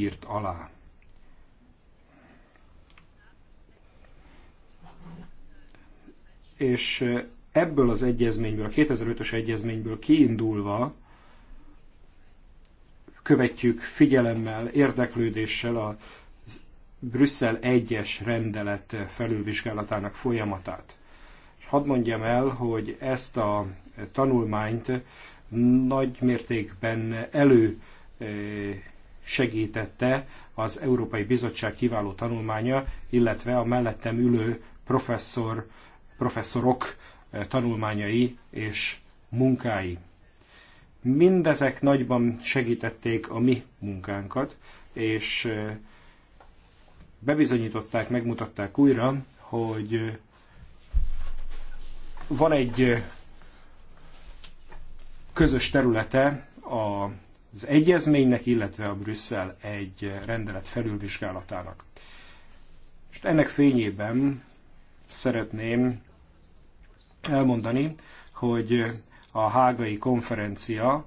írt alá. És ebből az egyezményből, a 2005-ös egyezményből kiindulva követjük figyelemmel, érdeklődéssel a Brüsszel 1-es rendelet felülvizsgálatának folyamatát. És hadd mondjam el, hogy ezt a tanulmányt nagy mértékben elő segítette az Európai Bizottság kiváló tanulmánya, illetve a mellettem ülő professzor, professzorok eh, tanulmányai és munkái. Mindezek nagyban segítették a mi munkánkat, és eh, bebizonyították, megmutatták újra, hogy eh, van egy közös területe a az egyezménynek, illetve a Brüsszel egy rendelet felülvizsgálatának. És ennek fényében szeretném elmondani, hogy a hágai konferencia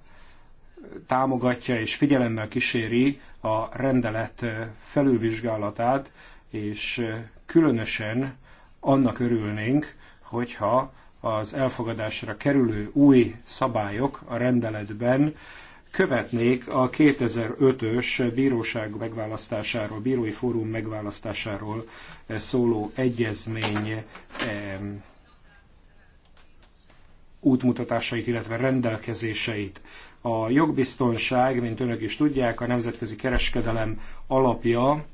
támogatja és figyelemmel kíséri a rendelet felülvizsgálatát, és különösen annak örülnénk, hogyha az elfogadásra kerülő új szabályok a rendeletben követnék a 2005-ös bíróság megválasztásáról, bírói fórum megválasztásáról szóló egyezmény útmutatásait, illetve rendelkezéseit. A jogbiztonság, mint önök is tudják, a nemzetközi kereskedelem alapja,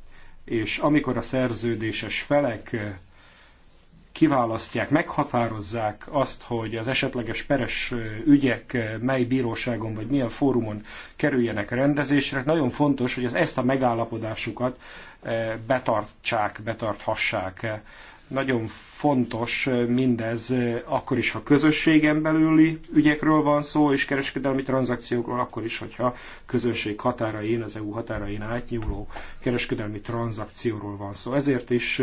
és amikor a szerződéses felek kiválasztják, meghatározzák azt, hogy az esetleges peres ügyek mely bíróságon vagy milyen fórumon kerüljenek rendezésre, nagyon fontos, hogy az ezt a megállapodásukat betartsák, betarthassák. Nagyon fontos mindez, akkor is, ha közösségen belüli ügyekről van szó, és kereskedelmi tranzakciókról, akkor is, hogyha közösség határain, az EU határain átnyúló kereskedelmi tranzakcióról van szó. Ezért is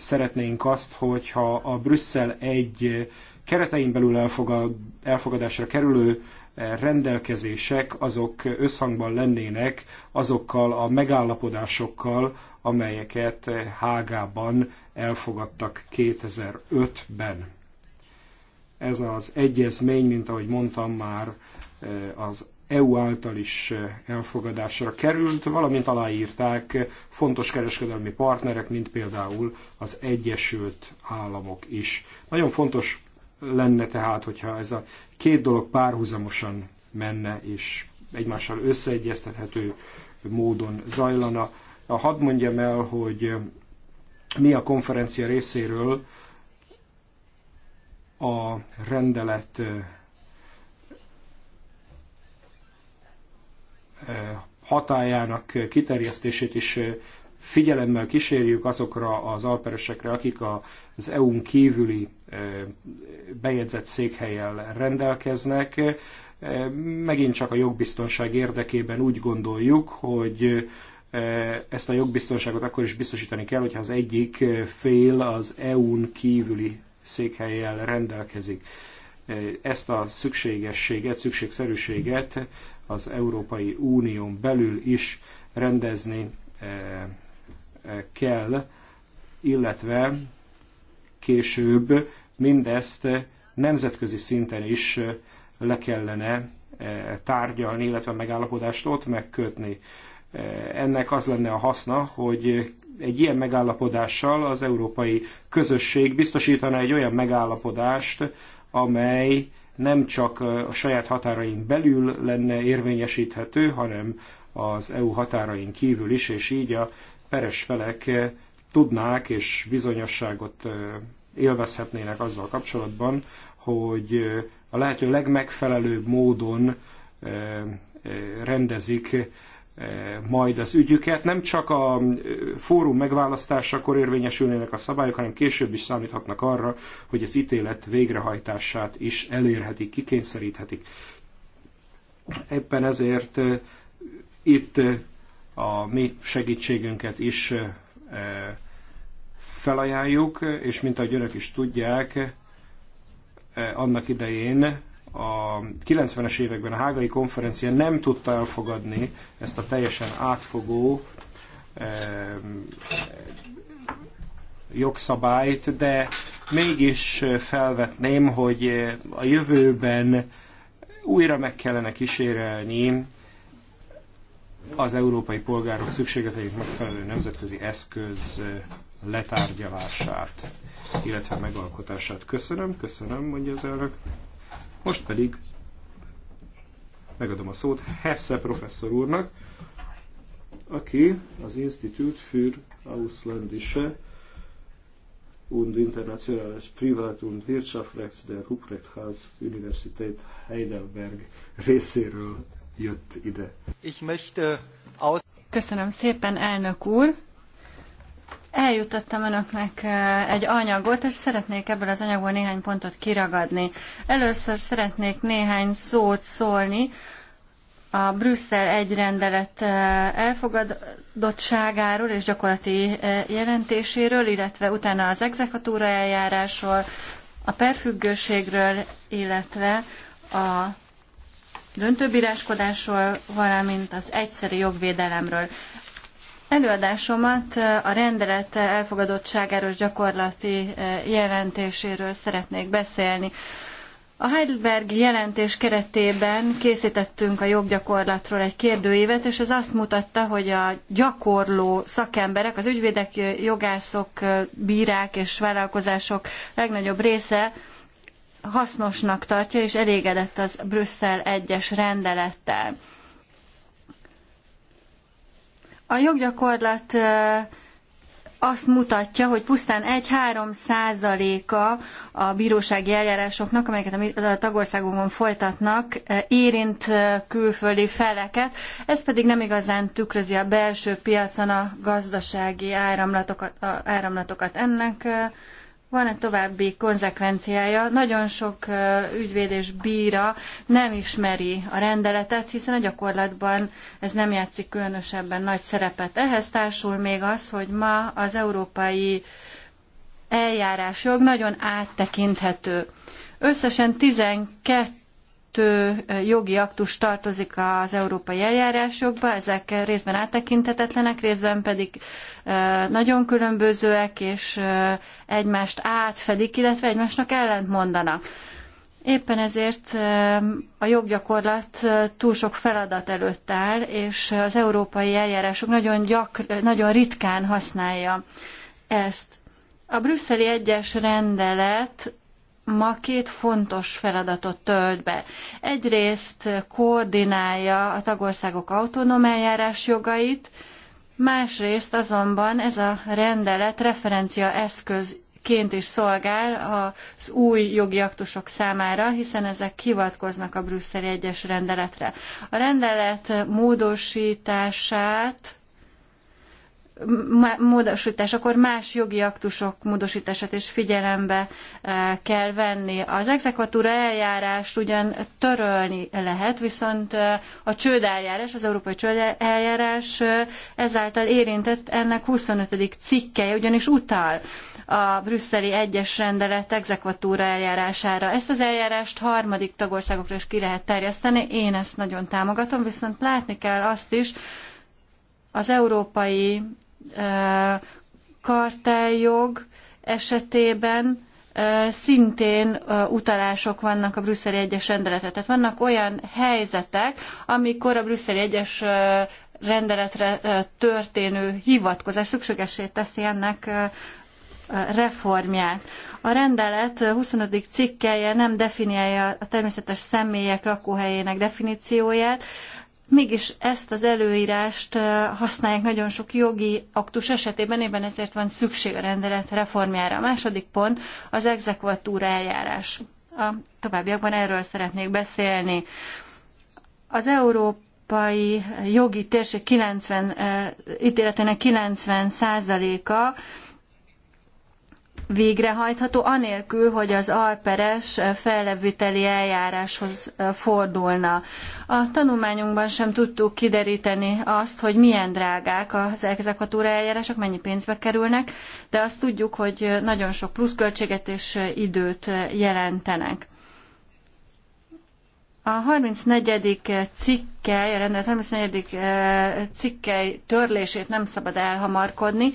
szeretnénk azt, hogyha a Brüsszel egy keretein belül elfogad, elfogadásra kerülő eh, rendelkezések azok összhangban lennének azokkal a megállapodásokkal, amelyeket eh, Hágában elfogadtak 2005-ben. Ez az egyezmény, mint ahogy mondtam már, eh, az EU által is eh, elfogadásra került, valamint aláírták fontos kereskedelmi partnerek, mint például az Egyesült Államok is. Nagyon fontos lenne tehát, hogyha ez a két dolog párhuzamosan menne és egymással összeegyeztethető módon zajlana. A hadd mondjam el, hogy mi a konferencia részéről a rendelet eh, hatájának kiterjesztését is figyelemmel kísérjük azokra az alperesekre, akik az EU-n kívüli bejegyzett székhelyel rendelkeznek. Megint csak a jogbiztonság érdekében úgy gondoljuk, hogy ezt a jogbiztonságot akkor is biztosítani kell, hogyha az egyik fél az EU-n kívüli székhelyjel rendelkezik. Ezt a szükségességet, szükségszerűséget az Európai Unión belül is rendezni eh, eh, kell, illetve később mindezt nemzetközi szinten is eh, le kellene tárgyalni, illetve megállapodást ott megkötni. Ennek az lenne a haszna, hogy egy ilyen megállapodással az európai közösség biztosítana egy olyan megállapodást, amely nem csak a saját határain belül lenne érvényesíthető, hanem az EU határain kívül is, és így a peres felek tudnák és bizonyosságot élvezhetnének azzal kapcsolatban, hogy a lehető legmegfelelőbb módon rendezik E, majd az ügyüket. Nem csak a e, fórum megválasztásakor érvényesülnének a szabályok, hanem később is számíthatnak arra, hogy az ítélet végrehajtását is elérhetik, kikényszeríthetik. Éppen ezért e, itt a mi segítségünket is felajánljuk, és mint ahogy önök is tudják, annak idején a 90-es években a hágai konferencia nem tudta elfogadni ezt a teljesen átfogó jogszabályt, de mégis felvetném, hogy a jövőben újra meg kellene kísérelni az európai polgárok szükségeteinek megfelelő nemzetközi eszköz letárgyalását, illetve megalkotását. Köszönöm, köszönöm, mondja az elnök. Most pedig megadom a szót Hesse professzor úrnak, aki az Institut für Ausländische und Internationales Privat- und Wirtschaftsrechts der Ruprechthaus Universität Heidelberg részéről jött ide. Ich möchte aus Köszönöm szépen, elnök úr! Eljutottam önöknek egy anyagot, és szeretnék ebből az anyagból néhány pontot kiragadni. Először szeretnék néhány szót szólni a Brüsszel egy rendelet elfogadottságáról és gyakorlati jelentéséről, illetve utána az exekvatúra eljárásról, a perfüggőségről, illetve a döntőbíráskodásról, valamint az egyszeri jogvédelemről. Előadásomat eh, a rendelet elfogadottságáros gyakorlati eh, jelentéséről szeretnék beszélni. A Heidelberg jelentés keretében készítettünk a joggyakorlatról egy kérdőívet, és ez azt mutatta, hogy a gyakorló szakemberek, az ügyvédek, jogászok, eh, bírák és vállalkozások legnagyobb része hasznosnak tartja és elégedett az Brüsszel egyes rendelettel. A joggyakorlat azt mutatja, hogy pusztán 1-3 százaléka a bírósági eljárásoknak, amelyeket a tagországokon folytatnak, érint külföldi feleket. Ez pedig nem igazán tükrözi a belső piacon a gazdasági áramlatokat. áramlatokat. Ennek van-e további konzekvenciája? Nagyon sok ügyvéd és bíra nem ismeri a rendeletet, hiszen a gyakorlatban ez nem játszik különösebben nagy szerepet. Ehhez társul még az, hogy ma az európai eljárásjog nagyon áttekinthető. Összesen 12 kettő jogi aktus tartozik az európai eljárásokba, ezek részben áttekinthetetlenek, részben pedig nagyon különbözőek, és egymást átfedik, illetve egymásnak ellent mondanak. Éppen ezért a joggyakorlat túl sok feladat előtt áll, és az európai eljárások nagyon, gyakr- nagyon ritkán használja ezt. A brüsszeli egyes rendelet ma két fontos feladatot tölt be. Egyrészt koordinálja a tagországok autonóm eljárás jogait, másrészt azonban ez a rendelet referencia eszköz ként is szolgál az új jogi aktusok számára, hiszen ezek hivatkoznak a brüsszeli egyes rendeletre. A rendelet módosítását akkor más jogi aktusok módosítását is figyelembe e, kell venni. Az exekvatúra eljárást ugyan törölni lehet, viszont e, a csődeljárás, az európai csődeljárás e, ezáltal érintett ennek 25. cikkeje, ugyanis utal a brüsszeli egyes rendelet exekvatúra eljárására. Ezt az eljárást harmadik tagországokra is ki lehet terjeszteni, én ezt nagyon támogatom, viszont látni kell azt is, az európai karteljog esetében szintén utalások vannak a brüsszeli egyes rendeletre. Tehát vannak olyan helyzetek, amikor a brüsszeli egyes rendeletre történő hivatkozás szükségessé teszi ennek reformját. A rendelet 25. cikkelje nem definiálja a természetes személyek lakóhelyének definícióját, Mégis ezt az előírást használják nagyon sok jogi aktus esetében, éppen ezért van szükség a rendelet reformjára. A második pont az exekvatúra eljárás. A továbbiakban erről szeretnék beszélni. Az Európa európai jogi térség 90, ítéletének 90 százaléka végrehajtható, anélkül, hogy az alperes felleviteli eljáráshoz fordulna. A tanulmányunkban sem tudtuk kideríteni azt, hogy milyen drágák az a eljárások, mennyi pénzbe kerülnek, de azt tudjuk, hogy nagyon sok pluszköltséget és időt jelentenek. A 34. cikkely, a rendelet 34. cikkely törlését nem szabad elhamarkodni,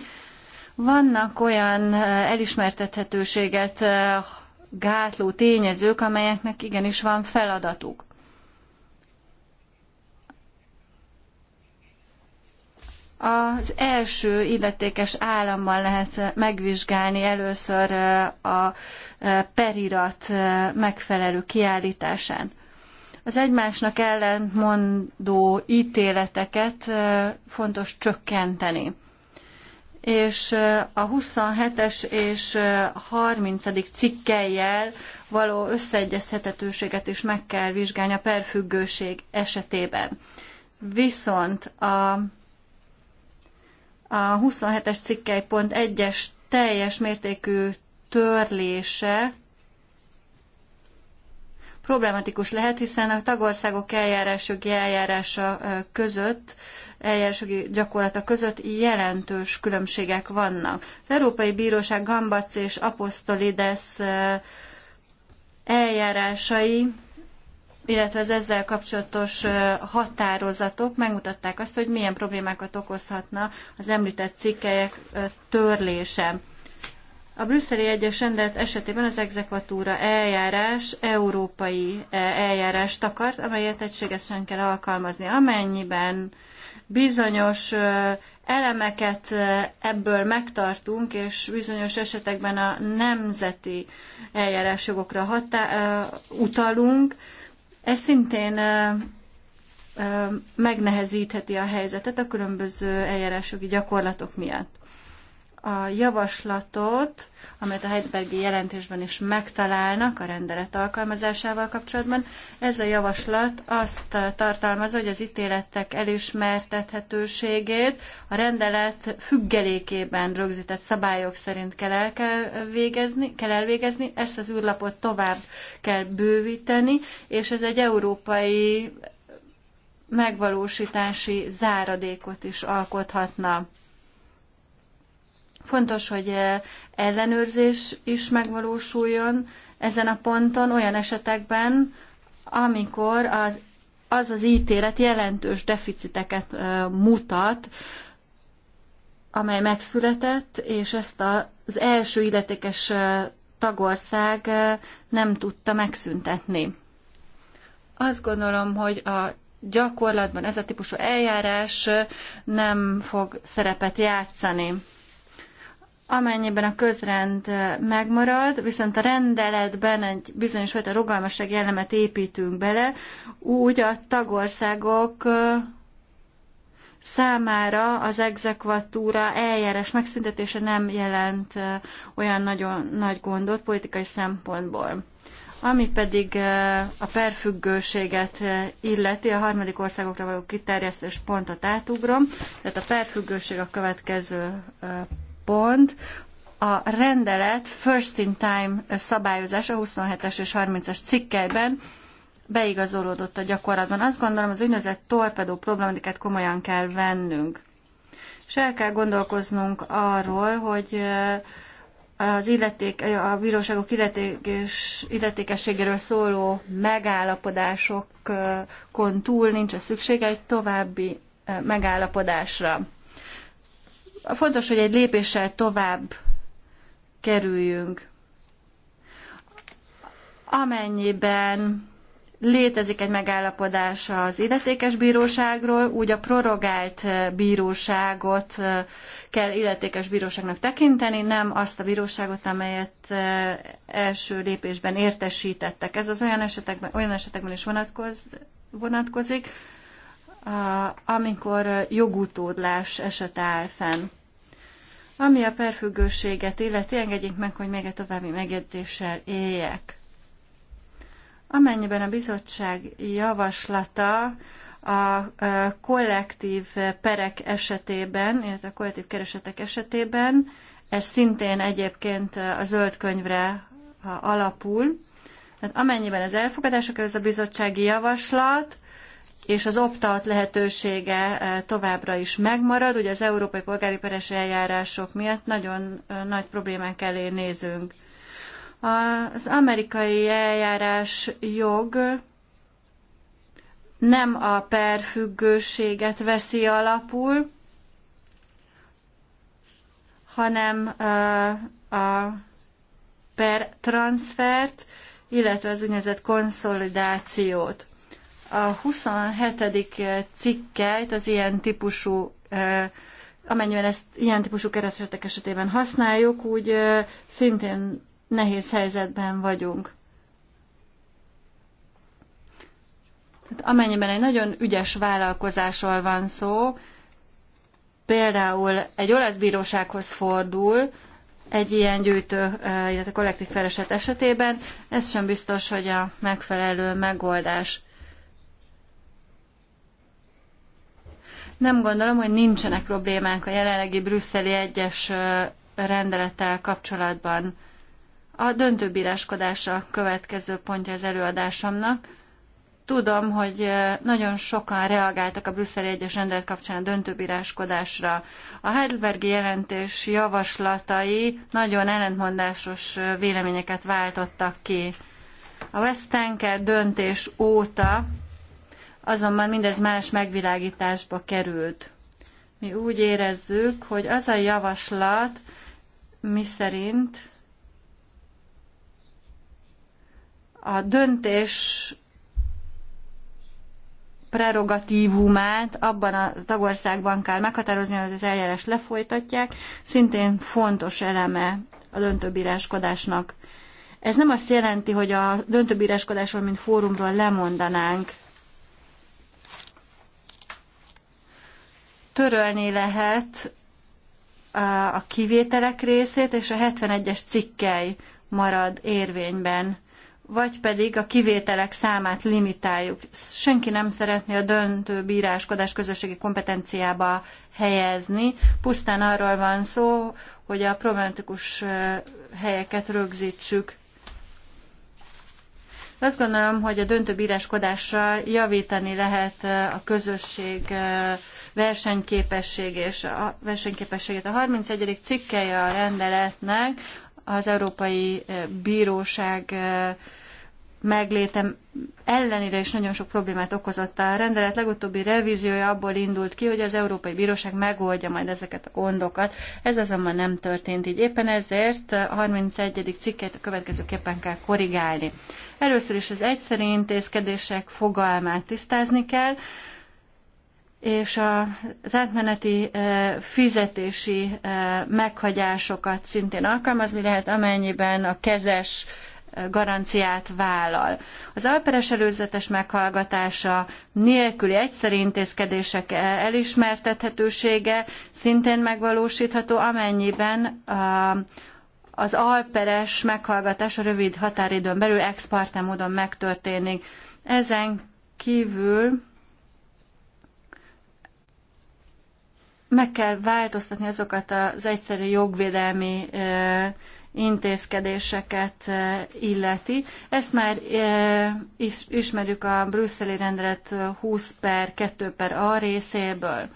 vannak olyan eh, elismertethetőséget eh, gátló tényezők, amelyeknek igenis van feladatuk. Az első illetékes államban lehet eh, megvizsgálni először a perirat megfelelő kiállításán. Az egymásnak ellentmondó ítéleteket fontos csökkenteni és a 27-es és 30. cikkeljel való összeegyeztethetőséget is meg kell vizsgálni a perfüggőség esetében. Viszont a, a 27-es cikkely pont 1-es teljes mértékű törlése problematikus lehet, hiszen a tagországok eljárásjogi eljárása között, eljárásjogi gyakorlata között jelentős különbségek vannak. Az Európai Bíróság Gambac és Apostolides eljárásai illetve az ezzel kapcsolatos határozatok megmutatták azt, hogy milyen problémákat okozhatna az említett cikkelyek törlése. A brüsszeli egyes rendelet esetében az exekvatúra eljárás európai eh, eljárást takart, amelyet egységesen kell alkalmazni. Amennyiben bizonyos eh, elemeket eh, ebből megtartunk, és bizonyos esetekben a nemzeti eljárásjogokra hatá- utalunk, ez szintén megnehezítheti a helyzetet a különböző eljárásjogi gyakorlatok miatt a javaslatot, amelyet a Heidelbergi jelentésben is megtalálnak a rendelet alkalmazásával kapcsolatban. Ez a javaslat azt tartalmazza, hogy az ítéletek elismertethetőségét a rendelet függelékében rögzített szabályok szerint kell, el kell, végezni, kell elvégezni, ezt az űrlapot tovább kell bővíteni, és ez egy európai megvalósítási záradékot is alkothatna. Fontos, hogy eh, ellenőrzés is megvalósuljon ezen a ponton olyan esetekben, amikor az az, az ítélet jelentős deficiteket eh, mutat, amely megszületett, és ezt az első illetékes eh, tagország nem tudta megszüntetni. Azt gondolom, hogy a gyakorlatban ez a típusú eljárás nem fog szerepet játszani amennyiben a közrend megmarad, viszont a rendeletben egy bizonyos fajta rugalmasság jellemet építünk bele, úgy a tagországok számára az exekvatúra eljárás megszüntetése nem jelent olyan nagyon nagy gondot politikai szempontból. Ami pedig a perfüggőséget illeti, a harmadik országokra való kiterjesztés pontot átugrom, tehát a perfüggőség a következő pont, a rendelet first in time szabályozása 27-es és 30-es cikkeiben beigazolódott a gyakorlatban. Azt gondolom, az úgynevezett torpedó problematikát komolyan kell vennünk. És el kell gondolkoznunk arról, hogy az illeték, a bíróságok illetékes, illetékességéről szóló megállapodásokon túl nincs a szüksége egy további megállapodásra. Fontos, hogy egy lépéssel tovább kerüljünk. Amennyiben létezik egy megállapodás az illetékes bíróságról, úgy a prorogált bíróságot kell illetékes bíróságnak tekinteni, nem azt a bíróságot, amelyet első lépésben értesítettek. Ez az olyan esetekben, olyan esetekben is vonatkoz, vonatkozik, amikor jogutódlás eset áll fenn. Ami a perfüggőséget illeti, engedjék meg, hogy még egy további megjegyzéssel éljek. Amennyiben a bizottság javaslata a kollektív perek esetében, illetve a kollektív keresetek esetében, ez szintén egyébként a zöld könyvre alapul, tehát amennyiben ez elfogadások, ez a bizottsági javaslat, és az opt-out lehetősége eh, továbbra is megmarad. Ugye az európai polgári peres eljárások miatt nagyon eh, nagy problémák elé nézünk. Az amerikai eljárás jog nem a perfüggőséget veszi alapul, hanem eh, a per transfert, illetve az úgynevezett konszolidációt a 27. Eh, cikkeit az ilyen típusú eh, amennyiben ezt ilyen típusú keresetek esetében használjuk, úgy eh, szintén nehéz helyzetben vagyunk. Tehát amennyiben egy nagyon ügyes vállalkozásról van szó, például egy olasz bírósághoz fordul, egy ilyen gyűjtő, illetve kollektív feleset esetében, ez sem biztos, hogy a megfelelő megoldás. Nem gondolom, hogy nincsenek problémák a jelenlegi brüsszeli egyes rendelettel kapcsolatban. A döntőbíráskodása a következő pontja az előadásomnak. Tudom, hogy nagyon sokan reagáltak a brüsszeli egyes rendelet kapcsán a döntőbíráskodásra. A Heidelbergi jelentés javaslatai nagyon ellentmondásos véleményeket váltottak ki. A West Tanker döntés óta azonban mindez más megvilágításba került. Mi úgy érezzük, hogy az a javaslat, szerint a döntés prerogatívumát abban a tagországban kell meghatározni, hogy az eljárás lefolytatják, szintén fontos eleme a döntőbíráskodásnak. Ez nem azt jelenti, hogy a döntőbíráskodásról, mint fórumról lemondanánk. törölni lehet a kivételek részét, és a 71-es cikkely marad érvényben, vagy pedig a kivételek számát limitáljuk. Senki nem szeretné a döntő bíráskodás közösségi kompetenciába helyezni, pusztán arról van szó, hogy a problematikus helyeket rögzítsük. Azt gondolom, hogy a döntő bíráskodással javítani lehet a közösség versenyképesség és a versenyképességet. A 31. cikkelje a rendeletnek az Európai eh, Bíróság eh, megléte ellenére is nagyon sok problémát okozott. A rendelet legutóbbi revíziója abból indult ki, hogy az Európai Bíróság megoldja majd ezeket a gondokat. Ez azonban nem történt így. Éppen ezért a 31. cikket a következőképpen kell korrigálni. Először is az egyszerű intézkedések fogalmát tisztázni kell és az átmeneti e, fizetési e, meghagyásokat szintén alkalmazni lehet, amennyiben a kezes e, garanciát vállal. Az alperes előzetes meghallgatása nélküli egyszerű intézkedések elismertethetősége szintén megvalósítható, amennyiben az alperes meghallgatás a rövid határidőn belül ex parte módon megtörténik. Ezen kívül meg kell változtatni azokat az egyszerű jogvédelmi intézkedéseket illeti. Ezt már ismerjük a brüsszeli rendelet 20 per 2 per A részéből.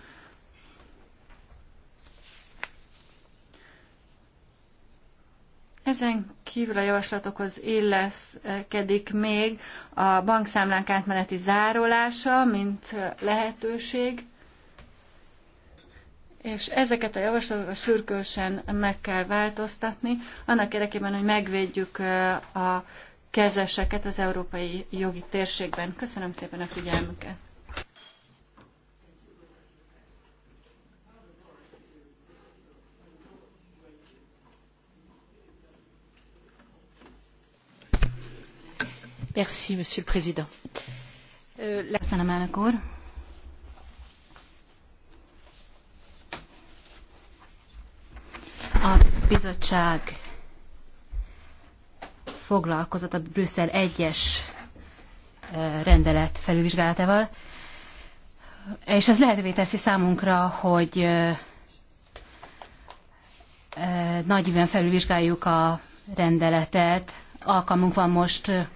Ezen kívül a javaslatokhoz illeszkedik még a bankszámlánk átmeneti zárolása, mint lehetőség és ezeket a javaslatokat sürgősen meg kell változtatni, annak érdekében, hogy megvédjük a kezeseket az európai jogi térségben. Köszönöm szépen a figyelmüket! Merci, Monsieur le Président. Euh, Köszönöm, elnök úr! A bizottság foglalkozott a Brüsszel 1-es rendelet felülvizsgálatával, és ez lehetővé teszi számunkra, hogy nagy évben felülvizsgáljuk a rendeletet. Alkalmunk van most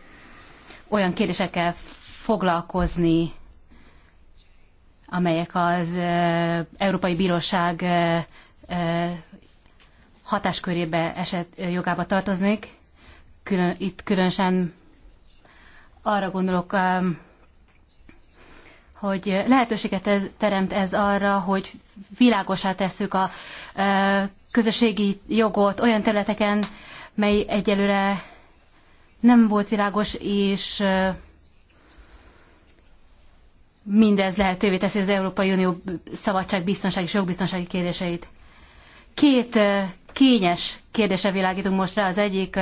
olyan kérdésekkel foglalkozni, amelyek az Európai Bíróság hatáskörébe esett jogába tartoznék. Külön, itt különösen arra gondolok, um, hogy lehetőséget ez, teremt ez arra, hogy világosá tesszük a közösségi jogot olyan területeken, mely egyelőre nem volt világos, és mindez lehetővé teszi az Európai Unió szabadság, biztonság és jogbiztonsági kérdéseit. Két kényes kérdése világítunk most rá. Az egyik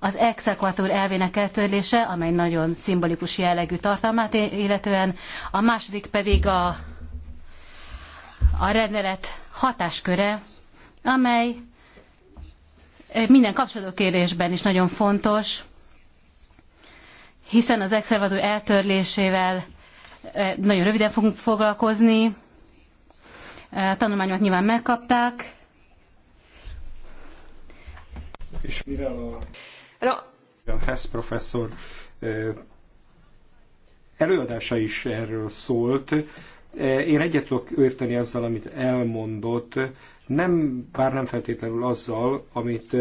az exekvatúr elvének eltörlése, amely nagyon szimbolikus jellegű tartalmát illetően, a második pedig a, a rendelet hatásköre, amely minden kapcsolódó kérdésben is nagyon fontos, hiszen az exekvatúr eltörlésével nagyon röviden fogunk foglalkozni, a tanulmányokat nyilván megkapták, és mivel a, a Hess professzor előadása is erről szólt, én egyet tudok érteni ezzel, amit elmondott, nem, bár nem feltétlenül azzal, amit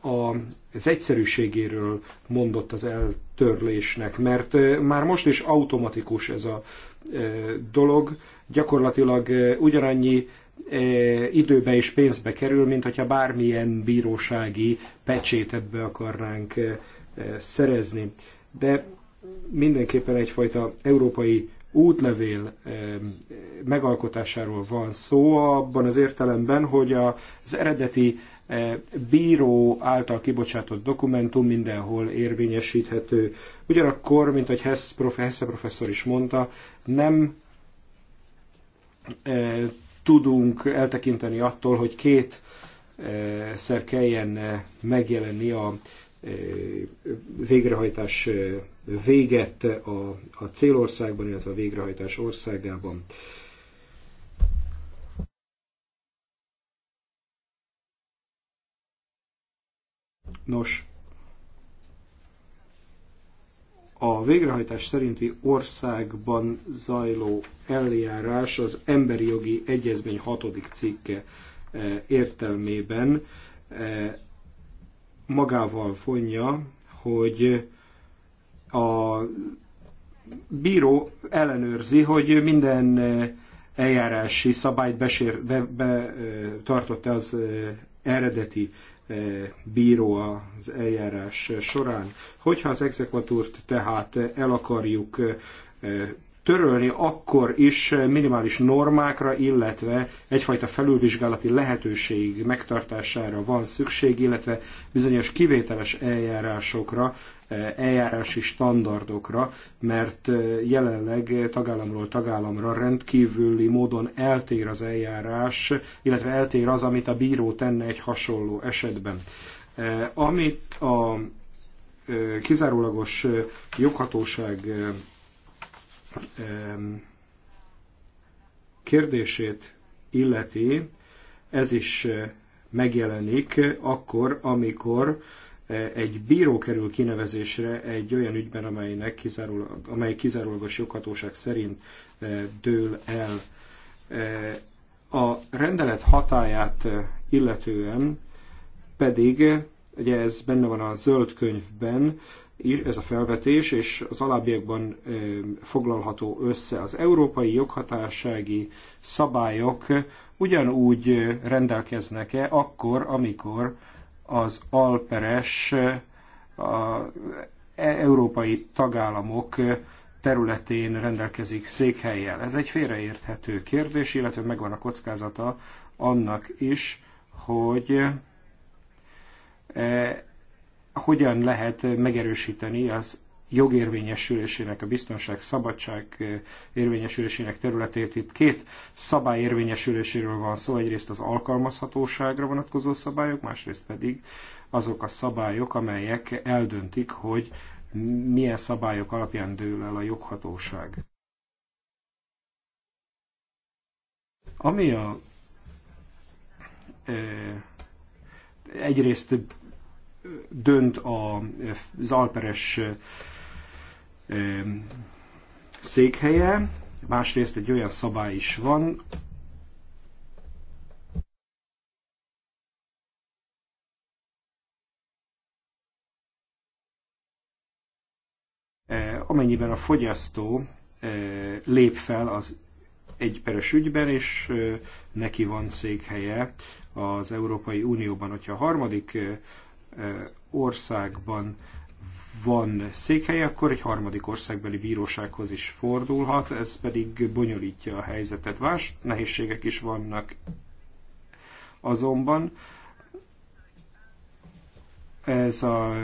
az egyszerűségéről mondott az eltörlésnek, mert már most is automatikus ez a dolog, gyakorlatilag ugyanannyi E, időbe és pénzbe kerül, mint hogyha bármilyen bírósági pecsét ebbe akarnánk e, e, szerezni. De mindenképpen egyfajta európai útlevél megalkotásáról van szó, abban az értelemben, hogy az eredeti bíró által kibocsátott dokumentum mindenhol érvényesíthető. Ugyanakkor, mint ahogy Hesse professzor is mondta, nem tudunk eltekinteni attól, hogy két eh, szer kelljen eh, megjelenni a eh, végrehajtás véget a, a célországban, illetve a végrehajtás országában. Nos, a végrehajtás szerinti országban zajló eljárás az emberi jogi egyezmény hatodik cikke eh, értelmében eh, magával vonja, hogy a bíró ellenőrzi, hogy minden eh, eljárási szabályt besér, be, be, e az eredeti bíró az eljárás során. Hogyha az exekvatúrt tehát el akarjuk törölni akkor is minimális normákra, illetve egyfajta felülvizsgálati lehetőség megtartására van szükség, illetve bizonyos kivételes eljárásokra, eh, eljárási standardokra, mert eh, jelenleg tagállamról tagállamra rendkívüli módon eltér az eljárás, illetve eltér az, amit a bíró tenne egy hasonló esetben. Eh, amit a kizárólagos joghatóság kérdését illeti, ez is megjelenik akkor, amikor egy bíró kerül kinevezésre egy olyan ügyben, amelynek kizárólag, amely kizárólagos joghatóság szerint dől el. A rendelet hatáját illetően pedig, ugye ez benne van a zöld könyvben, ez a felvetés, és az alábbiakban foglalható össze. Az európai joghatársági szabályok ugyanúgy rendelkeznek-e akkor, amikor az alperes a e, európai tagállamok területén rendelkezik székhelyjel. Ez egy félreérthető kérdés, illetve megvan a kockázata annak is, hogy hogyan lehet megerősíteni az jogérvényesülésének, a biztonság, szabadság eh, érvényesülésének területét. Itt két szabály érvényesüléséről van szó, egyrészt az alkalmazhatóságra vonatkozó szabályok, másrészt pedig azok a szabályok, amelyek eldöntik, hogy milyen szabályok alapján dől el a joghatóság. Ami a eh, egyrészt dönt az alperes székhelye, másrészt egy olyan szabály is van, amennyiben a fogyasztó lép fel az egyperes ügyben, és neki van székhelye az Európai Unióban. Hogyha a harmadik országban van székhelye, akkor egy harmadik országbeli bírósághoz is fordulhat, ez pedig bonyolítja a helyzetet. Más nehézségek is vannak azonban. Ez a,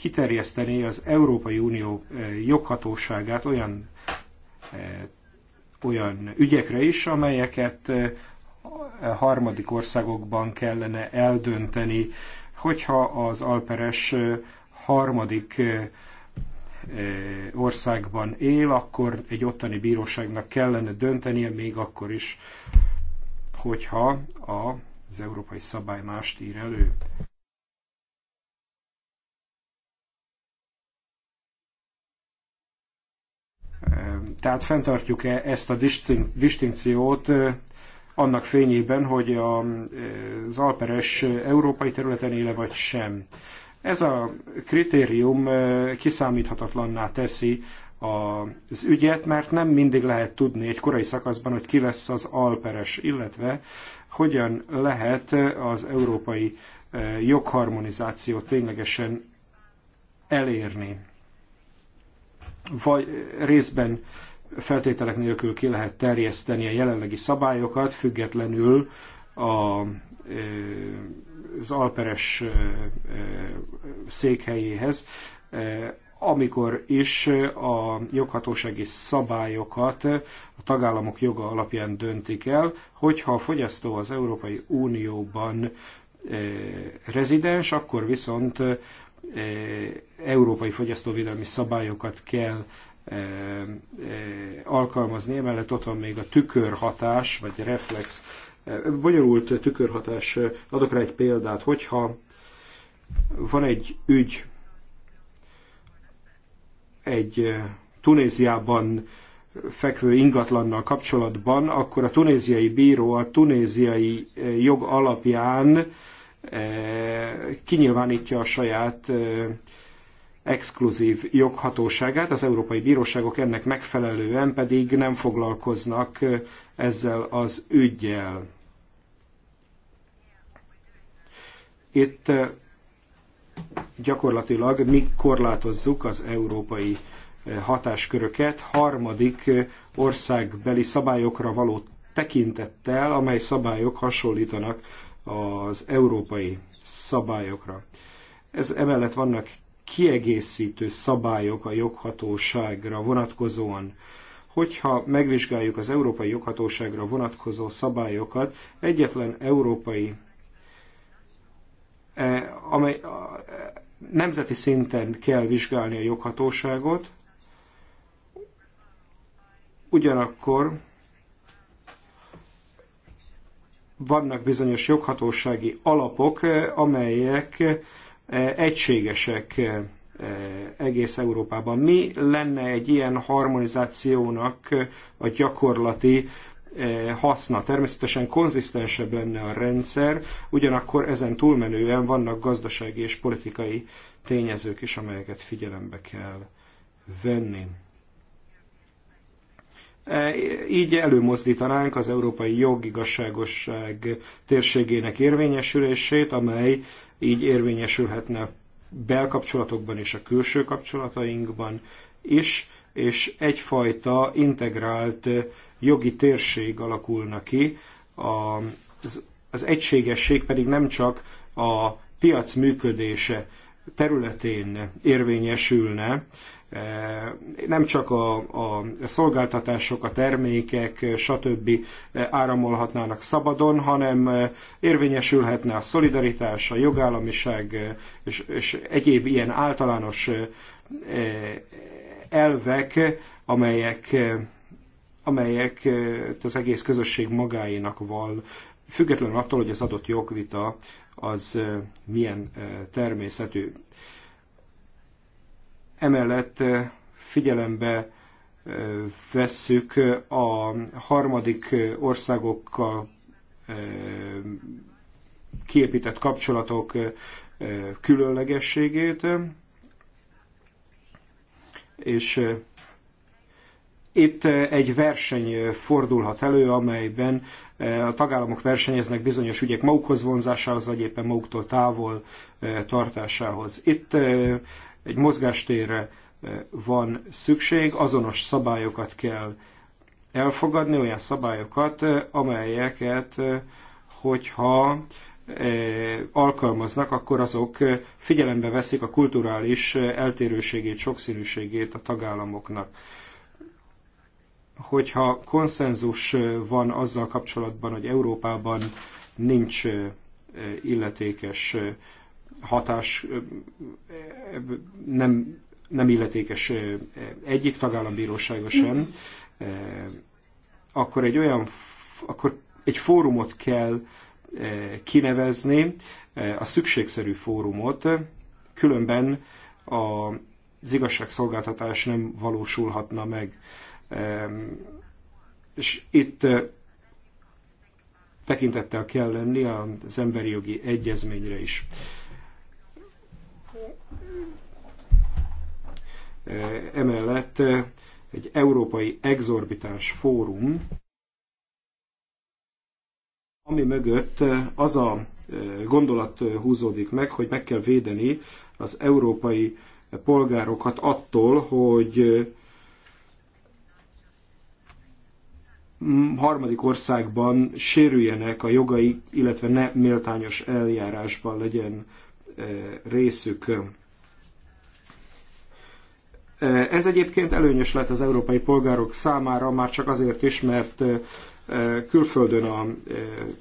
kiterjesztené az Európai Unió joghatóságát olyan, olyan ügyekre is, amelyeket harmadik országokban kellene eldönteni hogyha az alperes harmadik országban él, akkor egy ottani bíróságnak kellene döntenie, még akkor is, hogyha az európai szabály mást ír elő. Tehát fenntartjuk-e ezt a distinkciót annak fényében, hogy az alperes európai területen éle vagy sem. Ez a kritérium eh, kiszámíthatatlanná teszi az ügyet, mert nem mindig lehet tudni egy korai szakaszban, hogy ki lesz az alperes, illetve hogyan lehet az európai eh, jogharmonizációt ténylegesen elérni. Vagy eh, részben feltételek nélkül ki lehet terjeszteni a jelenlegi szabályokat, függetlenül a, az alperes székhelyéhez, amikor is a joghatósági szabályokat a tagállamok joga alapján döntik el, hogyha a fogyasztó az Európai Unióban rezidens, akkor viszont európai fogyasztóvédelmi szabályokat kell alkalmazni. Emellett ott van még a tükörhatás, vagy reflex, bonyolult tükörhatás. Adok rá egy példát, hogyha van egy ügy, egy Tunéziában fekvő ingatlannal kapcsolatban, akkor a tunéziai bíró a tunéziai jog alapján kinyilvánítja a saját exkluzív joghatóságát, az európai bíróságok ennek megfelelően pedig nem foglalkoznak ezzel az ügyjel. Itt gyakorlatilag mi korlátozzuk az európai hatásköröket harmadik országbeli szabályokra való tekintettel, amely szabályok hasonlítanak az európai szabályokra. Ez emellett vannak kiegészítő szabályok a joghatóságra vonatkozóan. Hogyha megvizsgáljuk az európai joghatóságra vonatkozó szabályokat, egyetlen európai e, amely e, nemzeti szinten kell vizsgálni a joghatóságot, ugyanakkor vannak bizonyos joghatósági alapok, e, amelyek E, egységesek e, e, egész Európában. Mi lenne egy ilyen harmonizációnak a gyakorlati haszna. Természetesen konzisztensebb lenne a rendszer, ugyanakkor ezen túlmenően vannak gazdasági és politikai tényezők is, amelyeket figyelembe kell venni. Így előmozdítanánk az európai jogigazságosság térségének érvényesülését, amely így érvényesülhetne belkapcsolatokban és a külső kapcsolatainkban is, és egyfajta integrált jogi térség alakulna ki, az, az egységesség pedig nem csak a piac működése területén érvényesülne, E, nem csak a, a szolgáltatások, a termékek, stb. áramolhatnának szabadon, hanem érvényesülhetne a szolidaritás, a jogállamiság e, és, és egyéb ilyen általános e, elvek, amelyek amelyek az egész közösség magáénak val, függetlenül attól, hogy az adott jogvita az milyen természetű. Emellett figyelembe vesszük a harmadik országokkal kiépített kapcsolatok különlegességét, és itt egy verseny fordulhat elő, amelyben a tagállamok versenyeznek bizonyos ügyek magukhoz vonzásához, vagy éppen maguktól távol tartásához. Itt egy mozgástérre eh, van szükség, azonos szabályokat kell elfogadni, olyan szabályokat, eh, amelyeket, eh, hogyha alkalmaznak, akkor azok figyelembe veszik a kulturális eltérőségét, sokszínűségét a tagállamoknak. Hogyha konszenzus van azzal kapcsolatban, hogy Európában nincs illetékes hatás nem, nem illetékes egyik tagállambírósága sem, akkor egy olyan, akkor egy fórumot kell kinevezni, a szükségszerű fórumot, különben az igazságszolgáltatás nem valósulhatna meg. És itt tekintettel kell lenni az emberi jogi egyezményre is. Emellett egy európai exorbitáns fórum, ami mögött az a gondolat húzódik meg, hogy meg kell védeni az európai polgárokat attól, hogy harmadik országban sérüljenek a jogai, illetve ne méltányos eljárásban legyen részük. Eh, ez egyébként előnyös lett az európai polgárok számára, már csak azért is, mert eh, eh, külföldön a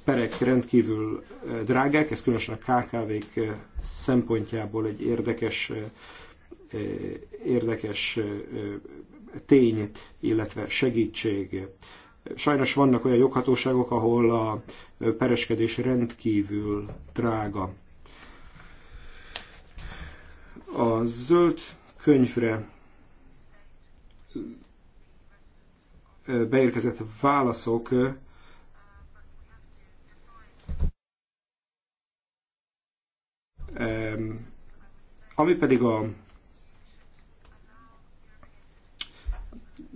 perek rendkívül drágák, ez különösen a KKV-k szempontjából egy érdekes, érdekes tény, illetve segítség. Sajnos vannak olyan joghatóságok, ahol a pereskedés rendkívül drága. A zöld könyvre beérkezett válaszok ami pedig a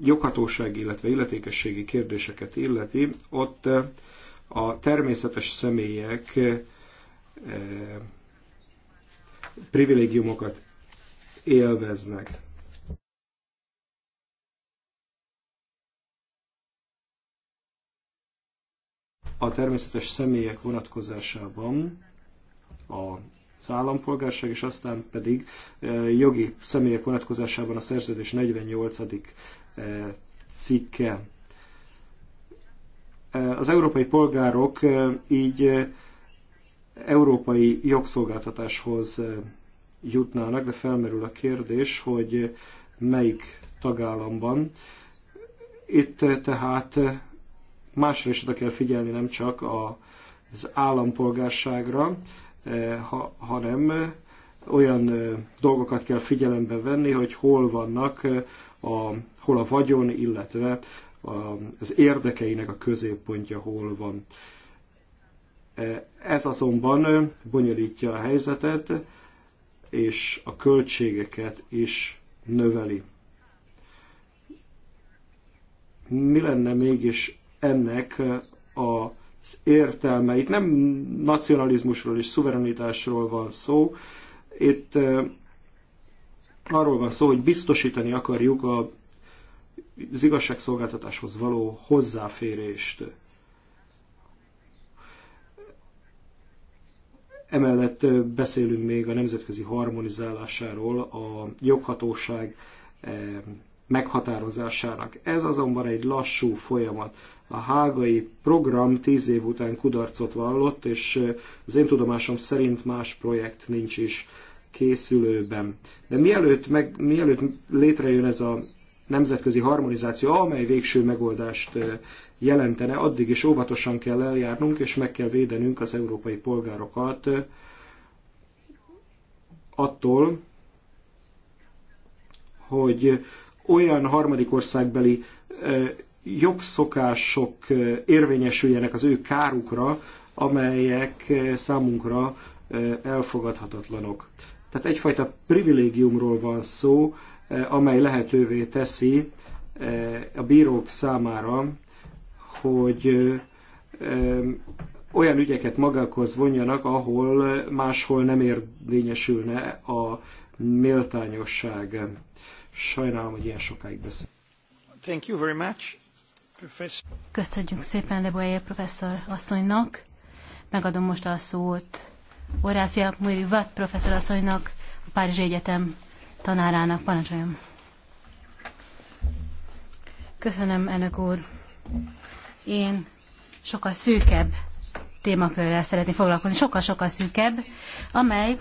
joghatóság, illetve illetékességi kérdéseket illeti, ott a természetes személyek privilégiumokat élveznek. A természetes személyek vonatkozásában a az állampolgárság, és aztán pedig e, jogi személyek vonatkozásában a szerződés 48. E, cikke. E, az európai polgárok így európai jogszolgáltatáshoz jutnának, de felmerül a kérdés, hogy melyik tagállamban. Itt tehát másra is oda kell figyelni, nem csak az állampolgárságra, eh, ha, hanem eh, olyan eh, dolgokat kell figyelembe venni, hogy hol vannak, a, hol a vagyon, illetve az érdekeinek a középpontja hol van. Ez azonban bonyolítja a helyzetet, és a költségeket is növeli. Mi lenne mégis ennek a az értelme. Itt nem nacionalizmusról és szuverenitásról van szó, itt arról van szó, hogy biztosítani akarjuk a, az igazságszolgáltatáshoz való hozzáférést. Emellett beszélünk még a nemzetközi harmonizálásáról, a joghatóság meghatározásának. Ez azonban egy lassú folyamat a hágai program tíz év után kudarcot vallott, és az én tudomásom szerint más projekt nincs is készülőben. De mielőtt, meg, mielőtt létrejön ez a nemzetközi harmonizáció, amely végső megoldást jelentene, addig is óvatosan kell eljárnunk, és meg kell védenünk az európai polgárokat attól, hogy olyan harmadik országbeli jogszokások érvényesüljenek az ő kárukra, amelyek számunkra elfogadhatatlanok. Tehát egyfajta privilégiumról van szó, amely lehetővé teszi a bírók számára, hogy olyan ügyeket magakhoz vonjanak, ahol máshol nem érvényesülne a méltányosság. Sajnálom, hogy ilyen sokáig beszél. Thank you very much. Köszönjük szépen Leboje professzor asszonynak. Megadom most a szót Orázia Murivat professzor asszonynak, a Párizsi Egyetem tanárának. Parancsoljon! Köszönöm, elnök úr. Én sokkal szűkebb témakörrel szeretnék foglalkozni, sokkal-sokkal szűkebb, amely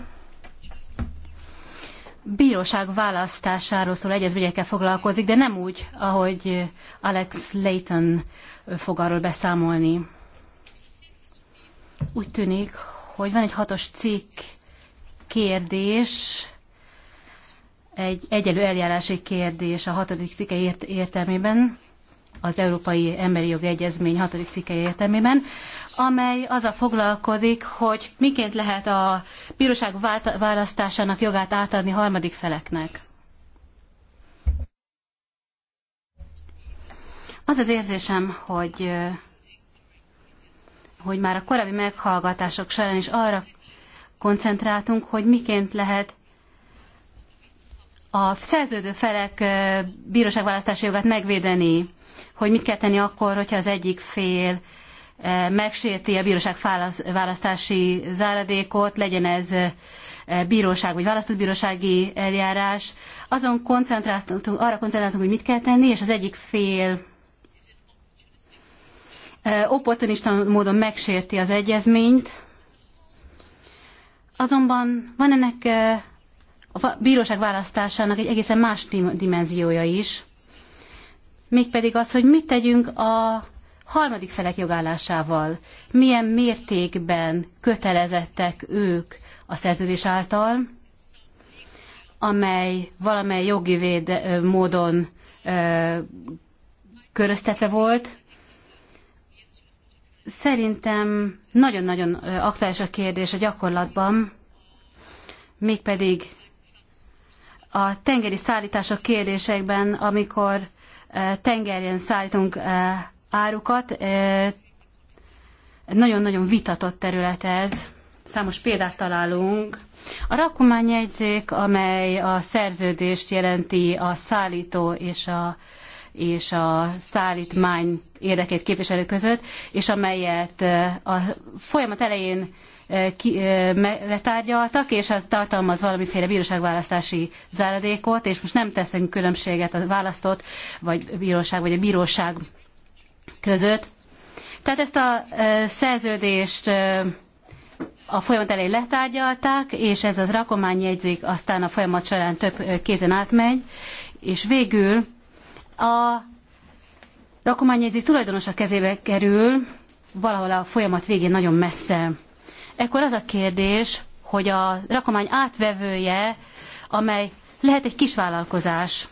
bíróság választásáról szóló egyezményekkel foglalkozik, de nem úgy, ahogy Alex Layton fog arról beszámolni. Úgy tűnik, hogy van egy hatos cikk kérdés, egy egyelő eljárási kérdés a hatodik cikke ért- értelmében az Európai Emberi Jogi Egyezmény 6. cikke értelmében, amely azzal foglalkozik, hogy miként lehet a bíróság választásának jogát átadni harmadik feleknek. Az az érzésem, hogy, eh, hogy már a korábbi meghallgatások során is arra koncentráltunk, hogy miként lehet a szerződő felek bíróságválasztási jogát megvédeni, hogy mit kell tenni akkor, hogyha az egyik fél megsérti a bíróságválasztási választási záradékot, legyen ez bíróság vagy választott bírósági eljárás. Azon koncentráltunk, arra koncentráltunk, hogy mit kell tenni, és az egyik fél opportunista módon megsérti az egyezményt. Azonban van ennek a bíróság választásának egy egészen más dimenziója is, mégpedig az, hogy mit tegyünk a harmadik felek jogállásával, milyen mértékben kötelezettek ők a szerződés által, amely valamely jogi véd, módon ö, köröztetve volt. Szerintem nagyon-nagyon aktuális a kérdés a gyakorlatban, mégpedig a tengeri szállítások kérdésekben, amikor e, tengerjen szállítunk e, árukat, e, nagyon-nagyon vitatott terület ez. Számos példát találunk. A rakományjegyzék, amely a szerződést jelenti a szállító és a, és a szállítmány érdekét képviselő között, és amelyet a folyamat elején Eh, ki, eh, letárgyaltak, és az tartalmaz valamiféle bíróságválasztási záradékot, és most nem teszünk különbséget a választott, vagy bíróság, vagy a bíróság között. Tehát ezt a eh, szerződést a folyamat elején letárgyalták, és ez az rakományjegyzék aztán a folyamat során több kézen átmegy, és végül a rakományjegyzék tulajdonosa kezébe kerül, valahol a folyamat végén nagyon messze. Ekkor az a kérdés, hogy a rakomány átvevője, amely lehet egy kisvállalkozás,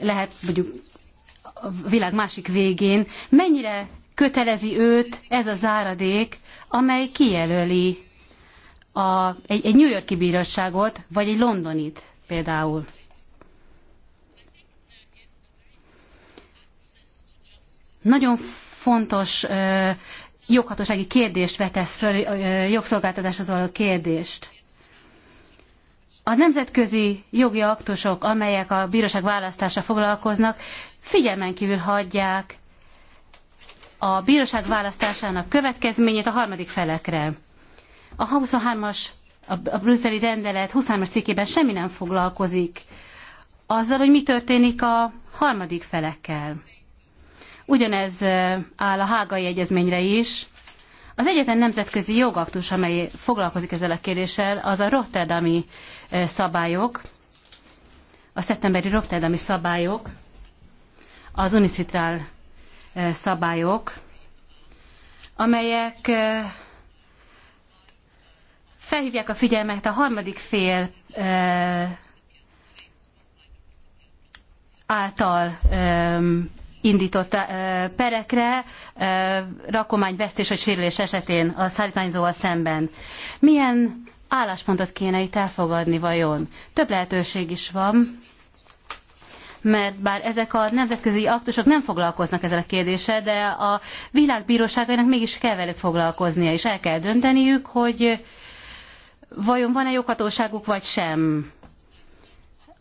lehet mondjuk a világ másik végén, mennyire kötelezi őt ez a záradék, amely kijelöli a, egy, egy New Yorki bíróságot, vagy egy londonit például. Nagyon fontos joghatósági kérdést vetesz föl, jogszolgáltatáshoz való kérdést. A nemzetközi jogi aktusok, amelyek a bíróság választásra foglalkoznak, figyelmen kívül hagyják a bíróság választásának következményét a harmadik felekre. A 23-as, a brüsszeli rendelet 23-as cikkében semmi nem foglalkozik azzal, hogy mi történik a harmadik felekkel. Ugyanez áll a hágai egyezményre is. Az egyetlen nemzetközi jogaktus, amely foglalkozik ezzel a kérdéssel, az a Rotterdami szabályok, a szeptemberi Rotterdami szabályok, az unicitrál szabályok, amelyek felhívják a figyelmet a harmadik fél által indított perekre rakományvesztés vagy sérülés esetén a szállítmányzóval szemben. Milyen álláspontot kéne itt elfogadni vajon? Több lehetőség is van, mert bár ezek a nemzetközi aktusok nem foglalkoznak ezzel a kérdéssel, de a világbíróságainak mégis kell velük foglalkoznia, és el kell dönteniük, hogy vajon van-e joghatóságuk, vagy sem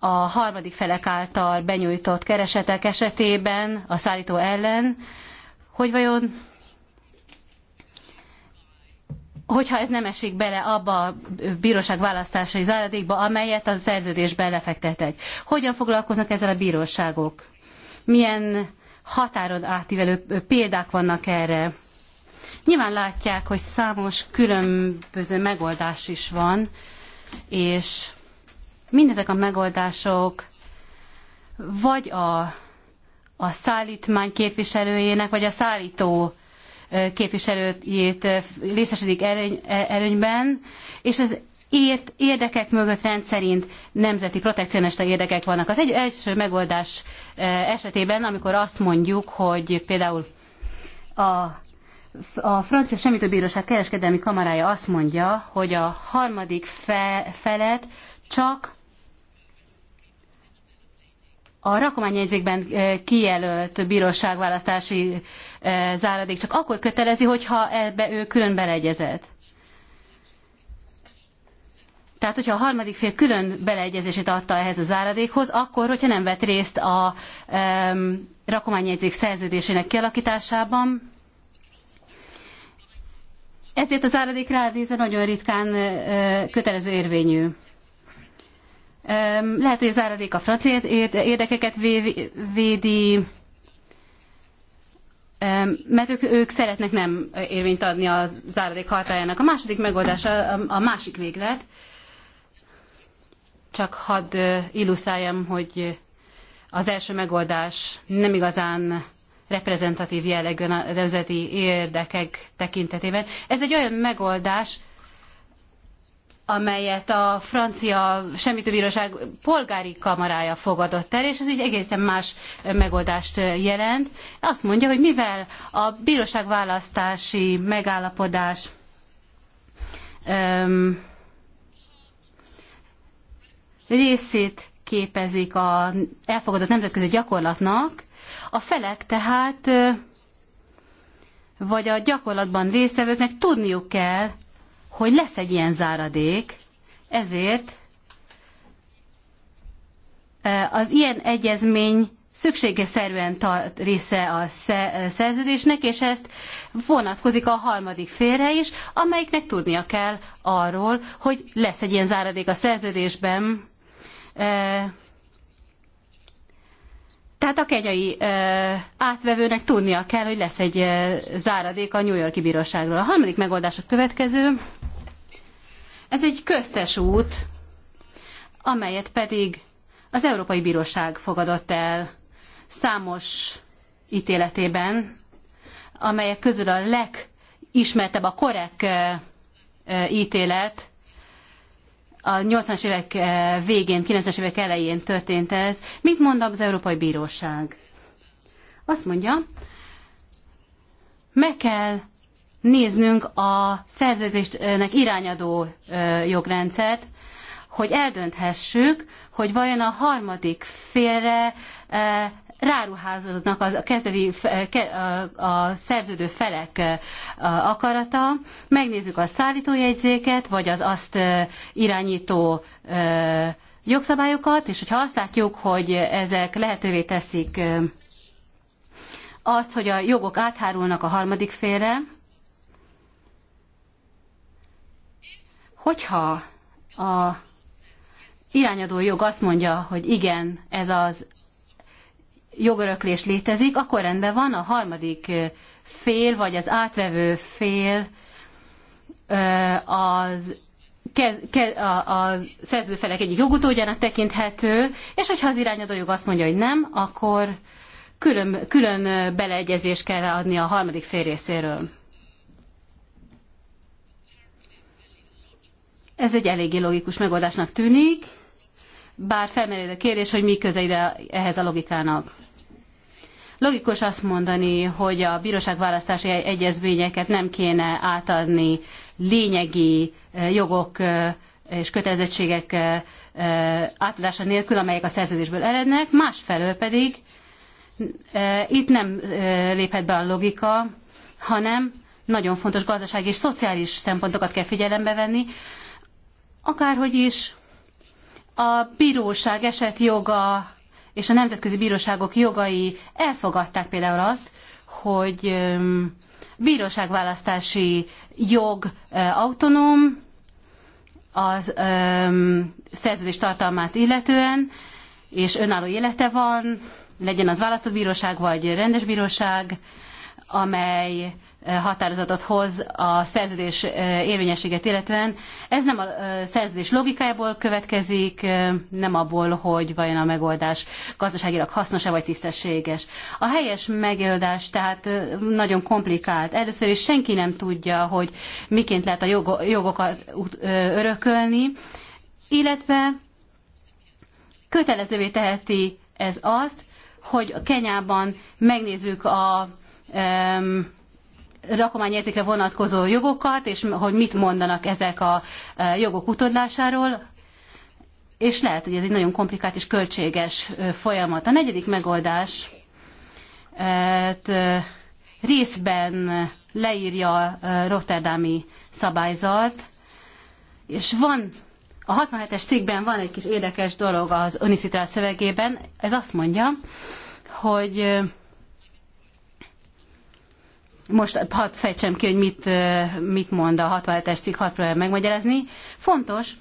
a harmadik felek által benyújtott keresetek esetében a szállító ellen, hogy vajon hogyha ez nem esik bele abba a bíróság választásai záradékba, amelyet a szerződésben lefektetek. Hogyan foglalkoznak ezzel a bíróságok? Milyen határon átívelő példák vannak erre? Nyilván látják, hogy számos különböző megoldás is van, és mindezek a megoldások vagy a, a szállítmány képviselőjének, vagy a szállító képviselőjét részesedik előny, előnyben, és ez ért érdekek mögött rendszerint nemzeti protekcionista érdekek vannak. Az egy első megoldás esetében, amikor azt mondjuk, hogy például a a francia semmitőbíróság kereskedelmi kamarája azt mondja, hogy a harmadik fe, felet csak a rakományjegyzékben eh, kijelölt bíróságválasztási eh, záradék csak akkor kötelezi, hogyha ebbe ő külön beleegyezett. Tehát, hogyha a harmadik fél külön beleegyezését adta ehhez a záradékhoz, akkor, hogyha nem vett részt a um, rakományjegyzék szerződésének kialakításában, ezért az záradék ránézve nagyon ritkán uh, kötelező érvényű. Lehet, hogy a záradék a francia érdekeket védi, mert ők, ők szeretnek nem érvényt adni a záradék hatájának. A második megoldás, a, a másik véglet, csak hadd illusztráljam, hogy az első megoldás nem igazán reprezentatív jellegű a nemzeti érdekek tekintetében. Ez egy olyan megoldás, amelyet a francia semmitőbíróság polgári kamarája fogadott el, és ez így egészen más megoldást jelent. Azt mondja, hogy mivel a bíróság választási megállapodás öm, részét képezik a elfogadott nemzetközi gyakorlatnak, a felek tehát vagy a gyakorlatban résztvevőknek tudniuk kell, hogy lesz egy ilyen záradék, ezért e, az ilyen egyezmény szükségeszerűen része a e, szerződésnek, és ezt vonatkozik a harmadik félre is, amelyiknek tudnia kell arról, hogy lesz egy ilyen záradék a szerződésben, e, tehát a kegyai átvevőnek tudnia kell, hogy lesz egy záradék a New Yorki bíróságról. A harmadik megoldás a következő. Ez egy köztes út, amelyet pedig az Európai Bíróság fogadott el számos ítéletében, amelyek közül a legismertebb a korek ítélet, a 80-as évek eh, végén, 90-es évek elején történt ez. Mit mond az Európai Bíróság? Azt mondja, meg kell néznünk a szerződésnek irányadó eh, jogrendszert, hogy eldönthessük, hogy vajon a harmadik félre eh, ráruházódnak az, a kezdeti e, a szerződő felek e, akarata, megnézzük a szállítójegyzéket, vagy az azt e, irányító jogszabályokat, és hogyha azt látjuk, hogy ezek lehetővé teszik azt, hogy a jogok áthárulnak a harmadik félre, hogyha a irányadó jog azt mondja, hogy igen, ez az jogöröklés létezik, akkor rendben van, a harmadik fél, vagy az átvevő fél az kez, kez, a, a szerzőfelek egyik jogutódjának tekinthető, és hogyha az irányadó jog azt mondja, hogy nem, akkor külön, külön beleegyezést kell adni a harmadik fél részéről. Ez egy eléggé logikus megoldásnak tűnik, bár felmerül a kérdés, hogy mi köze ide ehhez a logikának. Logikus azt mondani, hogy a bíróság választási egyezményeket nem kéne átadni lényegi jogok és kötelezettségek átadása nélkül, amelyek a szerződésből erednek, másfelől pedig itt nem léphet be a logika, hanem nagyon fontos gazdasági és szociális szempontokat kell figyelembe venni, akárhogy is a bíróság esetjoga és a nemzetközi bíróságok jogai elfogadták például azt, hogy bíróságválasztási jog autonóm az szerződés tartalmát illetően, és önálló élete van, legyen az választott bíróság vagy rendes bíróság, amely határozatot hoz a szerződés érvényességet illetően. Ez nem a szerződés logikájából következik, nem abból, hogy vajon a megoldás gazdaságilag hasznos-e vagy tisztességes. A helyes megoldás tehát nagyon komplikált. Először is senki nem tudja, hogy miként lehet a jogokat örökölni, illetve kötelezővé teheti ez azt, hogy Kenyában megnézzük a um, rakományjegyzékre vonatkozó jogokat, és hogy mit mondanak ezek a e, jogok utódlásáról, és lehet, hogy ez egy nagyon komplikált és költséges folyamat. A negyedik megoldás e, részben leírja a Rotterdami szabályzat, és van a 67-es cikkben van egy kis érdekes dolog az Unicitel szövegében, ez azt mondja, hogy most hadd fejtsem ki, hogy mit, mit mond a 67-es cikk, hadd próbálom megmagyarázni. Fontos,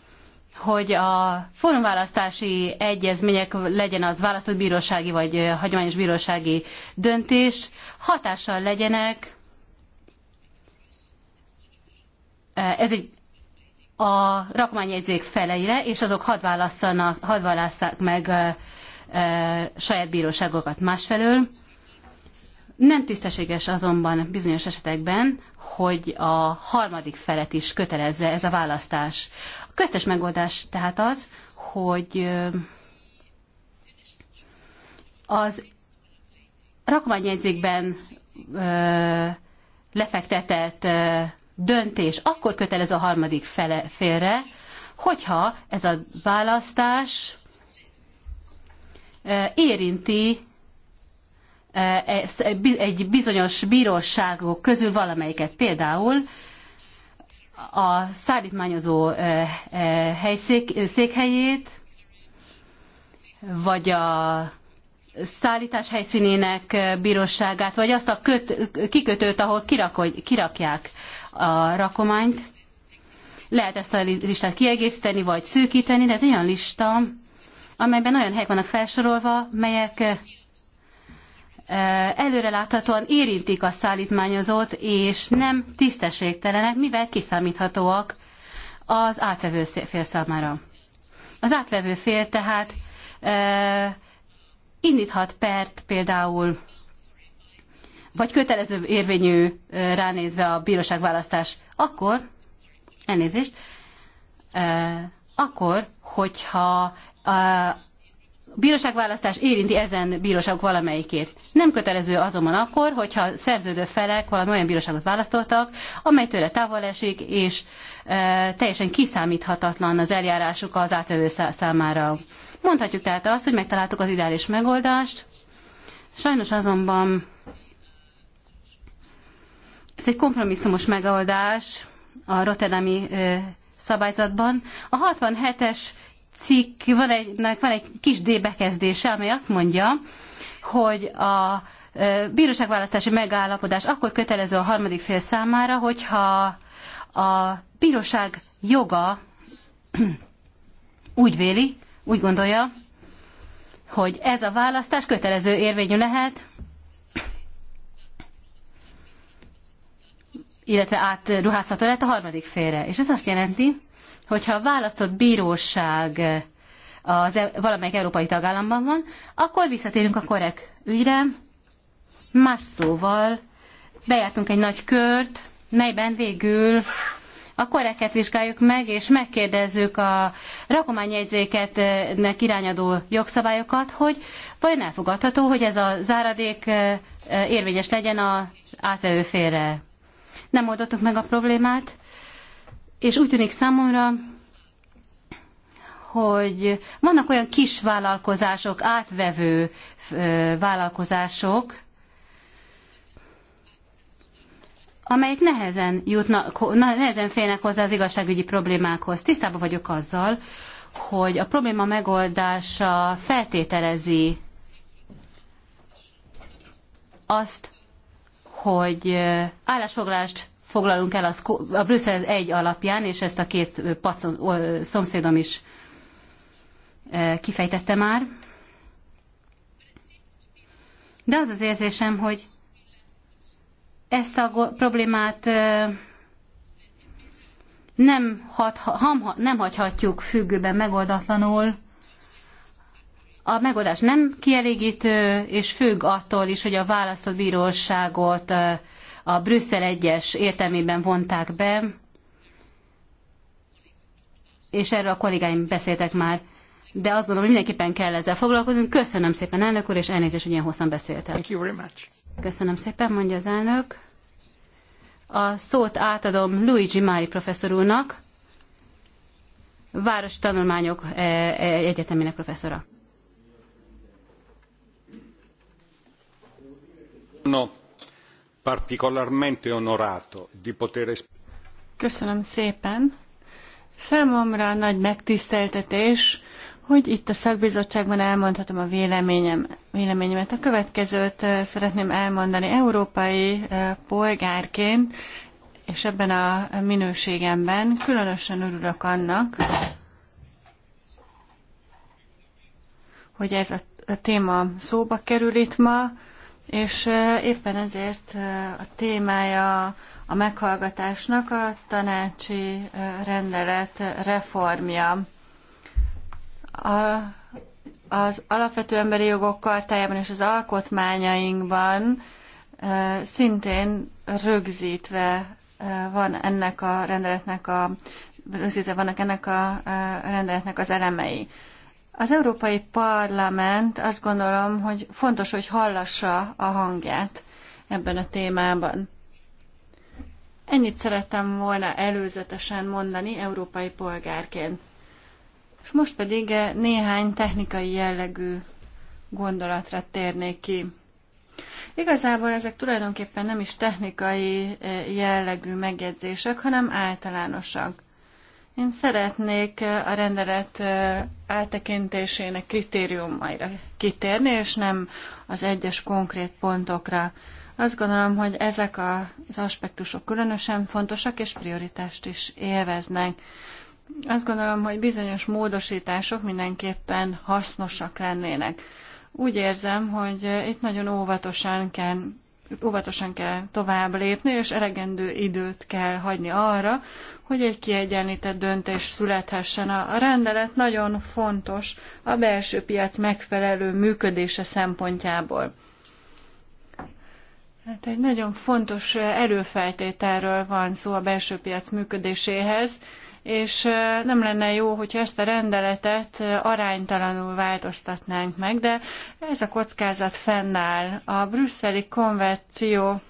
hogy a forumválasztási egyezmények legyen az választott bírósági vagy hagyományos bírósági döntés, hatással legyenek, ez egy a rakományjegyzék feleire, és azok hadd, hadd válasszák meg saját bíróságokat másfelől nem tisztességes azonban bizonyos esetekben, hogy a harmadik felet is kötelezze ez a választás. A köztes megoldás tehát az, hogy az rakományjegyzékben lefektetett döntés akkor kötelez a harmadik fele, félre, hogyha ez a választás érinti Eh, eh, egy bizonyos bíróságok közül valamelyiket. Például a szállítmányozó eh, székhelyét, vagy a szállítás helyszínének bíróságát, vagy azt a köt, kikötőt, ahol kirakják a rakományt. Lehet ezt a listát kiegészíteni, vagy szűkíteni, de ez egy olyan lista, amelyben olyan helyek vannak felsorolva, melyek előreláthatóan érintik a szállítmányozót, és nem tisztességtelenek, mivel kiszámíthatóak az átvevő fél számára. Az átvevő fél tehát indíthat pert például, vagy kötelező érvényű ránézve a bíróságválasztás, akkor, elnézést, akkor, hogyha bíróságválasztás érinti ezen bíróságok valamelyikét. Nem kötelező azonban akkor, hogyha szerződő felek valami olyan bíróságot választottak, amely tőle távol esik, és e, teljesen kiszámíthatatlan az eljárásuk az átvevő számára. Mondhatjuk tehát azt, hogy megtaláltuk az ideális megoldást, sajnos azonban ez egy kompromisszumos megoldás a Rotterdami e, szabályzatban. A 67-es cikk, van egy, van egy kis D bekezdése, amely azt mondja, hogy a bíróságválasztási megállapodás akkor kötelező a harmadik fél számára, hogyha a bíróság joga úgy véli, úgy gondolja, hogy ez a választás kötelező érvényű lehet, illetve átruházható lehet a harmadik félre. És ez azt jelenti, hogyha a választott bíróság az e- valamelyik európai tagállamban van, akkor visszatérünk a korek ügyre. Más szóval bejártunk egy nagy kört, melyben végül a koreket vizsgáljuk meg, és megkérdezzük a rakományjegyzéketnek irányadó jogszabályokat, hogy vajon elfogadható, hogy ez a záradék e, e, érvényes legyen az átvevő félre. Nem oldottuk meg a problémát, és úgy tűnik számomra, hogy vannak olyan kis vállalkozások, átvevő vállalkozások, amelyek nehezen, jutnak, nehezen félnek hozzá az igazságügyi problémákhoz. Tisztában vagyok azzal, hogy a probléma megoldása feltételezi azt, hogy állásfoglalást foglalunk el az, a Brüsszel egy alapján, és ezt a két pacon, szomszédom is kifejtette már. De az az érzésem, hogy ezt a problémát nem, hat, ha nem hagyhatjuk függőben megoldatlanul. A megoldás nem kielégítő, és függ attól is, hogy a választott bíróságot a Brüsszel egyes értelmében vonták be, és erről a kollégáim beszéltek már, de azt gondolom, hogy mindenképpen kell ezzel foglalkozni. Köszönöm szépen, elnök úr, és elnézést, hogy ilyen hosszan beszéltem. Thank you very much. Köszönöm szépen, mondja az elnök. A szót átadom Luigi Mari professzor úrnak, Városi Tanulmányok e, e, Egyetemének professzora. No particolarmente onorato di poter Köszönöm szépen. Számomra nagy megtiszteltetés, hogy itt a szakbizottságban elmondhatom a véleményem, véleményemet. A következőt szeretném elmondani európai polgárként, és ebben a minőségemben különösen örülök annak, hogy ez a téma szóba kerül itt ma, és éppen ezért a témája a meghallgatásnak a tanácsi rendelet reformja. A, az alapvető emberi jogok kartájában és az alkotmányainkban szintén rögzítve van ennek a rendeletnek a rögzítve vannak ennek a rendeletnek az elemei. Az Európai Parlament azt gondolom, hogy fontos, hogy hallassa a hangját ebben a témában. Ennyit szerettem volna előzetesen mondani európai polgárként. És most pedig néhány technikai jellegű gondolatra térnék ki. Igazából ezek tulajdonképpen nem is technikai eh, jellegű megjegyzések, hanem általánosak. Én szeretnék a rendelet áttekintésének kritériumaira kitérni, és nem az egyes konkrét pontokra. Azt gondolom, hogy ezek az aspektusok különösen fontosak, és prioritást is élveznek. Azt gondolom, hogy bizonyos módosítások mindenképpen hasznosak lennének. Úgy érzem, hogy itt nagyon óvatosan kell óvatosan kell tovább lépni, és elegendő időt kell hagyni arra, hogy egy kiegyenlített döntés születhessen. A rendelet nagyon fontos a belső piac megfelelő működése szempontjából. Hát egy nagyon fontos előfeltételről van szó a belső piac működéséhez, és nem lenne jó, hogyha ezt a rendeletet aránytalanul változtatnánk meg, de ez a kockázat fennáll. A brüsszeli konvenció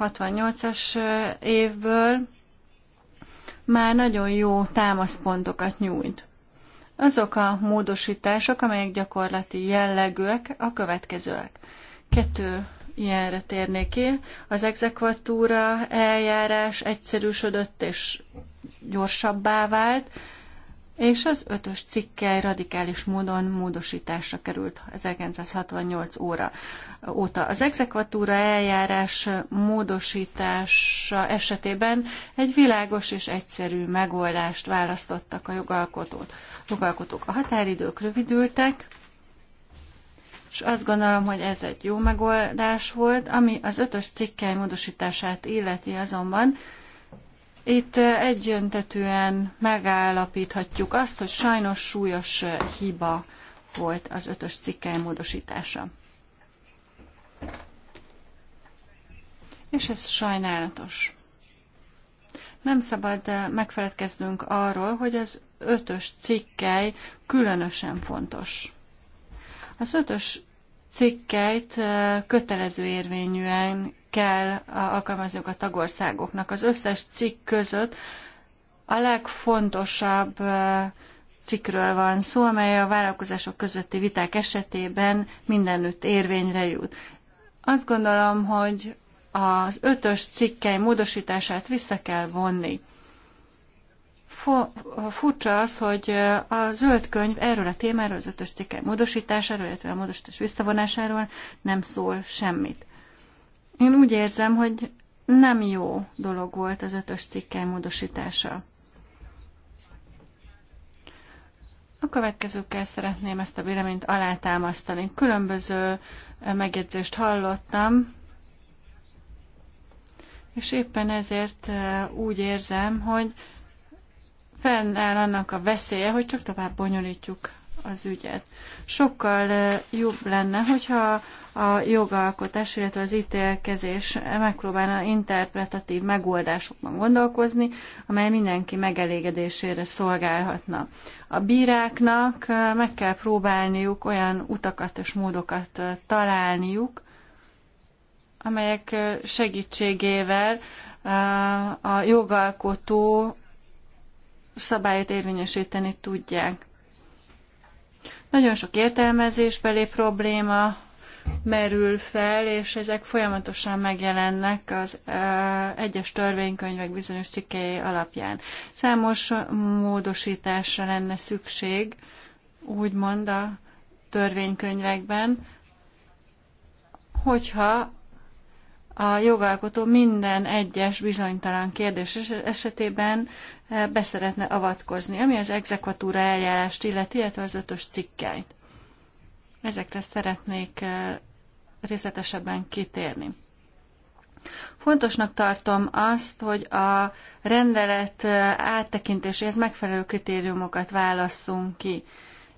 68-as évből már nagyon jó támaszpontokat nyújt. Azok a módosítások, amelyek gyakorlati jellegűek, a következőek. Kettő ilyenre térnék ki. Az exekvatúra eljárás egyszerűsödött és gyorsabbá vált, és az ötös cikkely radikális módon módosításra került 1968 óra óta. Az exekvatúra eljárás módosítása esetében egy világos és egyszerű megoldást választottak a jogalkotót. jogalkotók. A határidők rövidültek, és azt gondolom, hogy ez egy jó megoldás volt, ami az ötös cikkely módosítását illeti azonban, itt egyöntetűen megállapíthatjuk azt, hogy sajnos súlyos hiba volt az ötös cikkely módosítása. És ez sajnálatos. Nem szabad megfeledkeznünk arról, hogy az ötös cikkely különösen fontos. Az ötös cikkeit kötelező érvényűen kell alkalmazniuk a tagországoknak. Az összes cikk között a legfontosabb cikkről van szó, amely a vállalkozások közötti viták esetében mindenütt érvényre jut. Azt gondolom, hogy az ötös cikkely módosítását vissza kell vonni furcsa az, hogy a zöld könyv erről a témáról, az ötös cikke módosításáról, illetve a módosítás visszavonásáról nem szól semmit. Én úgy érzem, hogy nem jó dolog volt az ötös cikke módosítása. A következőkkel szeretném ezt a véleményt alátámasztani. Különböző megjegyzést hallottam, és éppen ezért úgy érzem, hogy fennáll annak a veszélye, hogy csak tovább bonyolítjuk az ügyet. Sokkal jobb lenne, hogyha a jogalkotás, illetve az ítélkezés megpróbálna interpretatív megoldásokban gondolkozni, amely mindenki megelégedésére szolgálhatna. A bíráknak meg kell próbálniuk olyan utakat és módokat találniuk, amelyek segítségével a jogalkotó szabályt érvényesíteni tudják. Nagyon sok értelmezésbeli probléma merül fel, és ezek folyamatosan megjelennek az egyes törvénykönyvek bizonyos cikkei alapján. Számos módosításra lenne szükség, úgymond a törvénykönyvekben, hogyha a jogalkotó minden egyes bizonytalan kérdés esetében eh, beszeretne avatkozni, ami az exekvatúra eljárást illeti, illetve az ötös cikkeit. Ezekre szeretnék eh, részletesebben kitérni. Fontosnak tartom azt, hogy a rendelet eh, áttekintéséhez megfelelő kritériumokat válasszunk ki.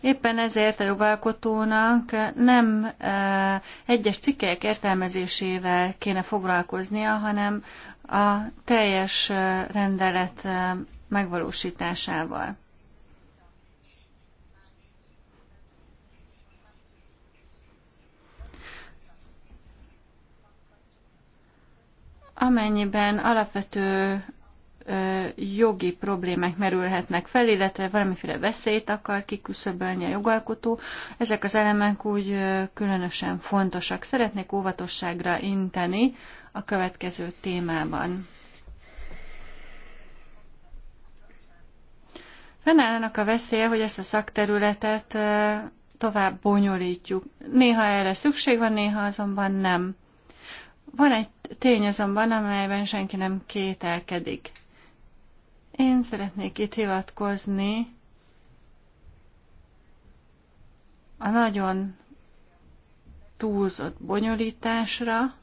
Éppen ezért a jogalkotónak nem e, egyes cikkek értelmezésével kéne foglalkoznia, hanem a teljes e, rendelet e, megvalósításával. amennyiben alapvető jogi problémák merülhetnek fel, illetve valamiféle veszélyt akar kiküszöbölni a jogalkotó. Ezek az elemek úgy különösen fontosak. Szeretnék óvatosságra inteni a következő témában. Fennállnak a veszélye, hogy ezt a szakterületet tovább bonyolítjuk. Néha erre szükség van, néha azonban nem. Van egy tény azonban, amelyben senki nem kételkedik. Én szeretnék itt hivatkozni a nagyon túlzott bonyolításra,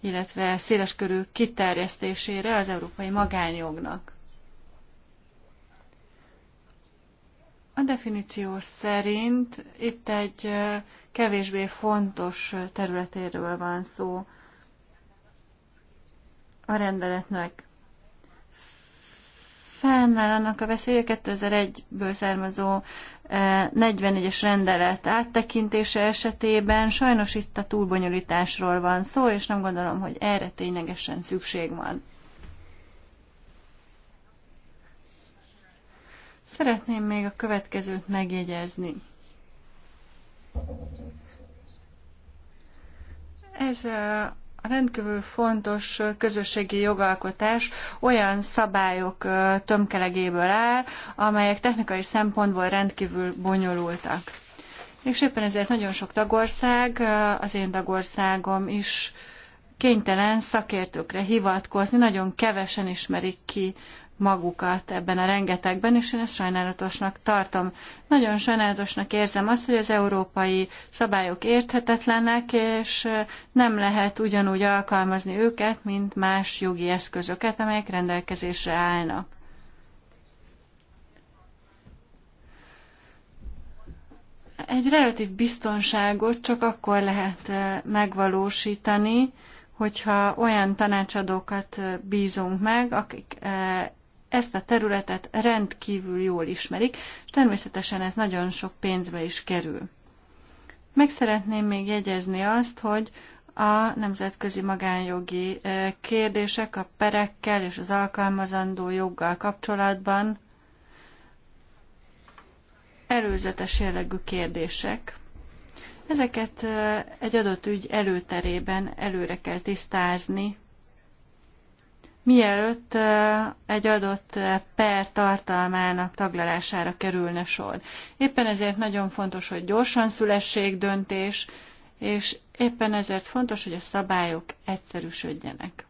illetve széleskörű kiterjesztésére az európai magánjognak. A definíció szerint itt egy kevésbé fontos területéről van szó a rendeletnek fennáll annak a veszélye 2001-ből származó 44-es eh, rendelet áttekintése esetében. Sajnos itt a túlbonyolításról van szó, és nem gondolom, hogy erre ténylegesen szükség van. Szeretném még a következőt megjegyezni. Ez a eh, rendkívül fontos közösségi jogalkotás olyan szabályok tömkelegéből áll, amelyek technikai szempontból rendkívül bonyolultak. És éppen ezért nagyon sok tagország, az én tagországom is kénytelen szakértőkre hivatkozni, nagyon kevesen ismerik ki magukat ebben a rengetegben, és én ezt sajnálatosnak tartom. Nagyon sajnálatosnak érzem azt, hogy az európai szabályok érthetetlenek, és nem lehet ugyanúgy alkalmazni őket, mint más jogi eszközöket, amelyek rendelkezésre állnak. Egy relatív biztonságot csak akkor lehet megvalósítani, hogyha olyan tanácsadókat bízunk meg, akik ezt a területet rendkívül jól ismerik, és természetesen ez nagyon sok pénzbe is kerül. Meg szeretném még jegyezni azt, hogy a nemzetközi magánjogi kérdések a perekkel és az alkalmazandó joggal kapcsolatban előzetes jellegű kérdések. Ezeket egy adott ügy előterében előre kell tisztázni, mielőtt egy adott per tartalmának taglalására kerülne sor. Éppen ezért nagyon fontos, hogy gyorsan szülessék döntés, és éppen ezért fontos, hogy a szabályok egyszerűsödjenek.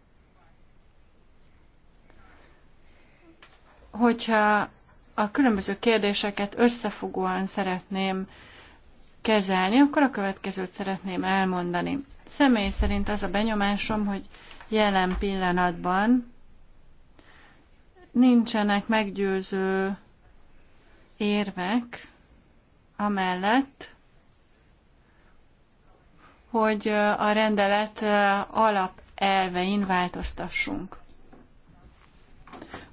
Hogyha a különböző kérdéseket összefogóan szeretném kezelni, akkor a következőt szeretném elmondani. Személy szerint az a benyomásom, hogy jelen pillanatban nincsenek meggyőző érvek amellett, hogy a rendelet alapelvein változtassunk.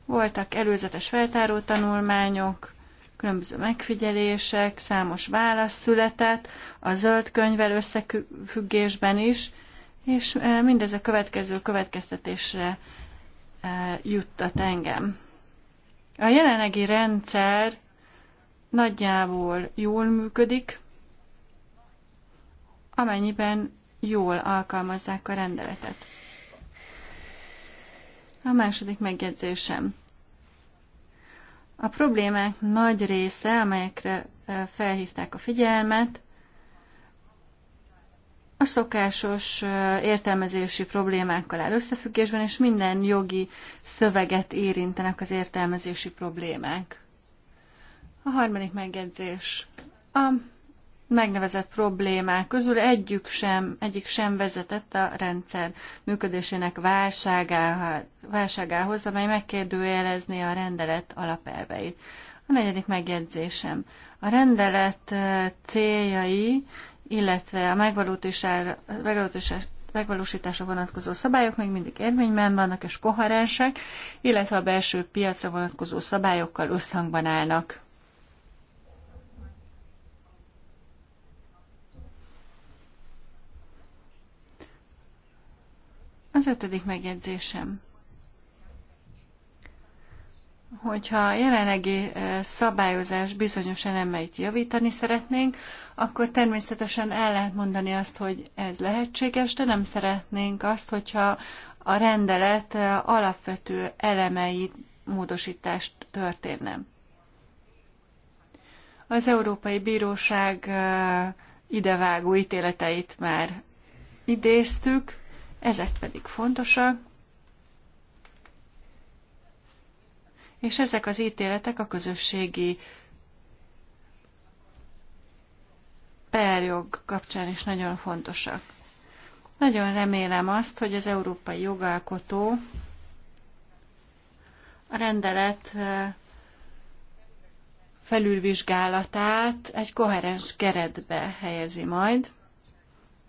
Voltak előzetes feltáró tanulmányok, különböző megfigyelések, számos válasz született, a zöld könyvvel összefüggésben is, és e, mindez a következő következtetésre e, juttat engem. A jelenlegi rendszer nagyjából jól működik, amennyiben jól alkalmazzák a rendeletet. A második megjegyzésem. A problémák nagy része, amelyekre felhívták a figyelmet, a szokásos értelmezési problémákkal áll összefüggésben, és minden jogi szöveget érintenek az értelmezési problémák. A harmadik megjegyzés. A megnevezett problémák közül egyik sem, egyik sem vezetett a rendszer működésének válságához, amely megkérdőjelezné a rendelet alapelveit. A negyedik megjegyzésem. A rendelet eh, céljai, illetve a megvalósításra vonatkozó szabályok még mindig érvényben vannak és koherensek, illetve a belső piacra vonatkozó szabályokkal összhangban állnak. Az ötödik megjegyzésem. Hogyha a jelenlegi szabályozás bizonyos elemeit javítani szeretnénk, akkor természetesen el lehet mondani azt, hogy ez lehetséges, de nem szeretnénk azt, hogyha a rendelet alapvető elemei módosítást történne. Az Európai Bíróság idevágó ítéleteit már idéztük, ezek pedig fontosak, és ezek az ítéletek a közösségi perjog kapcsán is nagyon fontosak. Nagyon remélem azt, hogy az európai jogalkotó a rendelet eh, felülvizsgálatát egy koherens keretbe helyezi majd,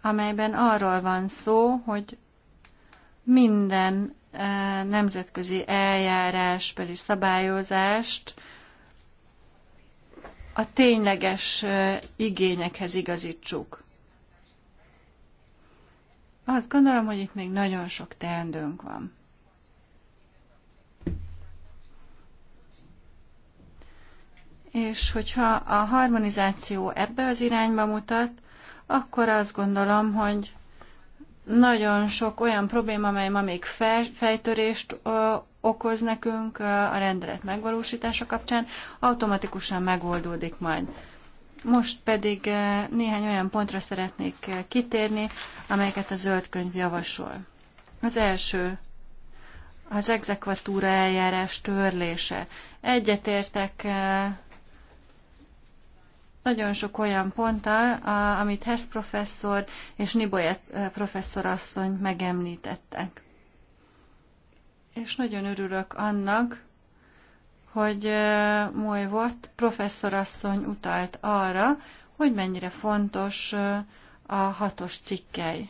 amelyben arról van szó, hogy minden eh, nemzetközi eljárásbeli szabályozást a tényleges eh, igényekhez igazítsuk. Azt gondolom, hogy itt még nagyon sok teendőnk van. És hogyha a harmonizáció ebbe az irányba mutat, akkor azt gondolom, hogy nagyon sok olyan probléma, amely ma még fejtörést okoz nekünk a rendelet megvalósítása kapcsán, automatikusan megoldódik majd. Most pedig néhány olyan pontra szeretnék kitérni, amelyeket a zöld könyv javasol. Az első az exekvatúra eljárás törlése. Egyetértek nagyon sok olyan ponttal, amit Hess professzor és Nibolyet eh, professzor asszony megemlítettek. És nagyon örülök annak, hogy eh, Moly volt professzorasszony utalt arra, hogy mennyire fontos eh, a hatos cikkely.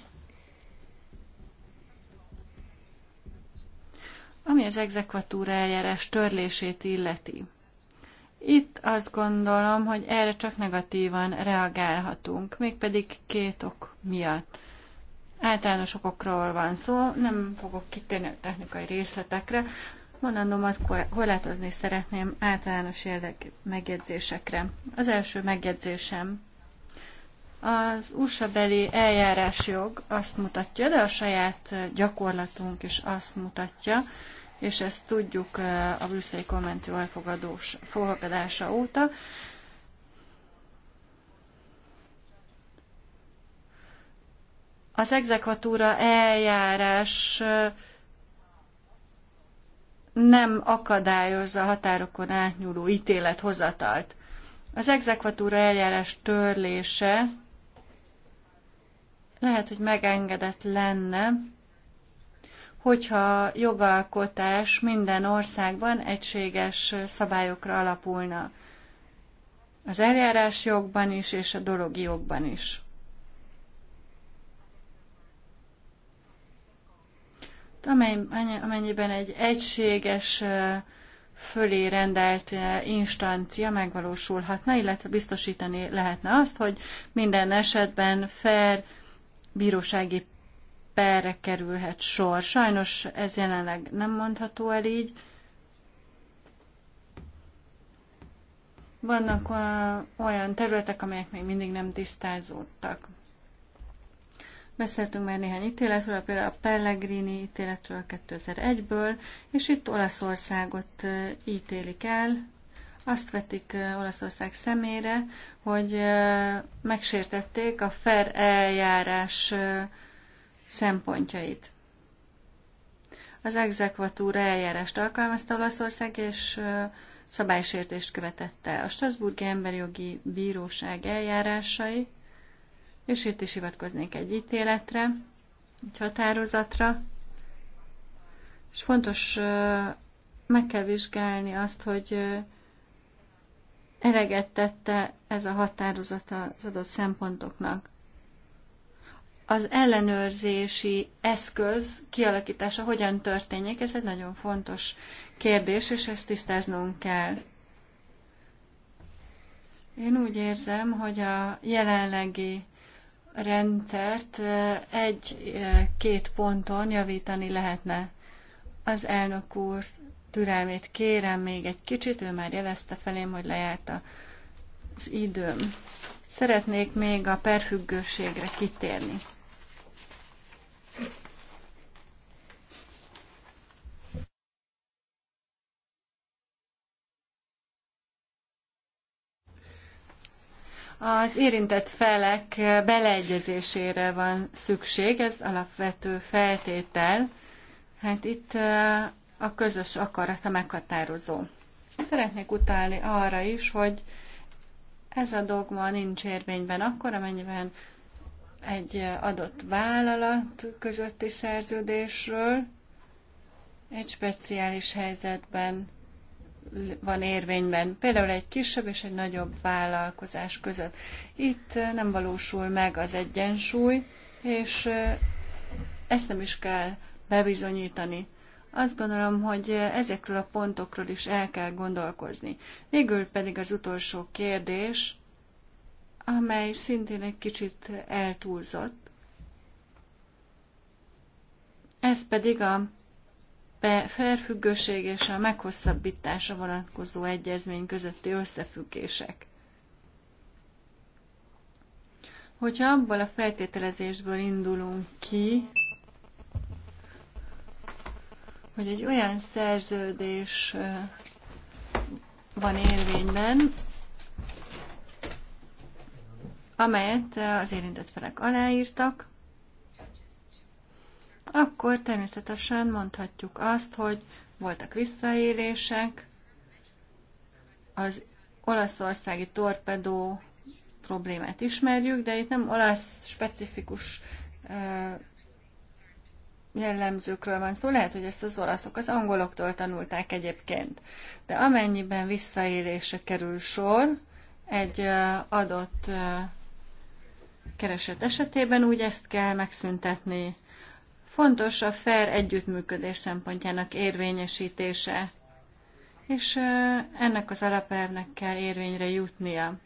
Ami az exekvatúra eljárás törlését illeti. Itt azt gondolom, hogy erre csak negatívan reagálhatunk, mégpedig két ok miatt. Általános okokról van szó, nem fogok kitérni a technikai részletekre, mondandómat korlátozni szeretném általános érdek megjegyzésekre. Az első megjegyzésem. Az USA beli eljárásjog azt mutatja, de a saját gyakorlatunk is azt mutatja, és ezt tudjuk a brüsszeli konvenció elfogadós, fogadása óta. Az exekvatúra eljárás nem akadályozza a határokon átnyúló ítélethozatalt. Az exekvatúra eljárás törlése lehet, hogy megengedett lenne, hogyha jogalkotás minden országban egységes szabályokra alapulna. Az eljárás jogban is, és a dologi jogban is. Amennyiben egy egységes fölé rendelt instancia megvalósulhatna, illetve biztosítani lehetne azt, hogy minden esetben fair bírósági perre kerülhet sor. Sajnos ez jelenleg nem mondható el így. Vannak olyan területek, amelyek még mindig nem tisztázódtak. Beszéltünk már néhány ítéletről, például a Pellegrini ítéletről 2001-ből, és itt Olaszországot ítélik el, azt vetik Olaszország szemére, hogy megsértették a fer eljárás szempontjait. Az exekvatúra eljárást alkalmazta Olaszország, és szabálysértést követette A Strasburgi Emberi Jogi Bíróság eljárásai, és itt is hivatkoznék egy ítéletre, egy határozatra, és fontos meg kell vizsgálni azt, hogy eleget tette ez a határozat az adott szempontoknak az ellenőrzési eszköz kialakítása hogyan történik ez egy nagyon fontos kérdés, és ezt tisztáznunk kell. Én úgy érzem, hogy a jelenlegi rendszert egy-két ponton javítani lehetne. Az elnök úr türelmét kérem még egy kicsit, ő már jelezte felém, hogy lejárt az időm. Szeretnék még a perfüggőségre kitérni. Az érintett felek beleegyezésére van szükség, ez alapvető feltétel. Hát itt a közös akarata meghatározó. Szeretnék utálni arra is, hogy ez a dogma nincs érvényben akkor, amennyiben egy adott vállalat közötti szerződésről egy speciális helyzetben van érvényben, például egy kisebb és egy nagyobb vállalkozás között. Itt eh, nem valósul meg az egyensúly, és eh, ezt nem is kell bebizonyítani. Azt gondolom, hogy eh, ezekről a pontokról is el kell gondolkozni. Végül pedig az utolsó kérdés, amely szintén egy kicsit eltúlzott. Ez pedig a felfüggőség és a meghosszabbítása vonatkozó egyezmény közötti összefüggések. Hogyha abból a feltételezésből indulunk ki, hogy egy olyan szerződés van érvényben, amelyet az érintett felek aláírtak, akkor természetesen mondhatjuk azt, hogy voltak visszaélések, az olaszországi torpedó problémát ismerjük, de itt nem olasz specifikus jellemzőkről van szó, lehet, hogy ezt az olaszok az angoloktól tanulták egyébként. De amennyiben visszaélése kerül sor egy adott kereset esetében, úgy ezt kell megszüntetni. Fontos a fair együttműködés szempontjának érvényesítése, és ennek az alapelvnek kell érvényre jutnia.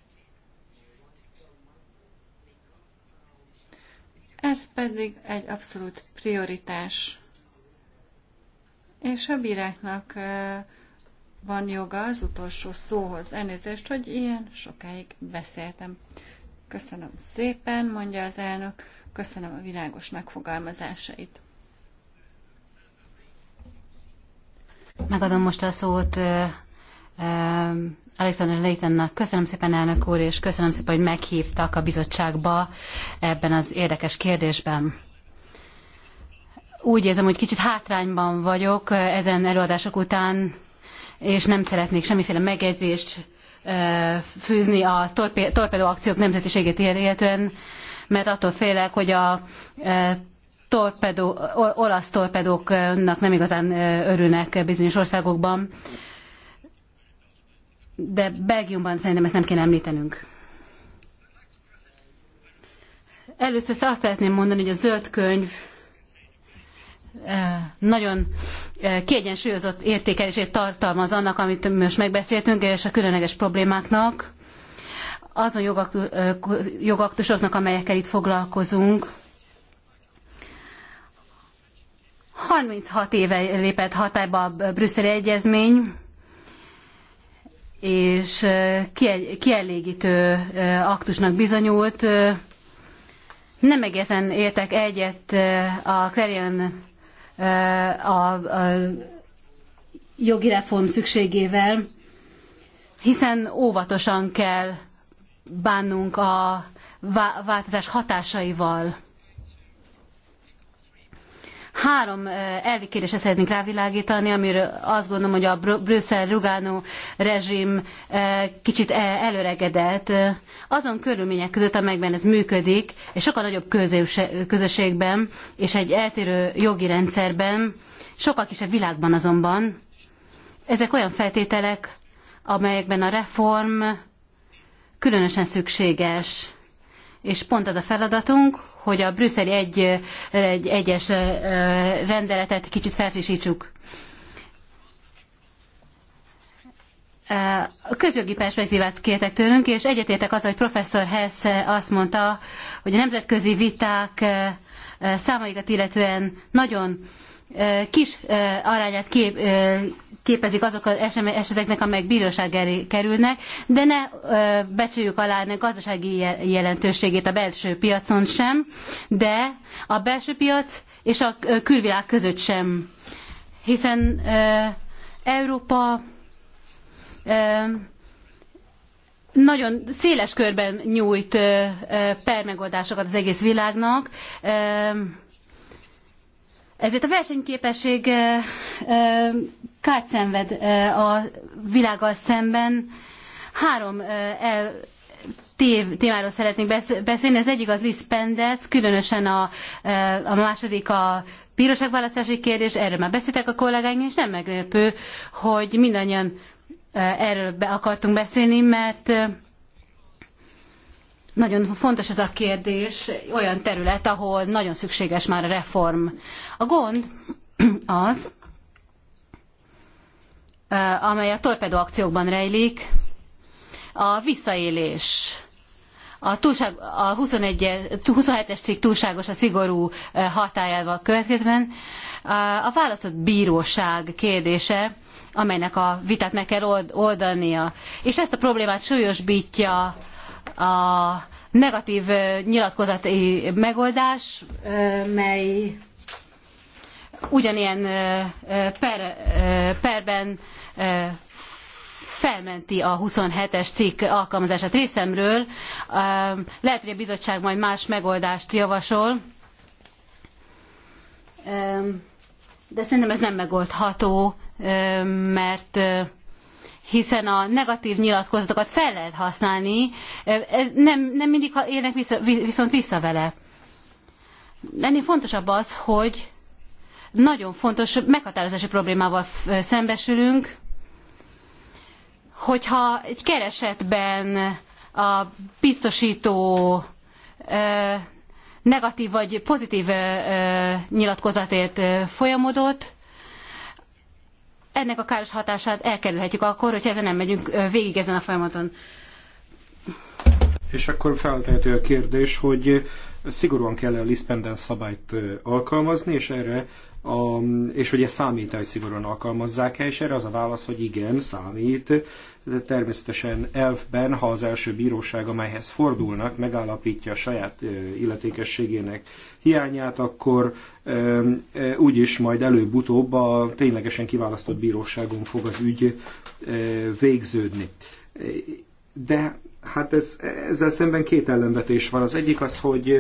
Ez pedig egy abszolút prioritás. És a bíráknak van joga az utolsó szóhoz. Elnézést, hogy ilyen sokáig beszéltem. Köszönöm szépen, mondja az elnök. Köszönöm a világos megfogalmazásait. Megadom most a szót uh, uh, Alexander Leightonnak. Köszönöm szépen, elnök úr, és köszönöm szépen, hogy meghívtak a bizottságba ebben az érdekes kérdésben. Úgy érzem, hogy kicsit hátrányban vagyok ezen előadások után, és nem szeretnék semmiféle megjegyzést uh, fűzni a torpedó akciók nemzetiségét illetően mert attól félek, hogy a e, torpedó, olasz torpedóknak nem igazán e, örülnek bizonyos országokban, de Belgiumban szerintem ezt nem kéne említenünk. Először azt szeretném mondani, hogy a zöld könyv e, nagyon kiegyensúlyozott értékelését tartalmaz annak, amit most megbeszéltünk, és a különleges problémáknak azon jogaktusoknak, amelyekkel itt foglalkozunk. 36 éve lépett hatályba a brüsszeli egyezmény, és kielégítő aktusnak bizonyult. Nem egészen értek egyet a Clarion a, a jogi reform szükségével, hiszen óvatosan kell bánnunk a változás hatásaival. Három elvi kérdésre szeretnénk rávilágítani, amiről azt gondolom, hogy a Brüsszel-Rugánó rezsim kicsit előregedett. Azon körülmények között, amelyekben ez működik, és sokkal nagyobb közösségben, és egy eltérő jogi rendszerben, sokkal kisebb világban azonban, ezek olyan feltételek, amelyekben a reform különösen szükséges. És pont az a feladatunk, hogy a brüsszeli egy, egy egyes rendeletet kicsit felfrissítsük. A közjogi perspektívát kértek tőlünk, és egyetértek azzal, hogy professzor Hess azt mondta, hogy a nemzetközi viták számaikat illetően nagyon kis arányát kép, képezik azok az eseteknek, amelyek bíróság elé kerülnek, de ne becsüljük alá ennek gazdasági jelentőségét a belső piacon sem, de a belső piac és a külvilág között sem. Hiszen Európa nagyon széles körben nyújt megoldásokat az egész világnak, ezért a versenyképesség kárt szenved a világgal szemben. Három el, tév, témáról szeretnék beszélni. Az egyik az Liz Pendez, különösen a, a második a bíróságválasztási kérdés, erről már beszéltek a kollégáink, és nem meglepő, hogy mindannyian erről be akartunk beszélni, mert nagyon fontos ez a kérdés, olyan terület, ahol nagyon szükséges már a reform. A gond az, eh, amely a torpedó akciókban rejlik, a visszaélés. A, túlság, a 21 27-es cikk túlságos a szigorú eh, hatájával következben. Eh, a választott bíróság kérdése, amelynek a vitát meg kell oldania. És ezt a problémát súlyosbítja a negatív nyilatkozati megoldás, mely ugyanilyen per, perben felmenti a 27-es cikk alkalmazását részemről. Lehet, hogy a bizottság majd más megoldást javasol, de szerintem ez nem megoldható, mert hiszen a negatív nyilatkozatokat fel lehet használni, nem, nem mindig élnek vissza, viszont vissza vele. Ennél fontosabb az, hogy nagyon fontos meghatározási problémával szembesülünk, hogyha egy keresetben a biztosító negatív vagy pozitív nyilatkozatért folyamodott, ennek a káros hatását elkerülhetjük akkor, hogyha ezen nem megyünk végig ezen a folyamaton. És akkor feltehető a kérdés, hogy szigorúan kell -e a Lispenden szabályt alkalmazni, és erre a, um, és hogy ezt számít hogy szigorúan alkalmazzák-e, és erre az a válasz, hogy igen, számít. De természetesen elfben, ha az első bíróság, amelyhez fordulnak, megállapítja a saját illetékességének hiányát, akkor úgyis majd előbb-utóbb a ténylegesen kiválasztott bíróságon fog az ügy végződni. De hát ez, ezzel szemben két ellenvetés van. Az egyik az, hogy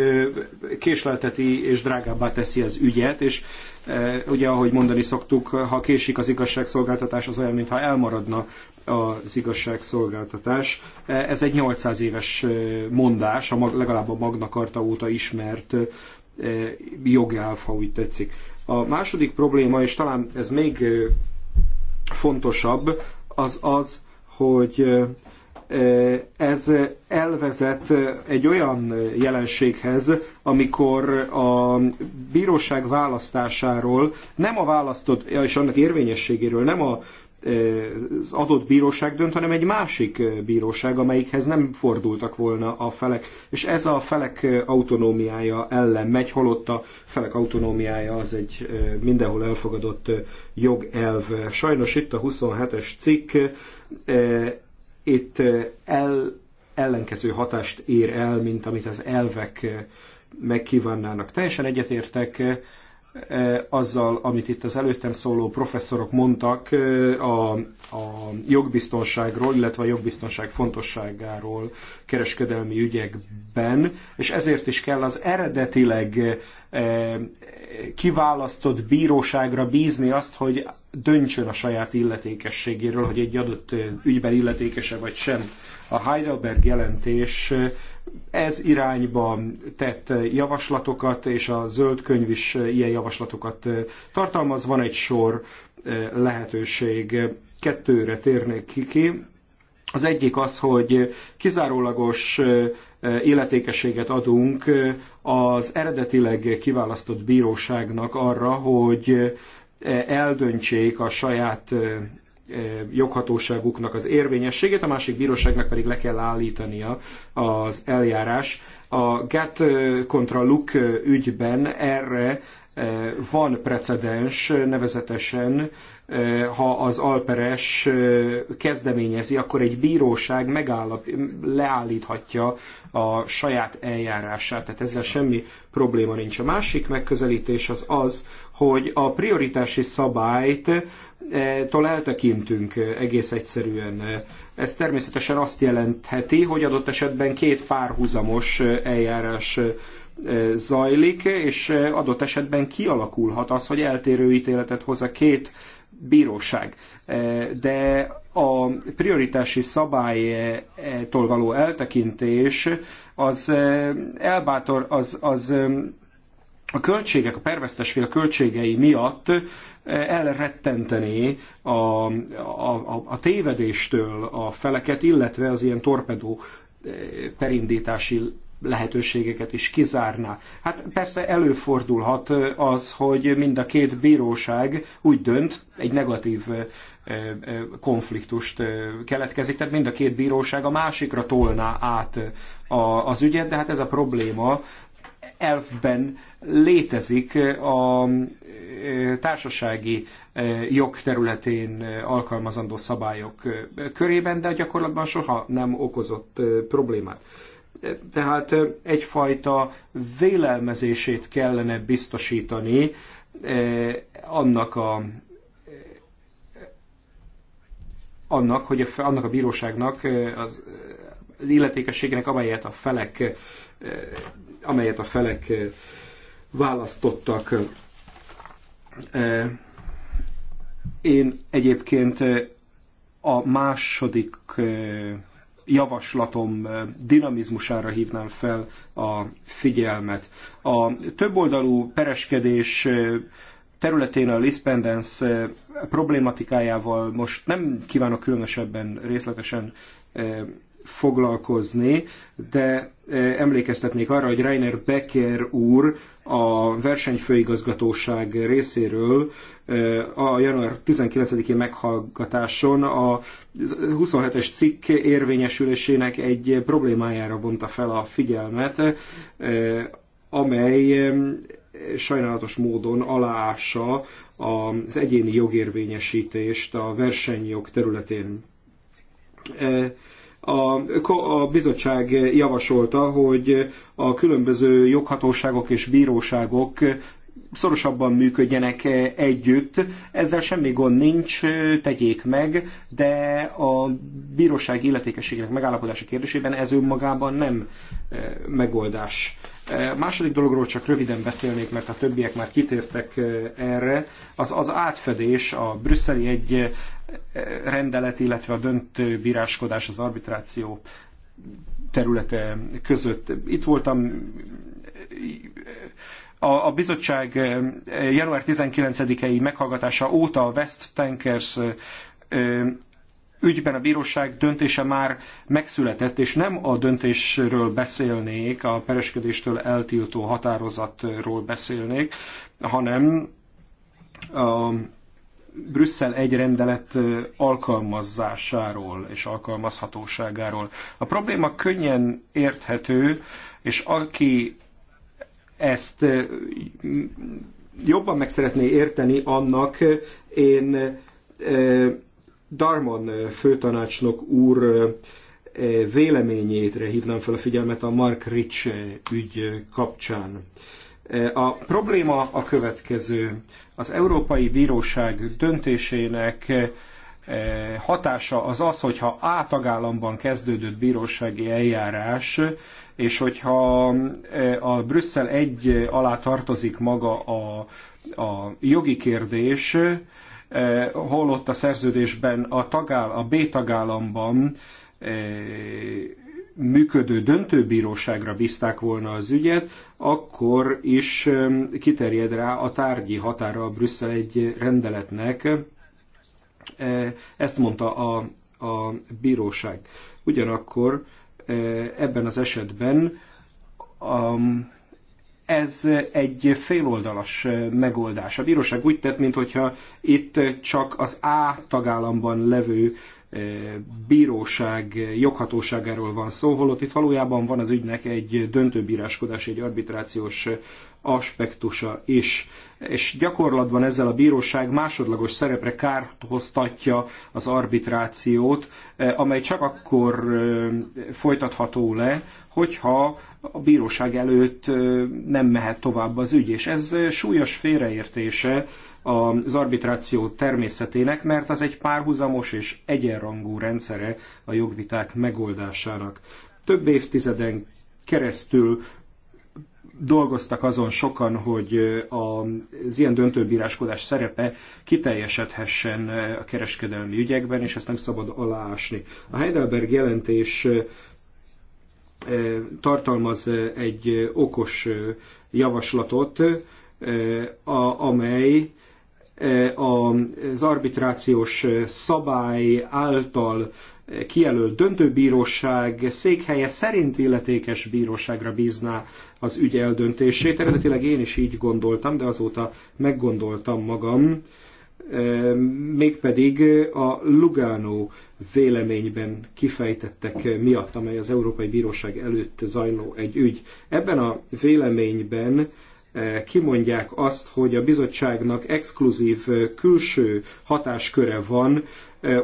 késlelteti és drágábbá teszi az ügyet, és Eh, ugye, ahogy mondani szoktuk, ha késik az igazságszolgáltatás, az olyan, mintha elmaradna az igazságszolgáltatás. Eh, ez egy 800 éves eh, mondás, a legalább a Magna Carta óta ismert jogelv, ha úgy tetszik. A második probléma, és talán ez még fontosabb, az az, hogy ez elvezet egy olyan jelenséghez, amikor a bíróság választásáról, nem a választott és annak érvényességéről, nem a az adott bíróság dönt, hanem egy másik bíróság, amelyikhez nem fordultak volna a felek. És ez a felek autonómiája ellen megy, holott a felek autonómiája az egy mindenhol elfogadott jogelv. Sajnos itt a 27-es cikk itt el, ellenkező hatást ér el, mint amit az elvek megkívánnának. Teljesen egyetértek E, azzal, amit itt az előttem szóló professzorok mondtak e, a, a jogbiztonságról, illetve a jogbiztonság fontosságáról kereskedelmi ügyekben, és ezért is kell az eredetileg e, kiválasztott bíróságra bízni azt, hogy döntsön a saját illetékességéről, hogy egy adott ügyben illetékese vagy sem. A Heidelberg jelentés ez irányba tett javaslatokat, és a zöld könyv is ilyen javaslatokat tartalmaz. Van egy sor eh, lehetőség, kettőre térnék ki. Az egyik az, hogy kizárólagos életékességet eh, adunk eh, az eredetileg kiválasztott bíróságnak arra, hogy eldöntsék a saját joghatóságuknak az érvényességét, a másik bíróságnak pedig le kell állítania az eljárás. A GATT kontra LUK ügyben erre van precedens, nevezetesen ha az alperes kezdeményezi, akkor egy bíróság megállap, leállíthatja a saját eljárását. Tehát ezzel semmi probléma nincs. A másik megközelítés az az, hogy a prioritási szabályt tól eltekintünk egész egyszerűen. Ez természetesen azt jelentheti, hogy adott esetben két párhuzamos eljárás e, zajlik, és e, adott esetben kialakulhat az, hogy eltérő ítéletet hoz a két bíróság. E, de a prioritási szabálytól való eltekintés az elbátor, az, az a költségek, a fél költségei miatt eh, elrettenteni a, a, a, a tévedéstől a feleket, illetve az ilyen torpedó eh, perindítási lehetőségeket is kizárná. Hát persze előfordulhat eh, az, hogy mind a két bíróság úgy dönt, egy negatív konfliktust keletkezik, tehát mind a két bíróság a másikra tolná át az ügyet, de hát ez a probléma elfben létezik a e, társasági e, jog területén alkalmazandó szabályok e, körében, de gyakorlatban soha nem okozott problémát. Tehát egyfajta vélelmezését kellene biztosítani annak a annak, hogy a, annak a bíróságnak, az az illetékességnek, amelyet a felek, eh, amelyet a felek eh, választottak. Eh, én egyébként a második javaslatom dinamizmusára hívnám fel a figyelmet. A többoldalú pereskedés területén a lispendens problématikájával most nem kívánok különösebben részletesen foglalkozni, de e, emlékeztetnék arra, hogy Rainer Becker úr a versenyfőigazgatóság részéről e, a január 19-i meghallgatáson a 27-es cikk érvényesülésének egy problémájára vonta fel a figyelmet, e, amely sajnálatos módon aláássa az egyéni jogérvényesítést a versenyjog területén a, bizottság javasolta, hogy a különböző joghatóságok és bíróságok szorosabban működjenek együtt. Ezzel semmi gond nincs, tegyék meg, de a bíróság illetékességének megállapodása kérdésében ez önmagában nem eh, megoldás. Eh, második dologról csak röviden beszélnék, mert a többiek már kitértek eh, erre, az az átfedés a brüsszeli egy eh, rendelet, illetve a bíráskodás az arbitráció területe között. Itt voltam a, a bizottság január 19-i meghallgatása óta a West Tankers ügyben a bíróság döntése már megszületett, és nem a döntésről beszélnék, a pereskedéstől eltiltó határozatról beszélnék, hanem a Brüsszel egy rendelet alkalmazásáról és alkalmazhatóságáról. A probléma könnyen érthető, és aki ezt jobban meg szeretné érteni, annak én Darmon eh, főtanácsnok úr eh, véleményétre hívnám fel a figyelmet a Mark Rich ügy kapcsán. Eh, a probléma a következő. Az Európai Bíróság döntésének hatása az az, hogyha A tagállamban kezdődött bírósági eljárás, és hogyha a Brüsszel egy alá tartozik maga a, a jogi kérdés, Eh, holott a szerződésben a, tagáll, a B tagállamban eh, működő döntőbíróságra bízták volna az ügyet, akkor is eh, kiterjed rá a tárgyi határa a Brüsszel egy rendeletnek. Ezt mondta a, a bíróság. Ugyanakkor ebben az esetben a, ez egy féloldalas megoldás. A bíróság úgy tett, mintha itt csak az A tagállamban levő eh, bíróság joghatóságáról van szó, holott itt valójában van az ügynek egy döntőbíráskodás, egy arbitrációs eh, aspektusa is. És gyakorlatban ezzel a bíróság másodlagos szerepre kárhoztatja az arbitrációt, eh, amely csak akkor folytatható le, hogyha a bíróság előtt nem mehet tovább az ügy. És ez súlyos félreértése az arbitráció természetének, mert az egy párhuzamos és egyenrangú rendszere a jogviták megoldásának. Több évtizeden keresztül dolgoztak azon sokan, hogy az ilyen döntőbíráskodás szerepe kiteljesedhessen a kereskedelmi ügyekben, és ezt nem szabad aláásni. A Heidelberg jelentés tartalmaz egy okos javaslatot, amely az arbitrációs szabály által kijelölt döntőbíróság székhelye szerint illetékes bíróságra bízná az ügy eldöntését. Eredetileg én is így gondoltam, de azóta meggondoltam magam, mégpedig a Lugano véleményben kifejtettek miatt, amely az Európai Bíróság előtt zajló egy ügy. Ebben a véleményben kimondják azt, hogy a bizottságnak exkluzív külső hatásköre van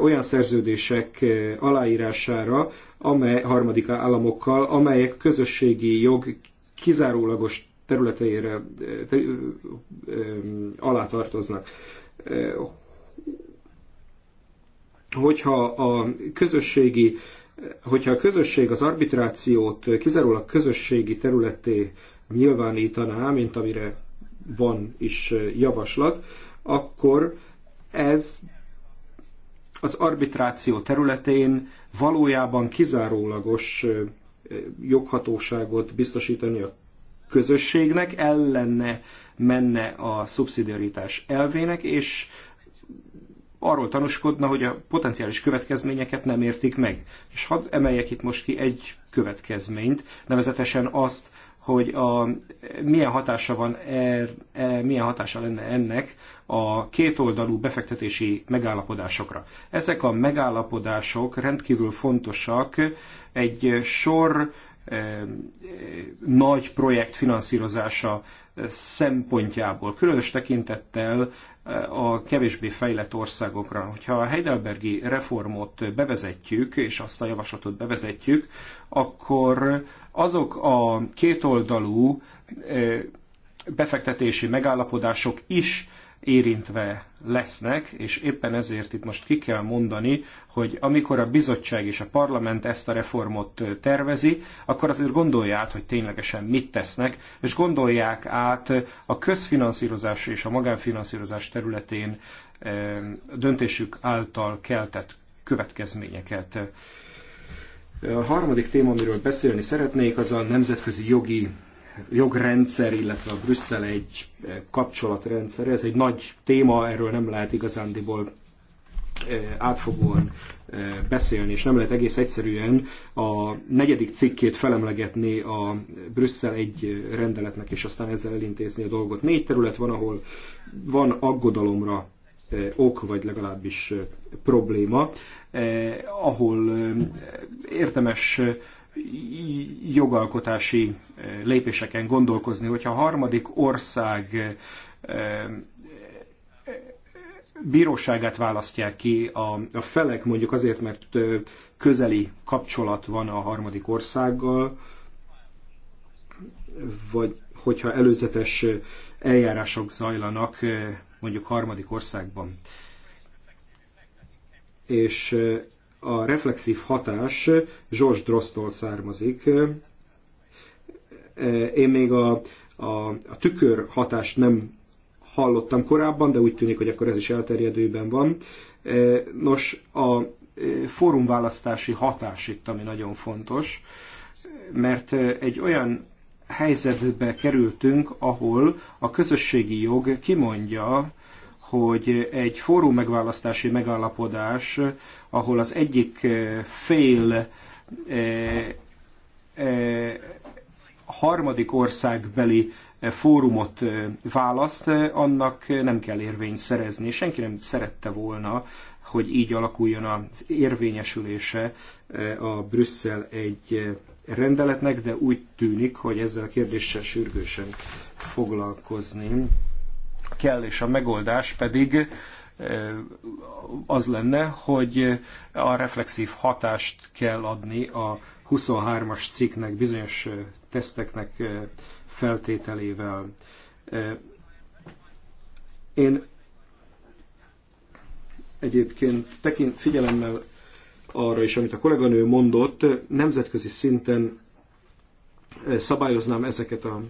olyan szerződések aláírására, amely harmadik államokkal, amelyek közösségi jog kizárólagos területeire alá tartoznak hogyha a közösségi hogyha a közösség az arbitrációt kizárólag közösségi területé nyilvánítaná, mint amire van is javaslat, akkor ez az arbitráció területén valójában kizárólagos joghatóságot biztosítani a közösségnek, ellenne menne a szubszidiaritás elvének, és arról tanúskodna, hogy a potenciális következményeket nem értik meg. És hadd emeljek itt most ki egy következményt, nevezetesen azt, hogy a, milyen hatása van er, e, milyen hatása lenne ennek a kétoldalú befektetési megállapodásokra. Ezek a megállapodások rendkívül fontosak egy sor nagy projekt finanszírozása szempontjából, különös tekintettel a kevésbé fejlett országokra. Hogyha a Heidelbergi reformot bevezetjük, és azt a javaslatot bevezetjük, akkor azok a kétoldalú befektetési megállapodások is érintve lesznek, és éppen ezért itt most ki kell mondani, hogy amikor a bizottság és a parlament ezt a reformot tervezi, akkor azért gondolja át, hogy ténylegesen mit tesznek, és gondolják át a közfinanszírozás és a magánfinanszírozás területén döntésük által keltett következményeket. A harmadik téma, amiről beszélni szeretnék, az a nemzetközi jogi jogrendszer, illetve a Brüsszel egy eh, kapcsolatrendszer. Ez egy nagy téma, erről nem lehet igazándiból eh, átfogóan eh, beszélni, és nem lehet egész egyszerűen a negyedik cikkét felemlegetni a Brüsszel egy rendeletnek, és aztán ezzel elintézni a dolgot. Négy terület van, ahol van aggodalomra ok, vagy legalábbis probléma, ahol érdemes jogalkotási eh, lépéseken gondolkozni. Hogyha a harmadik ország eh, eh, bíróságát választják ki a, felek, mondjuk azért, mert közeli kapcsolat van a harmadik országgal, vagy hogyha előzetes eljárások zajlanak mondjuk harmadik országban. És a reflexív hatás George Drostól származik. E, én még a, a, a tükör hatást nem hallottam korábban, de úgy tűnik, hogy akkor ez is elterjedőben van. E, nos, a e, fórumválasztási hatás itt, ami nagyon fontos, mert egy olyan helyzetbe kerültünk, ahol a közösségi jog kimondja hogy egy forró megválasztási megállapodás, ahol az egyik eh, fél eh, eh, harmadik országbeli fórumot választ, annak nem kell érvényt szerezni. Senki nem szerette volna, hogy így alakuljon az érvényesülése a Brüsszel egy rendeletnek, de úgy tűnik, hogy ezzel a kérdéssel sürgősen foglalkozni kell, és a megoldás pedig eh, az lenne, hogy a reflexív hatást kell adni a 23-as cikknek, bizonyos eh, teszteknek eh, feltételével. Én egyébként tekint, figyelemmel arra is, amit a kolléganő mondott, nemzetközi szinten szabályoznám ezeket a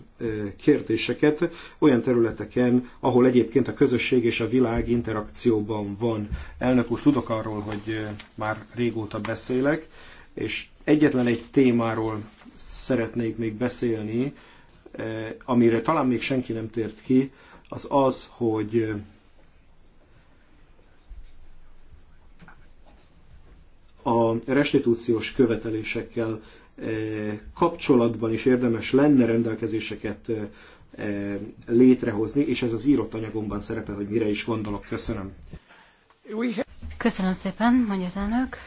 kérdéseket olyan területeken, ahol egyébként a közösség és a világ interakcióban van. Elnök úr, tudok arról, hogy már régóta beszélek, és egyetlen egy témáról szeretnék még beszélni, amire talán még senki nem tért ki, az az, hogy a restitúciós követelésekkel kapcsolatban is érdemes lenne rendelkezéseket létrehozni, és ez az írott anyagomban szerepel, hogy mire is gondolok. Köszönöm. Köszönöm szépen, mondja az elnök.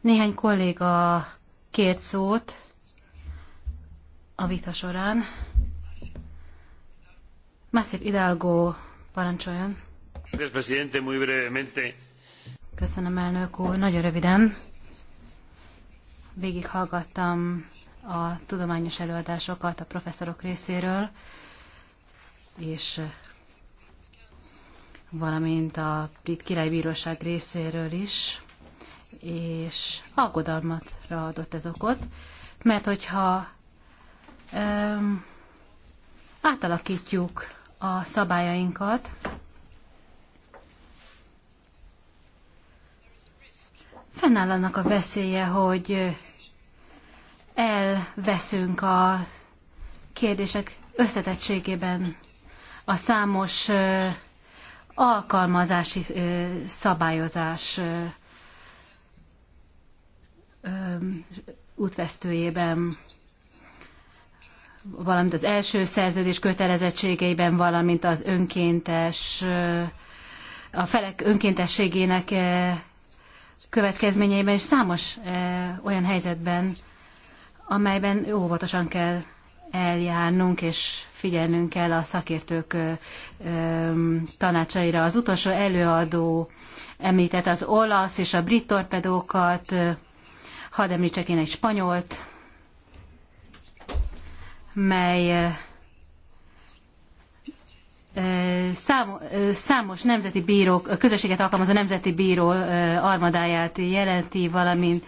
Néhány kolléga kért szót a vita során. Massive Hidalgo parancsoljon. Köszönöm, elnök úr. Nagyon röviden végighallgattam a tudományos előadásokat a professzorok részéről, és valamint a brit királybíróság részéről is, és aggodalmatra adott ez okot, mert hogyha öm, átalakítjuk a szabályainkat, fennáll annak a veszélye, hogy elveszünk a kérdések összetettségében a számos alkalmazási szabályozás útvesztőjében, valamint az első szerződés kötelezettségeiben, valamint az önkéntes, a felek önkéntességének következményeiben és számos eh, olyan helyzetben, amelyben óvatosan kell eljárnunk és figyelnünk kell a szakértők eh, tanácsaira. Az utolsó előadó említett az olasz és a brit torpedókat, hadd említsek én egy spanyolt, mely eh, számos nemzeti bírók, közösséget alkalmazó nemzeti bíró armadáját jelenti, valamint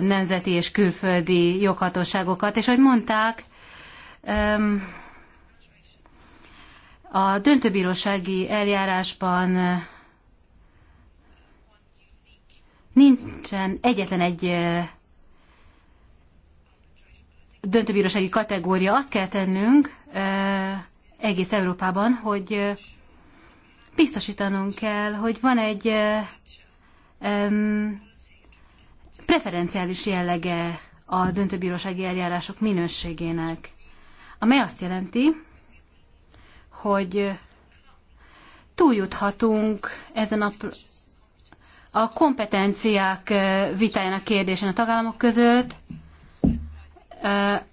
nemzeti és külföldi joghatóságokat. És ahogy mondták, a döntőbírósági eljárásban nincsen egyetlen egy döntőbírósági kategória. Azt kell tennünk, egész Európában, hogy biztosítanunk kell, hogy van egy um, preferenciális jellege a döntőbírósági eljárások minőségének, amely azt jelenti, hogy túljuthatunk ezen a, a kompetenciák vitájának kérdésén a tagállamok között,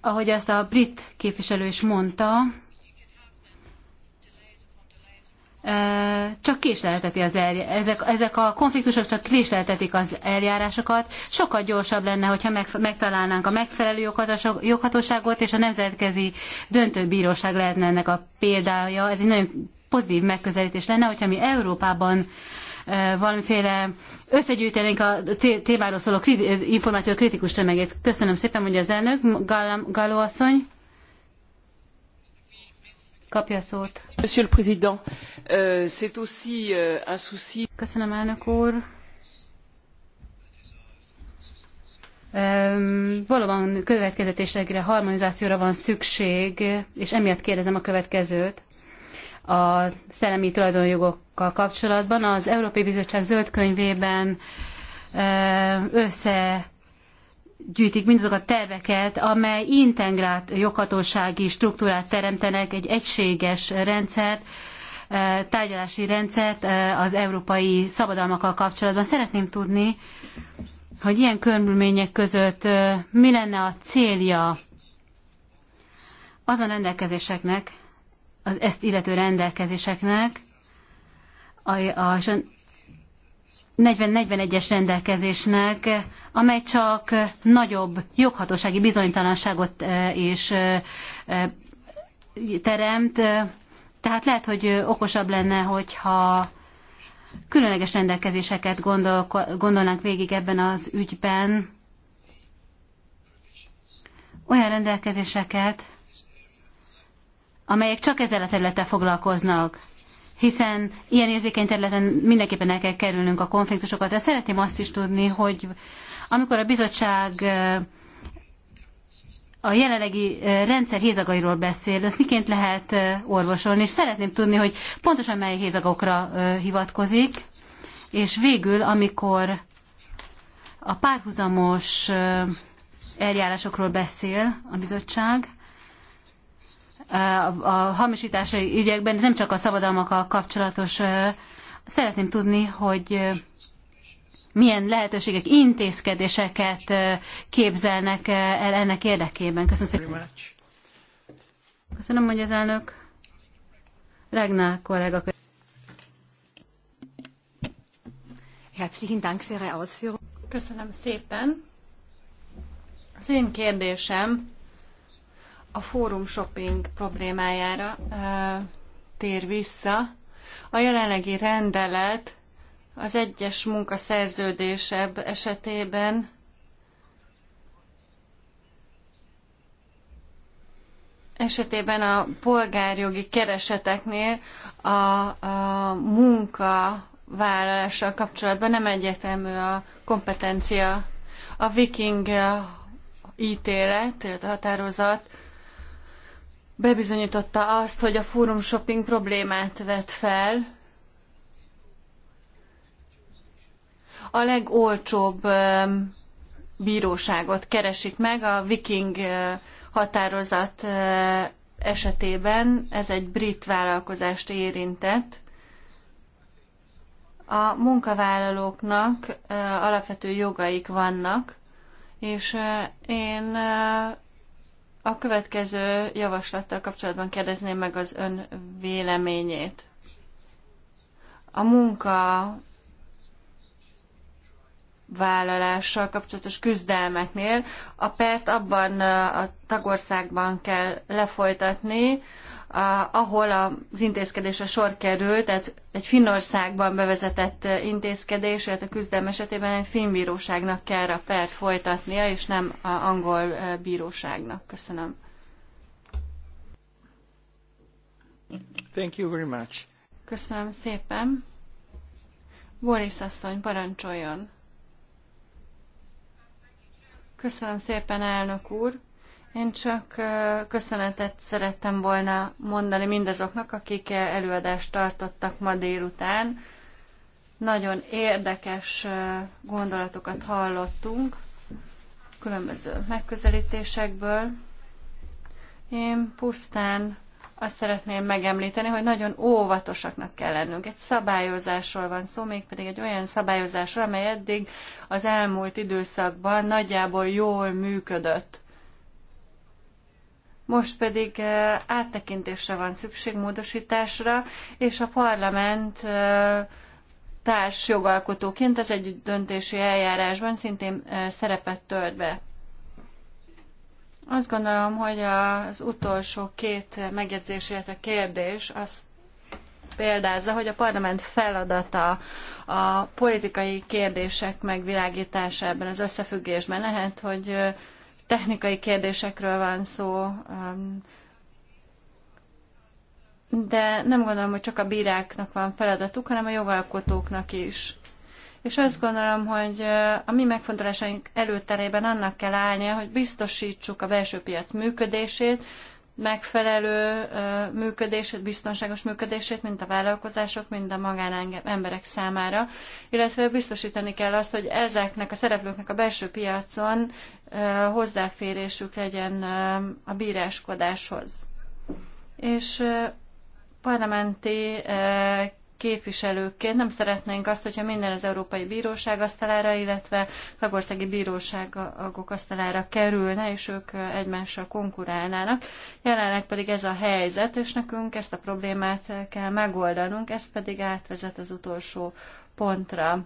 ahogy ezt a brit képviselő is mondta, csak késlelteti az eljá- ezek, ezek a konfliktusok csak késleltetik az eljárásokat. Sokkal gyorsabb lenne, hogyha meg, megtalálnánk a megfelelő joghatóságot, és a nemzetközi döntőbíróság lehetne ennek a példája. Ez egy nagyon pozitív megközelítés lenne, hogyha mi Európában valamiféle összegyűjtenénk a témáról szóló információ kritikus tömegét. Köszönöm szépen, mondja az elnök, Galló asszony kapja a Monsieur le Président, euh, c'est aussi euh, un souci. Valóban következetésre, harmonizációra van szükség, és emiatt kérdezem a következőt a szellemi tulajdonjogokkal kapcsolatban. Az Európai Bizottság zöld könyvében össze gyűjtik mindazokat a terveket, amely integrált joghatósági struktúrát teremtenek, egy egységes rendszert, e, tárgyalási rendszert e, az európai szabadalmakkal kapcsolatban. Szeretném tudni, hogy ilyen körülmények között e, mi lenne a célja azon rendelkezéseknek, az ezt illető rendelkezéseknek, a, a, 40-41-es rendelkezésnek, amely csak nagyobb joghatósági bizonytalanságot és teremt. Tehát lehet, hogy okosabb lenne, hogyha különleges rendelkezéseket gondol, gondolnánk végig ebben az ügyben, olyan rendelkezéseket, amelyek csak ezzel a területtel foglalkoznak hiszen ilyen érzékeny területen mindenképpen el kell kerülnünk a konfliktusokat. De szeretném azt is tudni, hogy amikor a bizottság a jelenlegi rendszer hézagairól beszél, ezt miként lehet orvosolni, és szeretném tudni, hogy pontosan mely hézagokra hivatkozik, és végül, amikor a párhuzamos eljárásokról beszél a bizottság, a hamisítási ügyekben, nem csak a szabadalmakkal kapcsolatos. Szeretném tudni, hogy milyen lehetőségek, intézkedéseket képzelnek el ennek érdekében. Köszönöm szépen. Köszönöm, hogy az elnök. Regna kollega. Herzlichen Dank für Ihre Köszönöm szépen. Az én kérdésem a fórum shopping problémájára tér vissza. A jelenlegi rendelet az egyes munkaszerződésebb esetében esetében a polgárjogi kereseteknél a, a munkavállalással kapcsolatban nem egyetemű a kompetencia. A viking ítélet, illetve határozat bebizonyította azt, hogy a fórum shopping problémát vet fel. A legolcsóbb um, bíróságot keresik meg, a viking uh, határozat uh, esetében ez egy brit vállalkozást érintett. A munkavállalóknak uh, alapvető jogaik vannak, és én a következő javaslattal kapcsolatban kérdezném meg az ön véleményét. A munka vállalással kapcsolatos küzdelmeknél a pert abban a tagországban kell lefolytatni, ahol az intézkedésre sor került, tehát egy Finnországban bevezetett intézkedés, illetve a küzdelem esetében egy finn bíróságnak kell a pert folytatnia, és nem a angol bíróságnak. Köszönöm. Thank you very much. Köszönöm szépen. Boris asszony, parancsoljon. Köszönöm szépen, elnök úr. Én csak köszönetet szerettem volna mondani mindazoknak, akik előadást tartottak ma délután. Nagyon érdekes gondolatokat hallottunk különböző megközelítésekből. Én pusztán azt szeretném megemlíteni, hogy nagyon óvatosaknak kell lennünk. Egy szabályozásról van szó, mégpedig egy olyan szabályozásról, amely eddig az elmúlt időszakban nagyjából jól működött. Most pedig áttekintésre van szükség, módosításra, és a parlament társ jogalkotóként az együttdöntési eljárásban szintén szerepet tölt be. Azt gondolom, hogy az utolsó két megjegyzés, illetve kérdés azt példázza, hogy a parlament feladata a politikai kérdések megvilágítása ebben az összefüggésben lehet, hogy technikai kérdésekről van szó, um, de nem gondolom, hogy csak a bíráknak van feladatuk, hanem a jogalkotóknak is. És azt gondolom, hogy a mi megfontolásaink előterében annak kell állnia, hogy biztosítsuk a belső piac működését, megfelelő működését, biztonságos működését, mint a vállalkozások, mint a magánemberek számára, illetve biztosítani kell azt, hogy ezeknek a szereplőknek a belső piacon hozzáférésük legyen a bíráskodáshoz. És parlamenti képviselőként nem szeretnénk azt, hogyha minden az Európai Bíróság asztalára, illetve tagországi bíróságok asztalára kerülne, és ők egymással konkurálnának. Jelenleg pedig ez a helyzet, és nekünk ezt a problémát kell megoldanunk, ez pedig átvezet az utolsó pontra.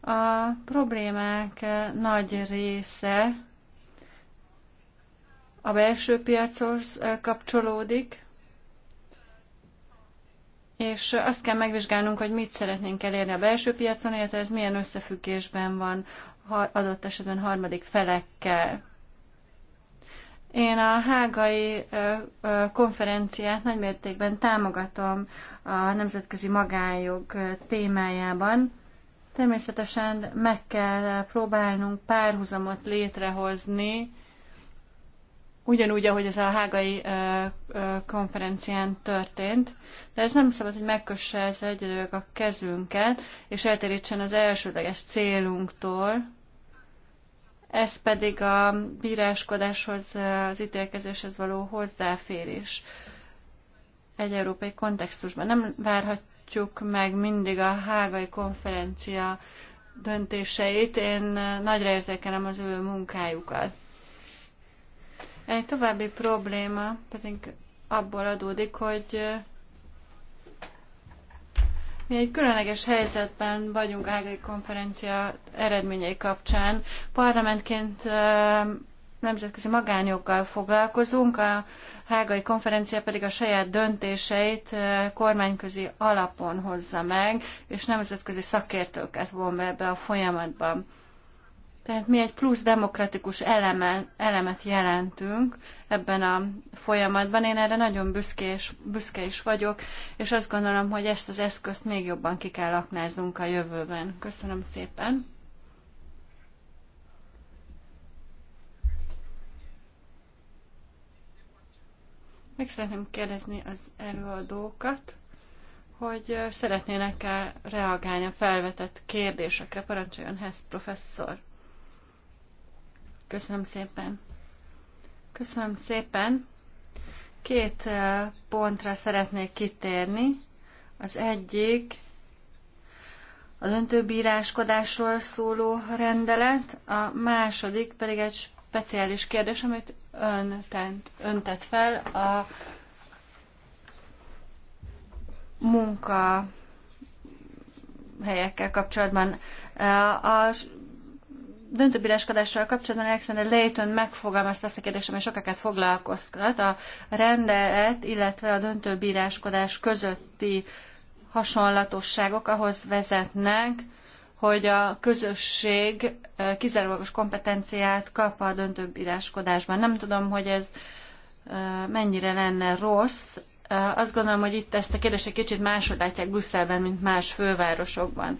A problémák nagy része a belső piachoz kapcsolódik, és azt kell megvizsgálnunk, hogy mit szeretnénk elérni a belső piacon, illetve ez milyen összefüggésben van adott esetben harmadik felekkel. Én a hágai konferenciát nagymértékben támogatom a nemzetközi magánjog témájában. Természetesen meg kell próbálnunk párhuzamot létrehozni ugyanúgy, ahogy ez a hágai konferencián történt, de ez nem szabad, hogy megkösse ez egyedül a kezünket, és elterítsen az elsődleges célunktól, ez pedig a bíráskodáshoz, az ítélkezéshez való hozzáférés egy európai kontextusban. Nem várhatjuk meg mindig a hágai konferencia döntéseit. Én nagyra értékelem az ő munkájukat. Egy további probléma pedig abból adódik, hogy mi egy különleges helyzetben vagyunk Ágai konferencia eredményei kapcsán. Parlamentként nemzetközi magánjoggal foglalkozunk, a hágai konferencia pedig a saját döntéseit kormányközi alapon hozza meg, és nemzetközi szakértőket von be ebbe a folyamatban. Tehát mi egy plusz demokratikus eleme, elemet jelentünk ebben a folyamatban. Én erre nagyon büszke, és, büszke is vagyok, és azt gondolom, hogy ezt az eszközt még jobban ki kell aknáznunk a jövőben. Köszönöm szépen! Meg szeretném kérdezni az előadókat, hogy szeretnének-e reagálni a felvetett kérdésekre. Parancsoljon Hess professzor! Köszönöm szépen. Köszönöm szépen. Két eh, pontra szeretnék kitérni. Az egyik az öntőbíráskodásról szóló rendelet, a második pedig egy speciális kérdés, amit ön tent, ön tett fel a munka helyekkel kapcsolatban. Eh, a döntőbíráskodással kapcsolatban Alexander Layton megfogalmazta azt a kérdést, amely sokakat foglalkoztat, a rendelet, illetve a döntőbíráskodás közötti hasonlatosságok ahhoz vezetnek, hogy a közösség kizárólagos kompetenciát kap a döntőbíráskodásban. Nem tudom, hogy ez mennyire lenne rossz. Azt gondolom, hogy itt ezt a kérdést egy kicsit máshogy látják Brüsszelben, mint más fővárosokban.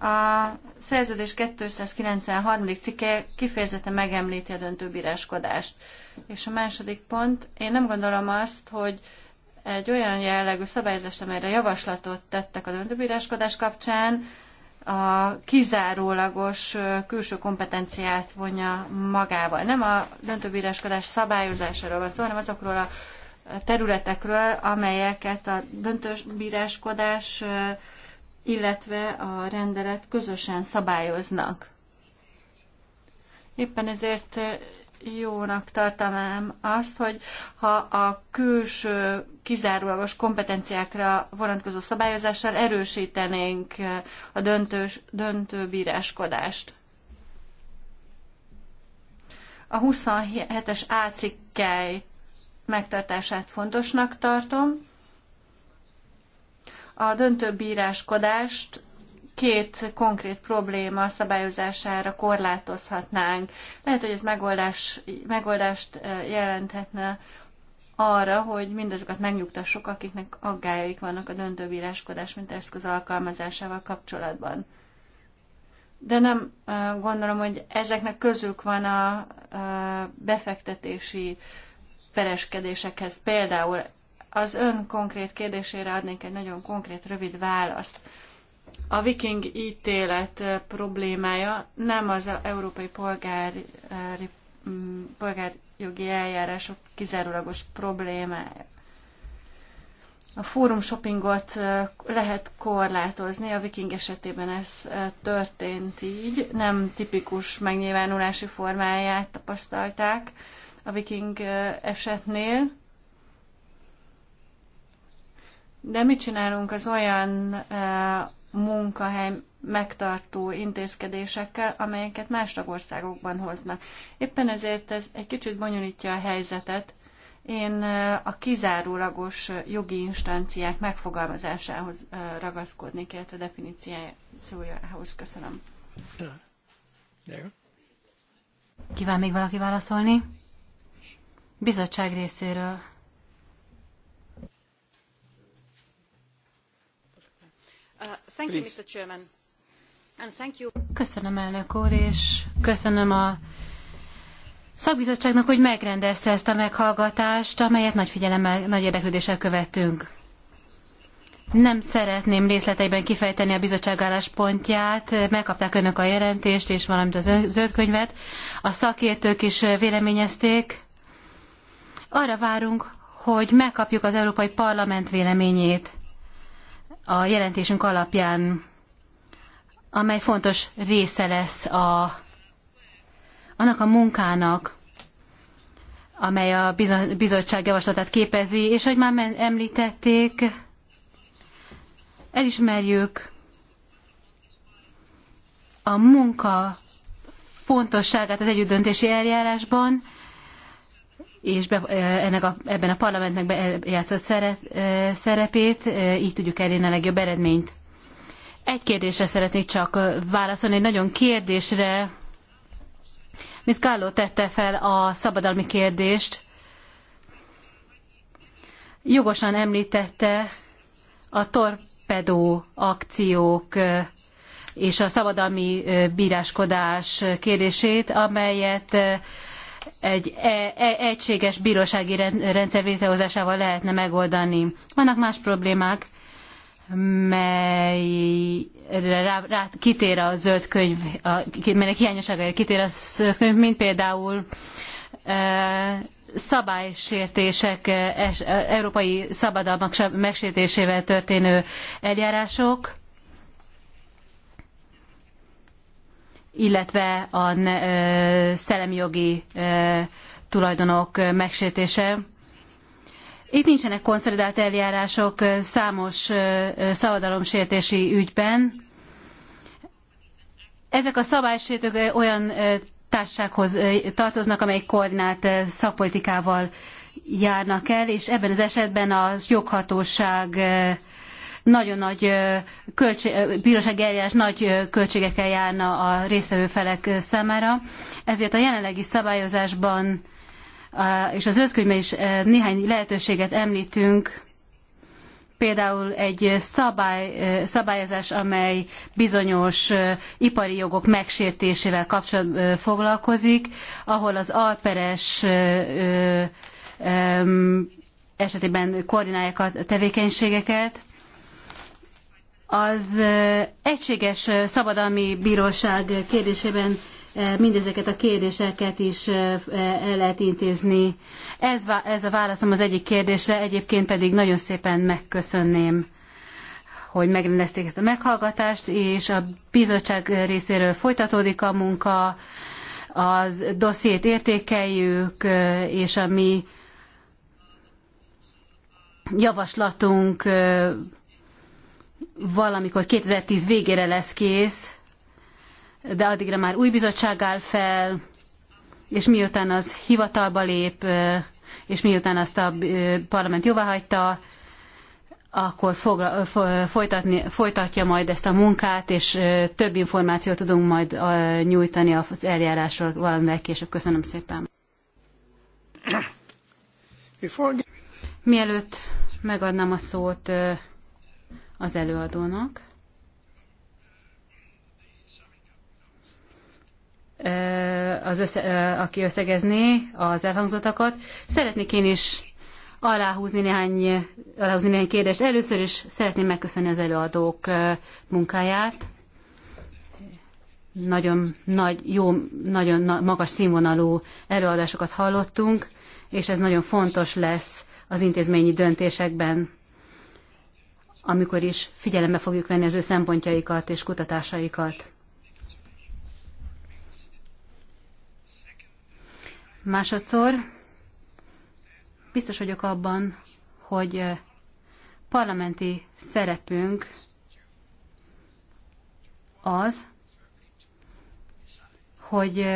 A szerződés 293. cikke kifejezetten megemlíti a döntőbíráskodást. És a második pont, én nem gondolom azt, hogy egy olyan jellegű szabályozás, amelyre javaslatot tettek a döntőbíráskodás kapcsán, a kizárólagos külső kompetenciát vonja magával. Nem a döntőbíráskodás szabályozásáról van szó, hanem azokról a területekről, amelyeket a döntőbíráskodás illetve a rendelet közösen szabályoznak. Éppen ezért jónak tartanám azt, hogy ha a külső kizárólagos kompetenciákra vonatkozó szabályozással erősítenénk a döntős, döntő bíráskodást. A 27-es ácikkely megtartását fontosnak tartom, a döntő bíráskodást két konkrét probléma szabályozására korlátozhatnánk. Lehet, hogy ez megoldás, megoldást jelenthetne arra, hogy mindazokat megnyugtassuk, akiknek aggájaik vannak a döntőbíráskodás mint eszköz alkalmazásával kapcsolatban. De nem gondolom, hogy ezeknek közük van a befektetési pereskedésekhez. Például az ön konkrét kérdésére adnék egy nagyon konkrét, rövid választ. A viking ítélet problémája nem az európai polgári, polgárjogi eljárások kizárólagos problémája. A fórum shoppingot lehet korlátozni, a viking esetében ez történt így, nem tipikus megnyilvánulási formáját tapasztalták a viking esetnél, de mit csinálunk az olyan munkahely megtartó intézkedésekkel, amelyeket más tagországokban hoznak. Éppen ezért ez egy kicsit bonyolítja a helyzetet. Én a kizárólagos jogi instanciák megfogalmazásához ragaszkodnék, illetve definíciájához Köszönöm. Kíván még valaki válaszolni? Bizottság részéről Köszönöm elnök úr, és köszönöm a szakbizottságnak, hogy megrendezte ezt a meghallgatást, amelyet nagy figyelemmel, nagy érdeklődéssel követtünk. Nem szeretném részleteiben kifejteni a bizottság álláspontját, megkapták önök a jelentést és valamint a zöld könyvet. A szakértők is véleményezték. Arra várunk, hogy megkapjuk az Európai Parlament véleményét a jelentésünk alapján, amely fontos része lesz a, annak a munkának, amely a bizottság javaslatát képezi, és ahogy már említették, elismerjük a munka fontosságát az együttdöntési eljárásban, és be, ennek a, ebben a parlamentnek bejátszott szerep, szerepét, így tudjuk elérni a legjobb eredményt. Egy kérdésre szeretnék csak válaszolni, egy nagyon kérdésre. Miss Gallo tette fel a szabadalmi kérdést. Jogosan említette a torpedó akciók és a szabadalmi bíráskodás kérdését, amelyet egy e, e, egységes bírósági rendszer létrehozásával lehetne megoldani. Vannak más problémák, melyekre rá, rá, kitér a zöld könyv, a, melynek hiányosságára kitér a zöld könyv, mint például e, szabálysértések, e, es, e, európai szabadalmak megsértésével történő eljárások, illetve a szellemi jogi tulajdonok megsértése. Itt nincsenek konszolidált eljárások számos szabadalomsértési ügyben. Ezek a szabálysértők olyan társasághoz tartoznak, amelyik koordinált szakpolitikával járnak el, és ebben az esetben a joghatóság nagyon nagy költség, bírósági eljárás nagy költségekkel járna a résztvevő felek számára. Ezért a jelenlegi szabályozásban és az ötkönyvben is néhány lehetőséget említünk, például egy szabály, szabályozás, amely bizonyos ipari jogok megsértésével kapcsolatban foglalkozik, ahol az alperes esetében koordinálják a tevékenységeket az egységes szabadalmi bíróság kérdésében mindezeket a kérdéseket is el lehet intézni. Ez, ez a válaszom az egyik kérdésre, egyébként pedig nagyon szépen megköszönném hogy megrendezték ezt a meghallgatást, és a bizottság részéről folytatódik a munka, az dossziét értékeljük, és a mi javaslatunk valamikor 2010 végére lesz kész, de addigra már új bizottság áll fel, és miután az hivatalba lép, és miután azt a parlament jóváhagyta, akkor folytatni, folytatja majd ezt a munkát, és több információt tudunk majd nyújtani az eljárásról valamivel később. Köszönöm szépen. Mielőtt megadnám a szót az előadónak. Az össze, aki összegezné az elhangzottakat. Szeretnék én is aláhúzni néhány, aláhúzni néhány kérdést. Először is szeretném megköszönni az előadók munkáját. Nagyon nagy, jó, nagyon magas színvonalú előadásokat hallottunk, és ez nagyon fontos lesz az intézményi döntésekben amikor is figyelembe fogjuk venni az ő szempontjaikat és kutatásaikat. Másodszor biztos vagyok abban, hogy parlamenti szerepünk az, hogy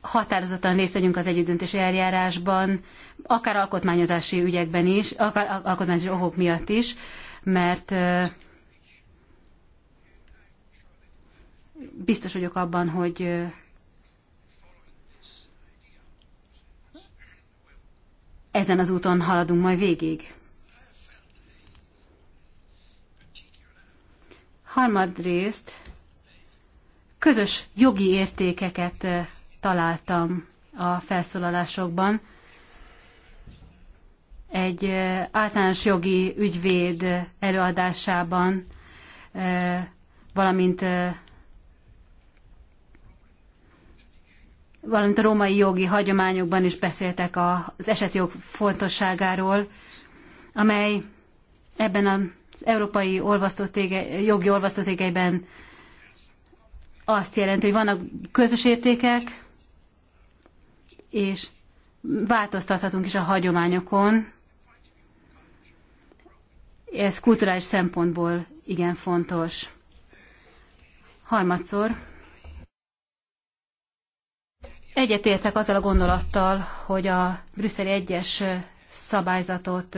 határozottan részt vegyünk az együttdöntési eljárásban, akár alkotmányozási ügyekben is, akár alkotmányozási okok miatt is, mert biztos vagyok abban, hogy ezen az úton haladunk majd végig. Harmadrészt közös jogi értékeket találtam a felszólalásokban, egy általános jogi ügyvéd előadásában, valamint valamint a római jogi hagyományokban is beszéltek az esetjog fontosságáról, amely ebben az európai olvasztótége, jogi olvasztótégeiben azt jelenti, hogy vannak közös értékek, és változtathatunk is a hagyományokon, ez kulturális szempontból igen fontos. Harmadszor, egyetértek azzal a gondolattal, hogy a brüsszeli egyes szabályzatot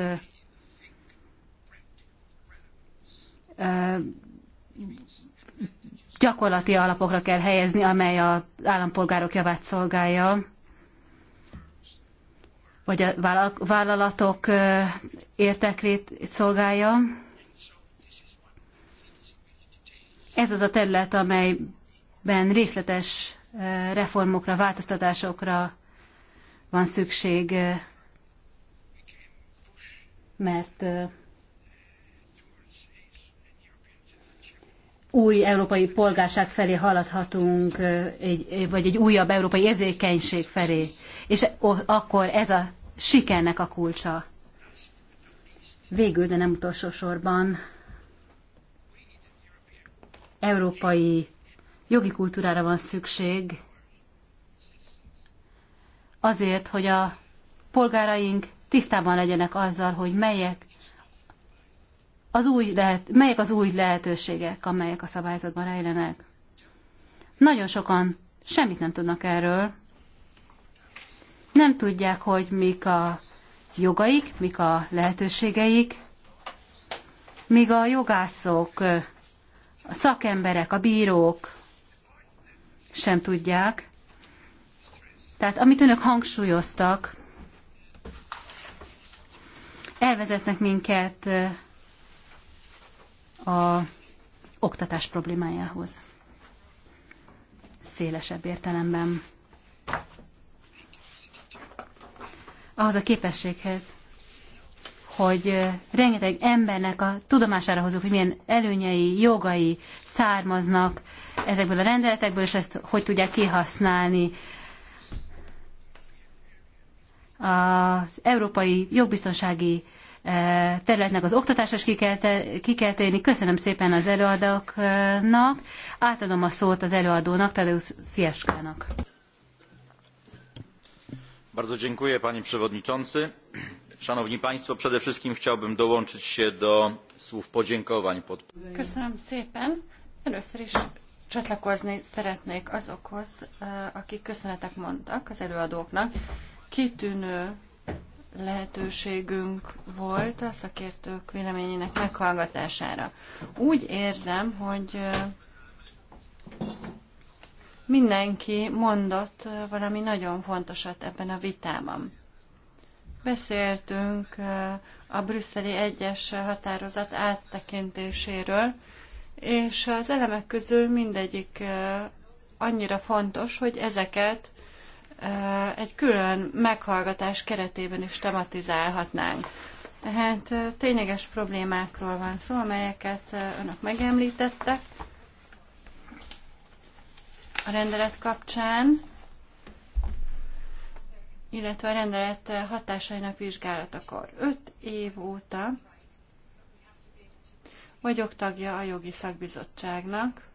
gyakorlati alapokra kell helyezni, amely az állampolgárok javát szolgálja vagy a vállalatok érteklét szolgálja. Ez az a terület, amelyben részletes reformokra, változtatásokra van szükség, mert új európai polgárság felé haladhatunk, egy, vagy egy újabb európai érzékenység felé. És akkor ez a sikernek a kulcsa. Végül, de nem utolsó sorban, európai jogi kultúrára van szükség, azért, hogy a polgáraink tisztában legyenek azzal, hogy melyek az új lehet, melyek az új lehetőségek, amelyek a szabályzatban rejlenek. Nagyon sokan semmit nem tudnak erről, nem tudják, hogy mik a jogaik, mik a lehetőségeik, míg a jogászok, a szakemberek, a bírók sem tudják. Tehát amit önök hangsúlyoztak, elvezetnek minket a oktatás problémájához. Szélesebb értelemben. Ahhoz a képességhez, hogy rengeteg embernek a tudomására hozzuk, hogy milyen előnyei, jogai származnak ezekből a rendeletekből, és ezt hogy tudják kihasználni. Az európai jogbiztonsági E, területnek az oktatása is ki kell, térni. Köszönöm szépen az előadóknak. Átadom a szót az előadónak, Tadeusz Szieskának. Bardzo dziękuję, panie przewodniczący. Szanowni Państwo, przede wszystkim chciałbym dołączyć się do słów podziękowań. Pod... Köszönöm szépen. Először is csatlakozni szeretnék azokhoz, e, akik köszönetek mondtak az előadóknak. Kitűnő lehetőségünk volt a szakértők véleményének meghallgatására. Úgy érzem, hogy mindenki mondott valami nagyon fontosat ebben a vitában. Beszéltünk a brüsszeli egyes határozat áttekintéséről, és az elemek közül mindegyik annyira fontos, hogy ezeket Eh, egy külön meghallgatás keretében is tematizálhatnánk. Tehát eh, tényleges problémákról van szó, amelyeket eh, önök megemlítettek a rendelet kapcsán, illetve a rendelet hatásainak vizsgálatakor. Öt év óta vagyok tagja a jogi szakbizottságnak,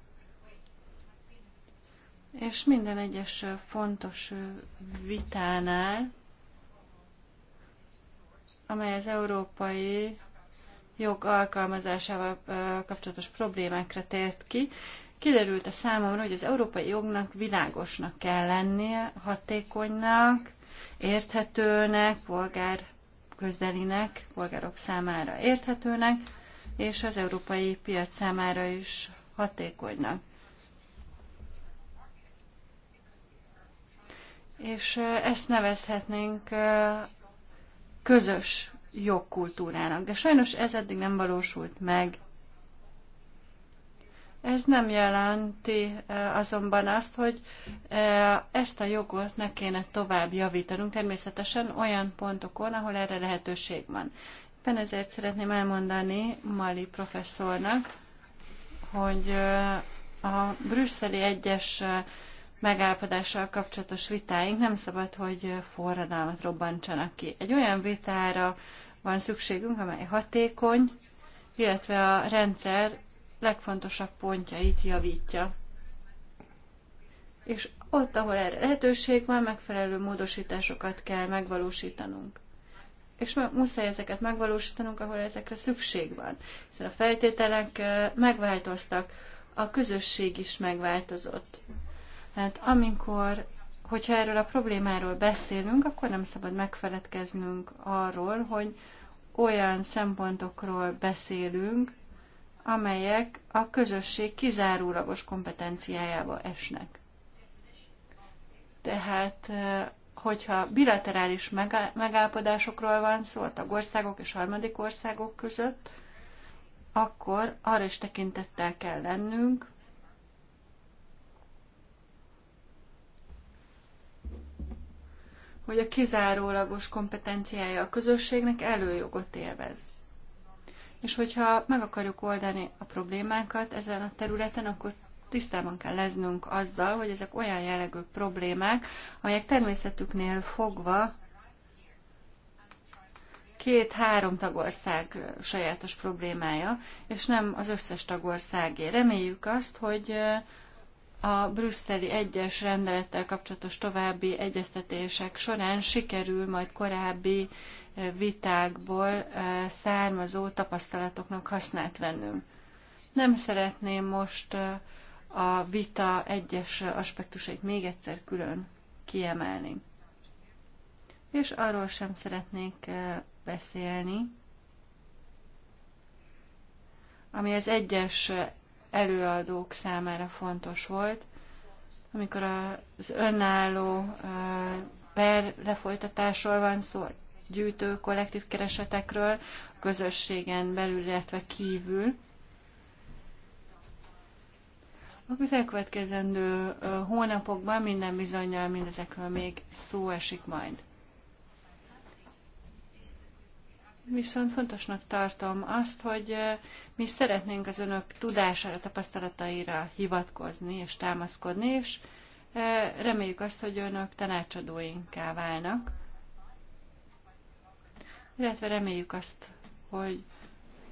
és minden egyes fontos vitánál, amely az európai jog alkalmazásával kapcsolatos problémákra tért ki, kiderült a számomra, hogy az európai jognak világosnak kell lennie, hatékonynak, érthetőnek, polgár közelinek, polgárok számára érthetőnek, és az európai piac számára is hatékonynak. és ezt nevezhetnénk közös jogkultúrának. De sajnos ez eddig nem valósult meg. Ez nem jelenti azonban azt, hogy ezt a jogot ne kéne tovább javítanunk, természetesen olyan pontokon, ahol erre lehetőség van. Éppen ezért szeretném elmondani Mali professzornak, hogy a brüsszeli egyes megállapodással kapcsolatos vitáink nem szabad, hogy forradalmat robbantsanak ki. Egy olyan vitára van szükségünk, amely hatékony, illetve a rendszer legfontosabb pontjait javítja. És ott, ahol erre lehetőség van, megfelelő módosításokat kell megvalósítanunk. És muszáj ezeket megvalósítanunk, ahol ezekre szükség van. Hiszen a feltételek megváltoztak, a közösség is megváltozott. Tehát amikor, hogyha erről a problémáról beszélünk, akkor nem szabad megfeledkeznünk arról, hogy olyan szempontokról beszélünk, amelyek a közösség kizárólagos kompetenciájába esnek. Tehát, eh, hogyha bilaterális megállapodásokról van szó a tagországok és harmadik országok között, akkor arra is tekintettel kell lennünk, hogy a kizárólagos kompetenciája a közösségnek előjogot élvez. És hogyha meg akarjuk oldani a problémákat ezen a területen, akkor tisztában kell leznünk azzal, hogy ezek olyan jellegű problémák, amelyek természetüknél fogva két-három tagország sajátos problémája, és nem az összes tagországé. Reméljük azt, hogy a brüsszeli egyes rendelettel kapcsolatos további egyeztetések során sikerül majd korábbi vitákból származó tapasztalatoknak használt vennünk. Nem szeretném most a vita egyes aspektusait még egyszer külön kiemelni. És arról sem szeretnék beszélni, ami az egyes előadók számára fontos volt, amikor az önálló per lefolytatásról van szó, gyűjtő kollektív keresetekről, a közösségen belül, illetve kívül. A következő hónapokban minden bizonyal mindezekről még szó esik majd. Viszont fontosnak tartom azt, hogy mi szeretnénk az önök tudására, tapasztalataira hivatkozni és támaszkodni, és e, reméljük azt, hogy önök tanácsadóinká válnak, illetve reméljük azt, hogy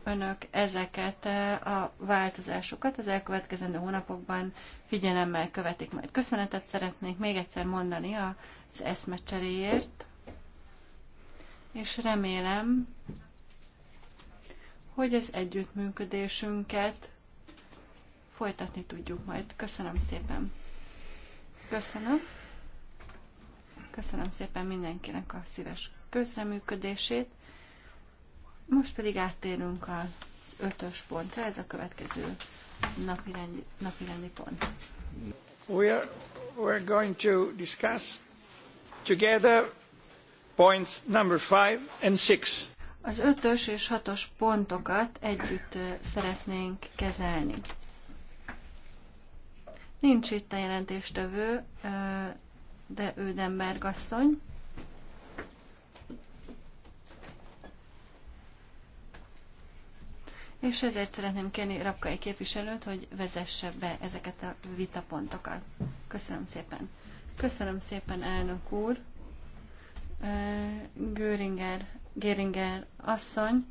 önök ezeket e, a változásokat az elkövetkezendő hónapokban figyelemmel követik majd. Köszönetet szeretnék még egyszer mondani az eszmecseréért, és remélem, hogy az együttműködésünket folytatni tudjuk majd. Köszönöm szépen. Köszönöm. Köszönöm szépen mindenkinek a szíves közreműködését. Most pedig áttérünk az ötös pontra, ez a következő napirendi, napirendi pont. We are, we're going to discuss together points number five and six. Az ötös és hatos pontokat együtt szeretnénk kezelni. Nincs itt a jelentéstevő, de Ödenberg asszony. És ezért szeretném kérni Rapkai képviselőt, hogy vezesse be ezeket a vitapontokat. Köszönöm szépen. Köszönöm szépen, elnök úr. Göringer, Göringer asszony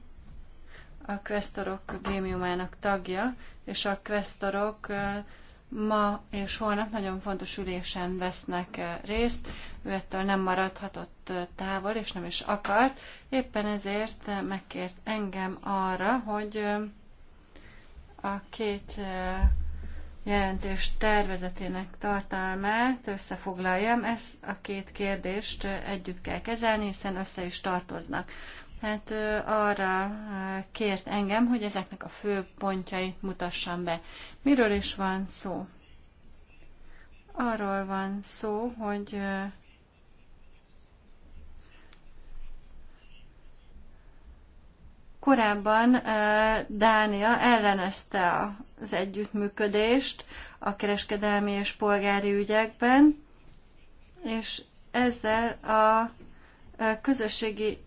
a Questorok grémiumának tagja, és a Questorok ma és holnap nagyon fontos ülésen vesznek részt. Ő ettől nem maradhatott távol, és nem is akart. Éppen ezért megkért engem arra, hogy a két jelentés tervezetének tartalmát összefoglaljam. Ezt a két kérdést együtt kell kezelni, hiszen össze is tartoznak. Hát arra kért engem, hogy ezeknek a fő pontjait mutassam be. Miről is van szó? Arról van szó, hogy Korábban Dánia ellenezte az együttműködést a kereskedelmi és polgári ügyekben, és ezzel a közösségi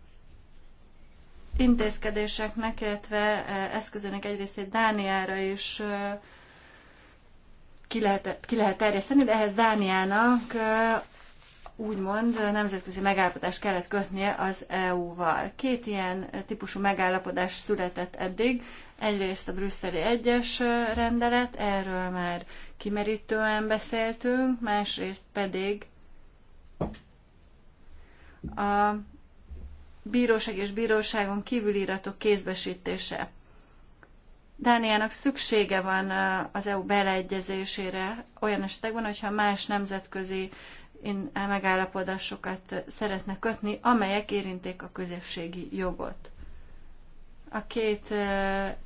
intézkedéseknek, illetve eszközének egy részét Dániára is ki lehet, ki lehet terjeszteni, de ehhez Dániának úgymond nemzetközi megállapodást kellett kötnie az EU-val. Két ilyen típusú megállapodás született eddig. Egyrészt a brüsszeli egyes rendelet, erről már kimerítően beszéltünk, másrészt pedig a bíróság és bíróságon kívül íratok kézbesítése. Dániának szüksége van az EU beleegyezésére olyan esetekben, hogyha más nemzetközi én e megállapodásokat szeretne kötni, amelyek érinték a közösségi jogot. A két e,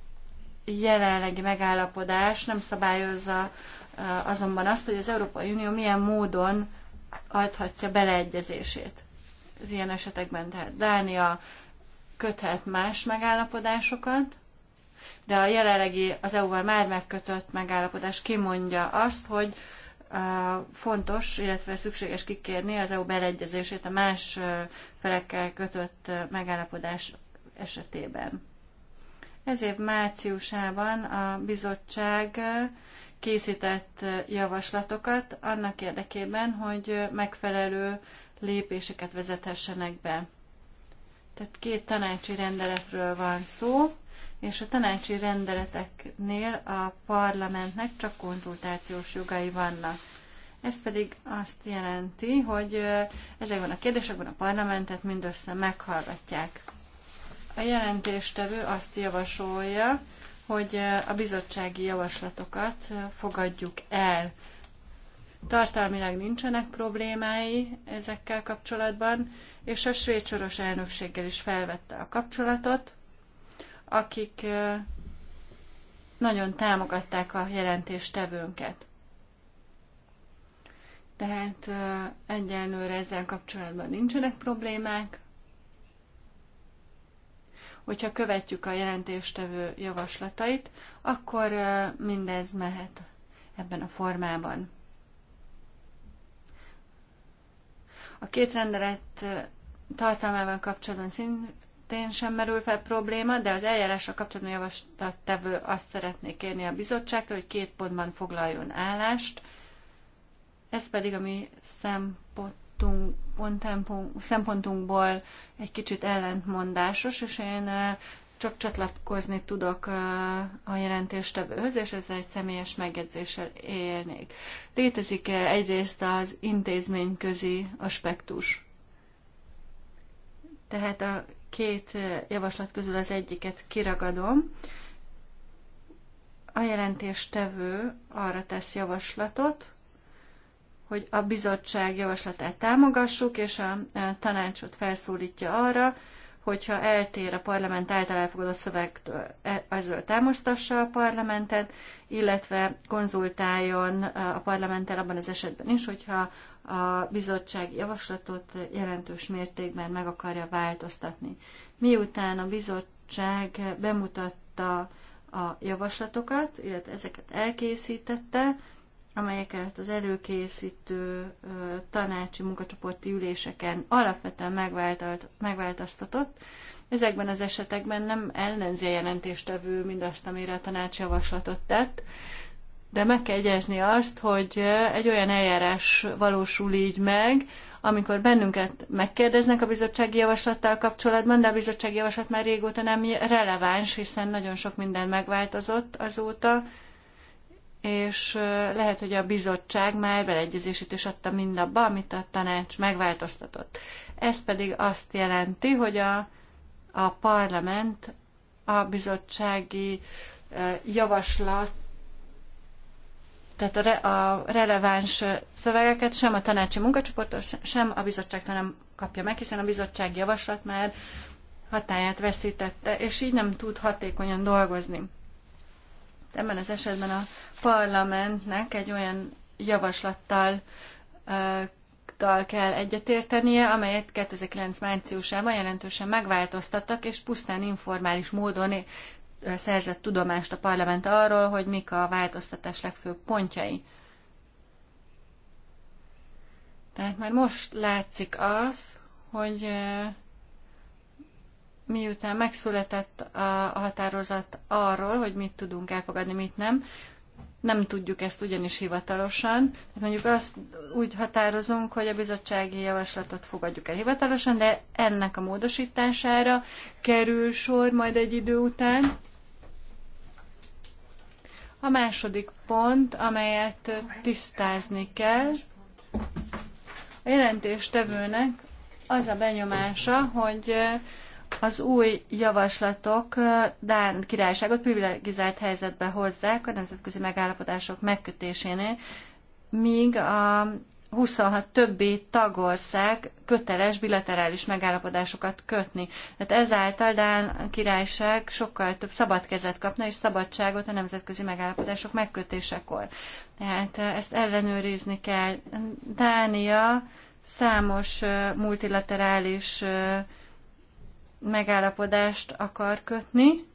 jelenlegi megállapodás nem szabályozza e, azonban azt, hogy az Európai Unió milyen módon adhatja beleegyezését. Az ilyen esetekben tehát Dánia köthet más megállapodásokat, de a jelenlegi az EU-val már megkötött megállapodás kimondja azt, hogy fontos, illetve szükséges kikérni az EU beleegyezését a más felekkel kötött megállapodás esetében. Ez év márciusában a bizottság készített javaslatokat annak érdekében, hogy megfelelő lépéseket vezethessenek be. Tehát két tanácsi rendeletről van szó, és a tanácsi rendeleteknél a parlamentnek csak konzultációs jogai vannak. Ez pedig azt jelenti, hogy ezekben a kérdésekben a parlamentet mindössze meghallgatják. A jelentéstevő azt javasolja, hogy a bizottsági javaslatokat fogadjuk el. Tartalmilag nincsenek problémái ezekkel kapcsolatban, és a svéd soros elnökséggel is felvette a kapcsolatot, akik nagyon támogatták a jelentéstevőnket. Tehát egyenlőre ezzel kapcsolatban nincsenek problémák. Hogyha követjük a jelentéstevő javaslatait, akkor mindez mehet ebben a formában. A két rendelet tartalmával kapcsolatban területén sem merül fel probléma, de az eljárásra kapcsolatban javaslattevő azt szeretné kérni a bizottságtól, hogy két pontban foglaljon állást. Ez pedig a mi szempontunk, szempontunkból egy kicsit ellentmondásos, és én csak csatlakozni tudok a jelentéstevőhöz, és ezzel egy személyes megjegyzéssel élnék. Létezik -e egyrészt az intézményközi aspektus? Tehát a két javaslat közül az egyiket kiragadom. A jelentéstevő arra tesz javaslatot, hogy a bizottság javaslatát támogassuk, és a tanácsot felszólítja arra, hogyha eltér a parlament által elfogadott szövegtől, e, ezzel támasztassa a parlamentet, illetve konzultáljon a parlamenttel abban az esetben is, hogyha a bizottság javaslatot jelentős mértékben meg akarja változtatni. Miután a bizottság bemutatta a javaslatokat, illetve ezeket elkészítette, amelyeket az előkészítő tanácsi munkacsoporti üléseken alapvetően megváltoztatott. Ezekben az esetekben nem ellenzi a jelentéstevő mindazt, amire a tanács javaslatot tett, de meg kell jegyezni azt, hogy egy olyan eljárás valósul így meg, amikor bennünket megkérdeznek a bizottsági javaslattal kapcsolatban, de a bizottsági javaslat már régóta nem releváns, hiszen nagyon sok minden megváltozott azóta, és lehet, hogy a bizottság már beleegyezését is adta mindabba, amit a tanács megváltoztatott. Ez pedig azt jelenti, hogy a, a parlament a bizottsági javaslat tehát a, re, a releváns szövegeket sem a tanácsi munkacsoport, sem a bizottságtól nem kapja meg, hiszen a bizottság javaslat már hatáját veszítette, és így nem tud hatékonyan dolgozni. Ebben az esetben a parlamentnek egy olyan javaslattal uh, kell egyetértenie, amelyet 2009 márciusában jelentősen megváltoztattak, és pusztán informális módon szerzett tudomást a parlament arról, hogy mik a változtatás legfőbb pontjai. Tehát már most látszik az, hogy miután megszületett a határozat arról, hogy mit tudunk elfogadni, mit nem, nem tudjuk ezt ugyanis hivatalosan. Tehát mondjuk azt úgy határozunk, hogy a bizottsági javaslatot fogadjuk el hivatalosan, de ennek a módosítására kerül sor majd egy idő után. A második pont, amelyet tisztázni kell, a jelentéstevőnek az a benyomása, hogy az új javaslatok Dán királyságot privilegizált helyzetbe hozzák a nemzetközi megállapodások megkötésénél, míg a 26 többi tagország köteles bilaterális megállapodásokat kötni. Tehát ezáltal Dán királyság sokkal több szabad kezet kapna, és szabadságot a nemzetközi megállapodások megkötésekor. Tehát ezt ellenőrizni kell. Dánia számos multilaterális megállapodást akar kötni,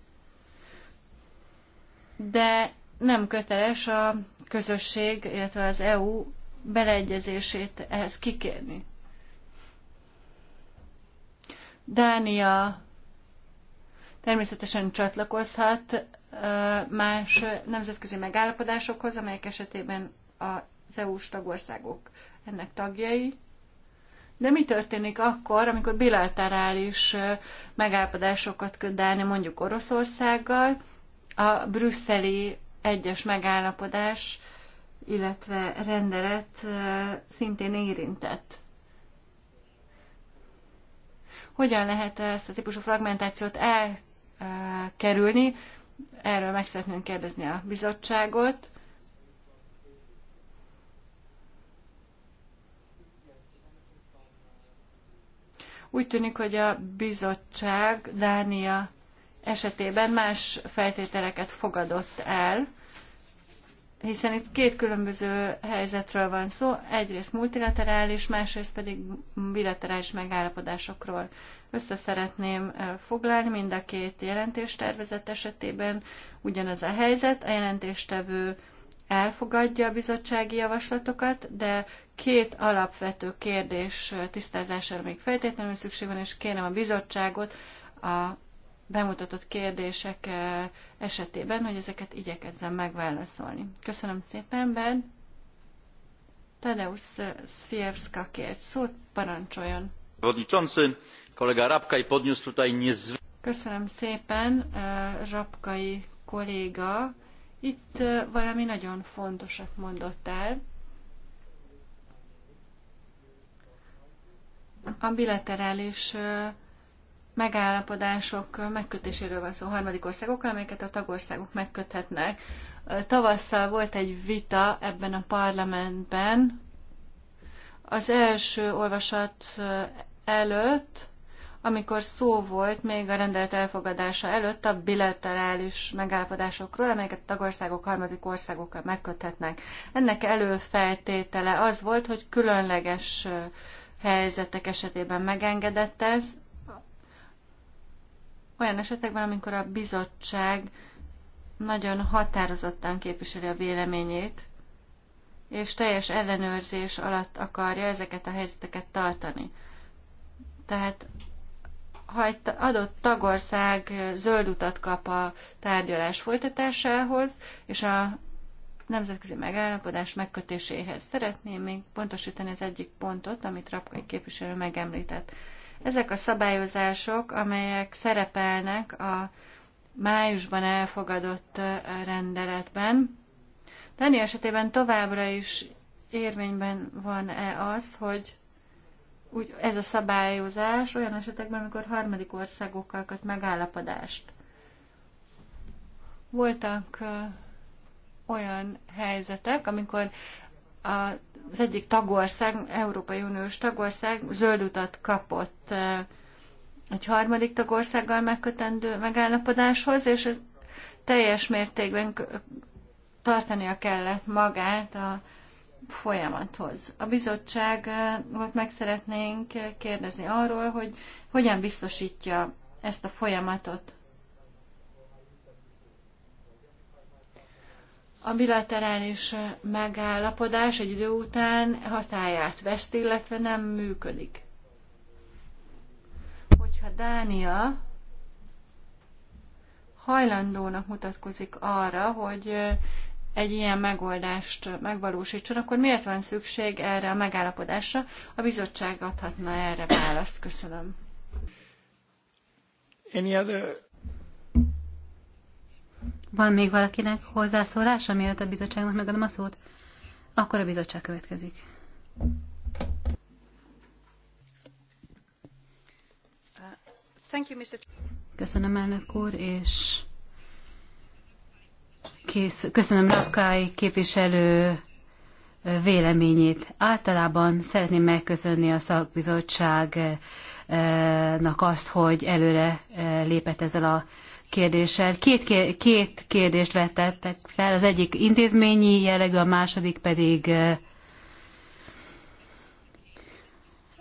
de nem köteles a közösség, illetve az EU beleegyezését ehhez kikérni. Dánia természetesen csatlakozhat más nemzetközi megállapodásokhoz, amelyek esetében az EU-s tagországok ennek tagjai. De mi történik akkor, amikor bilaterális megállapodásokat köt Dáni mondjuk Oroszországgal, a brüsszeli egyes megállapodás illetve rendelet szintén érintett. Hogyan lehet ezt a típusú fragmentációt elkerülni? Erről meg szeretném kérdezni a bizottságot. Úgy tűnik, hogy a bizottság Dánia esetében más feltételeket fogadott el hiszen itt két különböző helyzetről van szó, egyrészt multilaterális, másrészt pedig bilaterális megállapodásokról. Össze szeretném foglalni mind a két jelentéstervezet esetében ugyanaz a helyzet. A jelentéstevő elfogadja a bizottsági javaslatokat, de két alapvető kérdés tisztázására még feltétlenül szükség van, és kérem a bizottságot a bemutatott kérdések eh, esetében, hogy ezeket igyekezzem megválaszolni. Köszönöm szépen, Ben. Tadeusz eh, Szfierska kért szót, parancsoljon. kollega Rapkai Rabkaj tutaj Köszönöm szépen, eh, Rapkai kolléga. Itt valami nagyon fontosat mondott el. A bilaterális megállapodások megkötéséről van szó harmadik országokkal, amelyeket a tagországok megköthetnek. Tavasszal volt egy vita ebben a parlamentben. Az első olvasat előtt, amikor szó volt még a rendelet elfogadása előtt a bilaterális megállapodásokról, amelyeket a tagországok harmadik országokkal megköthetnek. Ennek előfeltétele az volt, hogy különleges helyzetek esetében megengedett ez, olyan esetekben, amikor a bizottság nagyon határozottan képviseli a véleményét, és teljes ellenőrzés alatt akarja ezeket a helyzeteket tartani. Tehát ha egy adott tagország zöld utat kap a tárgyalás folytatásához, és a nemzetközi megállapodás megkötéséhez szeretném még pontosítani az egyik pontot, amit Rapkai képviselő megemlített. Ezek a szabályozások, amelyek szerepelnek a májusban elfogadott rendeletben. Dani esetében továbbra is érvényben van-e az, hogy úgy ez a szabályozás olyan esetekben, amikor harmadik országokkal köt megállapodást. Voltak olyan helyzetek, amikor a az egyik tagország, Európai Uniós tagország zöld utat kapott eh, egy harmadik tagországgal megkötendő megállapodáshoz, és teljes mértékben tartania kellett magát a folyamathoz. A bizottságot meg szeretnénk kérdezni arról, hogy hogyan biztosítja ezt a folyamatot. a bilaterális megállapodás egy idő után hatáját veszt, illetve nem működik. Hogyha Dánia hajlandónak mutatkozik arra, hogy egy ilyen megoldást megvalósítson, akkor miért van szükség erre a megállapodásra? A bizottság adhatna erre választ. Köszönöm. Any other van még valakinek hozzászólása, mielőtt a bizottságnak megadom a szót? Akkor a bizottság következik. Köszönöm, elnök úr, és kész, köszönöm Rakai képviselő véleményét. Általában szeretném megköszönni a szakbizottságnak azt, hogy előre eh, lépett ezzel a kérdéssel. Két, két kérdést vetettek fel, az egyik intézményi jellegű, a második pedig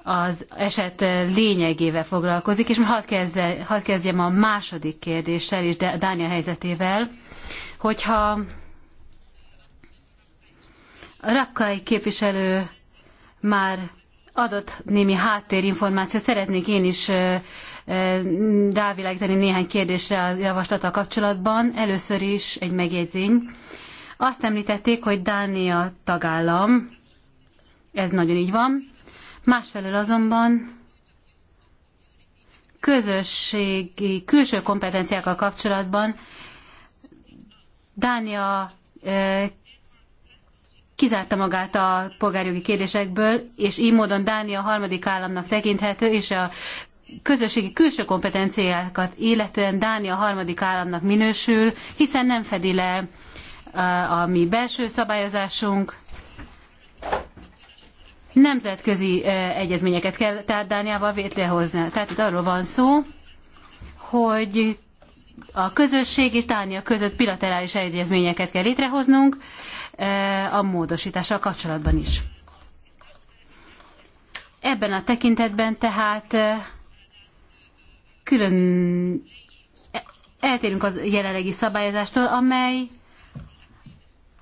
az eset lényegével foglalkozik, és hadd, kezdje, hadd kezdjem a második kérdéssel és Dánia helyzetével, hogyha a Rapkai képviselő már adott némi háttérinformációt, szeretnék én is rávilágítani néhány kérdésre a javaslata kapcsolatban. Először is egy megjegyzény. Azt említették, hogy Dánia tagállam, ez nagyon így van. Másfelől azonban közösségi, külső kompetenciákkal kapcsolatban Dánia kizárta magát a polgárjogi kérdésekből, és így módon Dánia harmadik államnak tekinthető, és a közösségi külső kompetenciákat illetően Dánia a harmadik államnak minősül, hiszen nem fedi le eh, a mi belső szabályozásunk. Nemzetközi eh, egyezményeket kell tehát Dániával vétrehozni. Tehát itt arról van szó, hogy a közösség és Dánia között bilaterális egyezményeket kell létrehoznunk eh, a módosítással kapcsolatban is. Ebben a tekintetben tehát külön eltérünk az jelenlegi szabályozástól, amely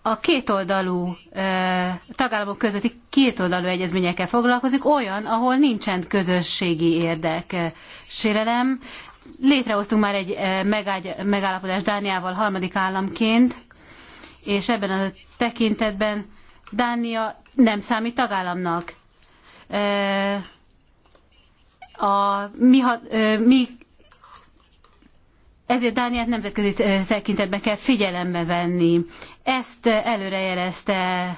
a kétoldalú tagállamok közötti kétoldalú egyezményekkel foglalkozik, olyan, ahol nincsen közösségi érdek sérelem. Létrehoztunk már egy megállapodást Dániával harmadik államként, és ebben a tekintetben Dánia nem számít tagállamnak a mi, mi ezért Dániát nemzetközi tekintetben kell figyelembe venni. Ezt előrejelezte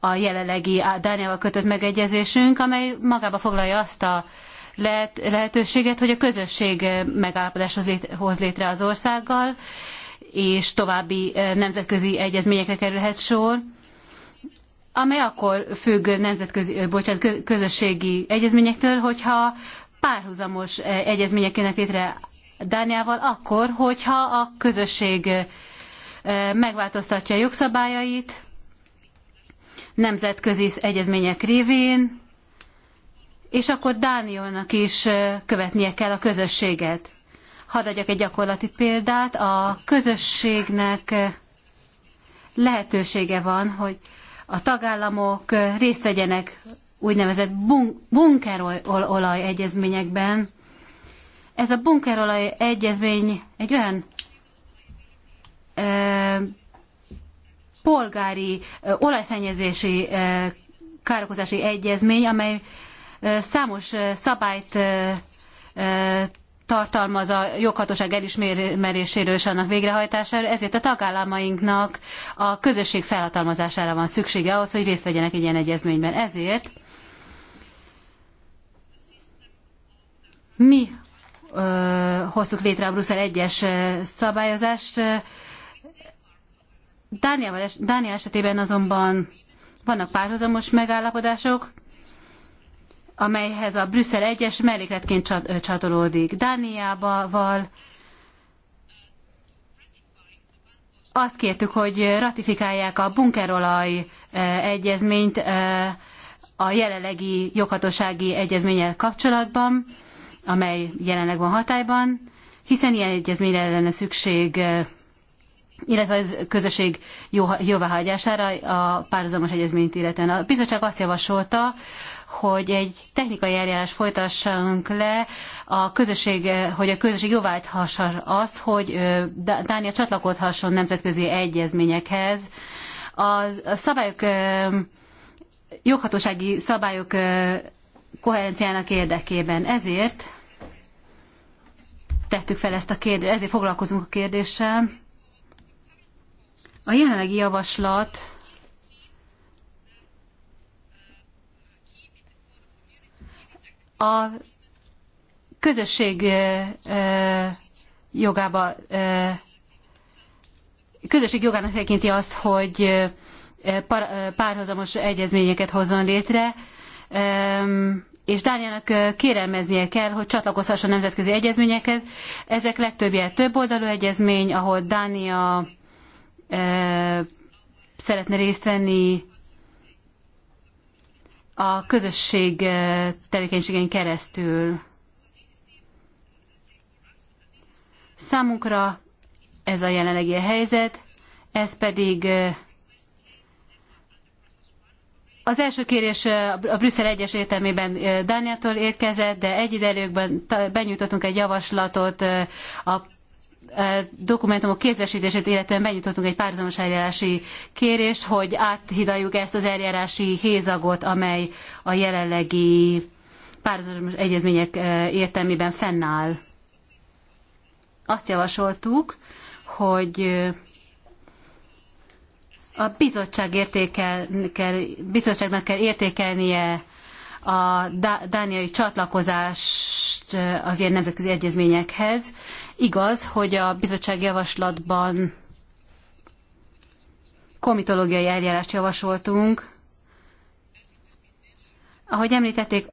a jelenlegi Dániával kötött megegyezésünk, amely magába foglalja azt a lehet, lehetőséget, hogy a közösség megállapodáshoz hoz létre az országgal, és további nemzetközi egyezményekre kerülhet sor, amely akkor függ nemzetközi, bocsánat, közösségi egyezményektől, hogyha párhuzamos eh, egyezmények jönnek létre Dániával akkor, hogyha a közösség eh, megváltoztatja a jogszabályait nemzetközi egyezmények révén, és akkor Dániónak is eh, követnie kell a közösséget. Hadd adjak egy gyakorlati példát. A közösségnek lehetősége van, hogy a tagállamok részt vegyenek úgynevezett bun- bunkerolaj egyezményekben. Ez a bunkerolaj egyezmény egy olyan ö, polgári ö, olajszennyezési ö, károkozási egyezmény, amely ö, számos ö, szabályt ö, ö, tartalmaz a joghatóság elismeréséről és annak végrehajtására, ezért a tagállamainknak a közösség felhatalmazására van szüksége ahhoz, hogy részt vegyenek egy ilyen egyezményben. Ezért Mi ö, hoztuk létre a Brüsszel egyes szabályozást. Dániával, Dánia esetében azonban vannak párhuzamos megállapodások, amelyhez a Brüsszel egyes mellékletként csatolódik. Dániával azt kértük, hogy ratifikálják a bunkerolaj egyezményt a jelenlegi joghatósági egyezménnyel kapcsolatban, amely jelenleg van hatályban, hiszen ilyen egyezményre lenne szükség, eh, illetve a közösség jóváhagyására a párhuzamos egyezményt illetően. A bizottság azt javasolta, hogy egy technikai eljárás folytassunk le, a közösség, eh, hogy a közösség jóváhagyhassa azt, hogy eh, Dánia csatlakodhasson nemzetközi egyezményekhez. A szabályok, joghatósági szabályok koherenciának érdekében. Ezért tettük fel ezt a kérdést, ezért foglalkozunk a kérdéssel. A jelenlegi javaslat a közösség jogába közösség jogának tekinti azt, hogy párhuzamos egyezményeket hozzon létre és Dániának kérelmeznie kell, hogy csatlakozhasson nemzetközi egyezményekhez. Ezek legtöbbje több oldalú egyezmény, ahol Dánia e, szeretne részt venni a közösség tevékenységén keresztül. Számunkra ez a jelenlegi helyzet, ez pedig az első kérés a Brüsszel egyes értelmében Dániától érkezett, de egy benyújtottunk egy javaslatot a dokumentumok kézbesítését, illetően benyújtottunk egy párhuzamos eljárási kérést, hogy áthidaljuk ezt az eljárási hézagot, amely a jelenlegi párhuzamos egyezmények értelmében fennáll. Azt javasoltuk, hogy a bizottság értékel, kell, bizottságnak kell értékelnie a dániai csatlakozást az ilyen nemzetközi egyezményekhez. Igaz, hogy a bizottság javaslatban komitológiai eljárást javasoltunk. Ahogy említették,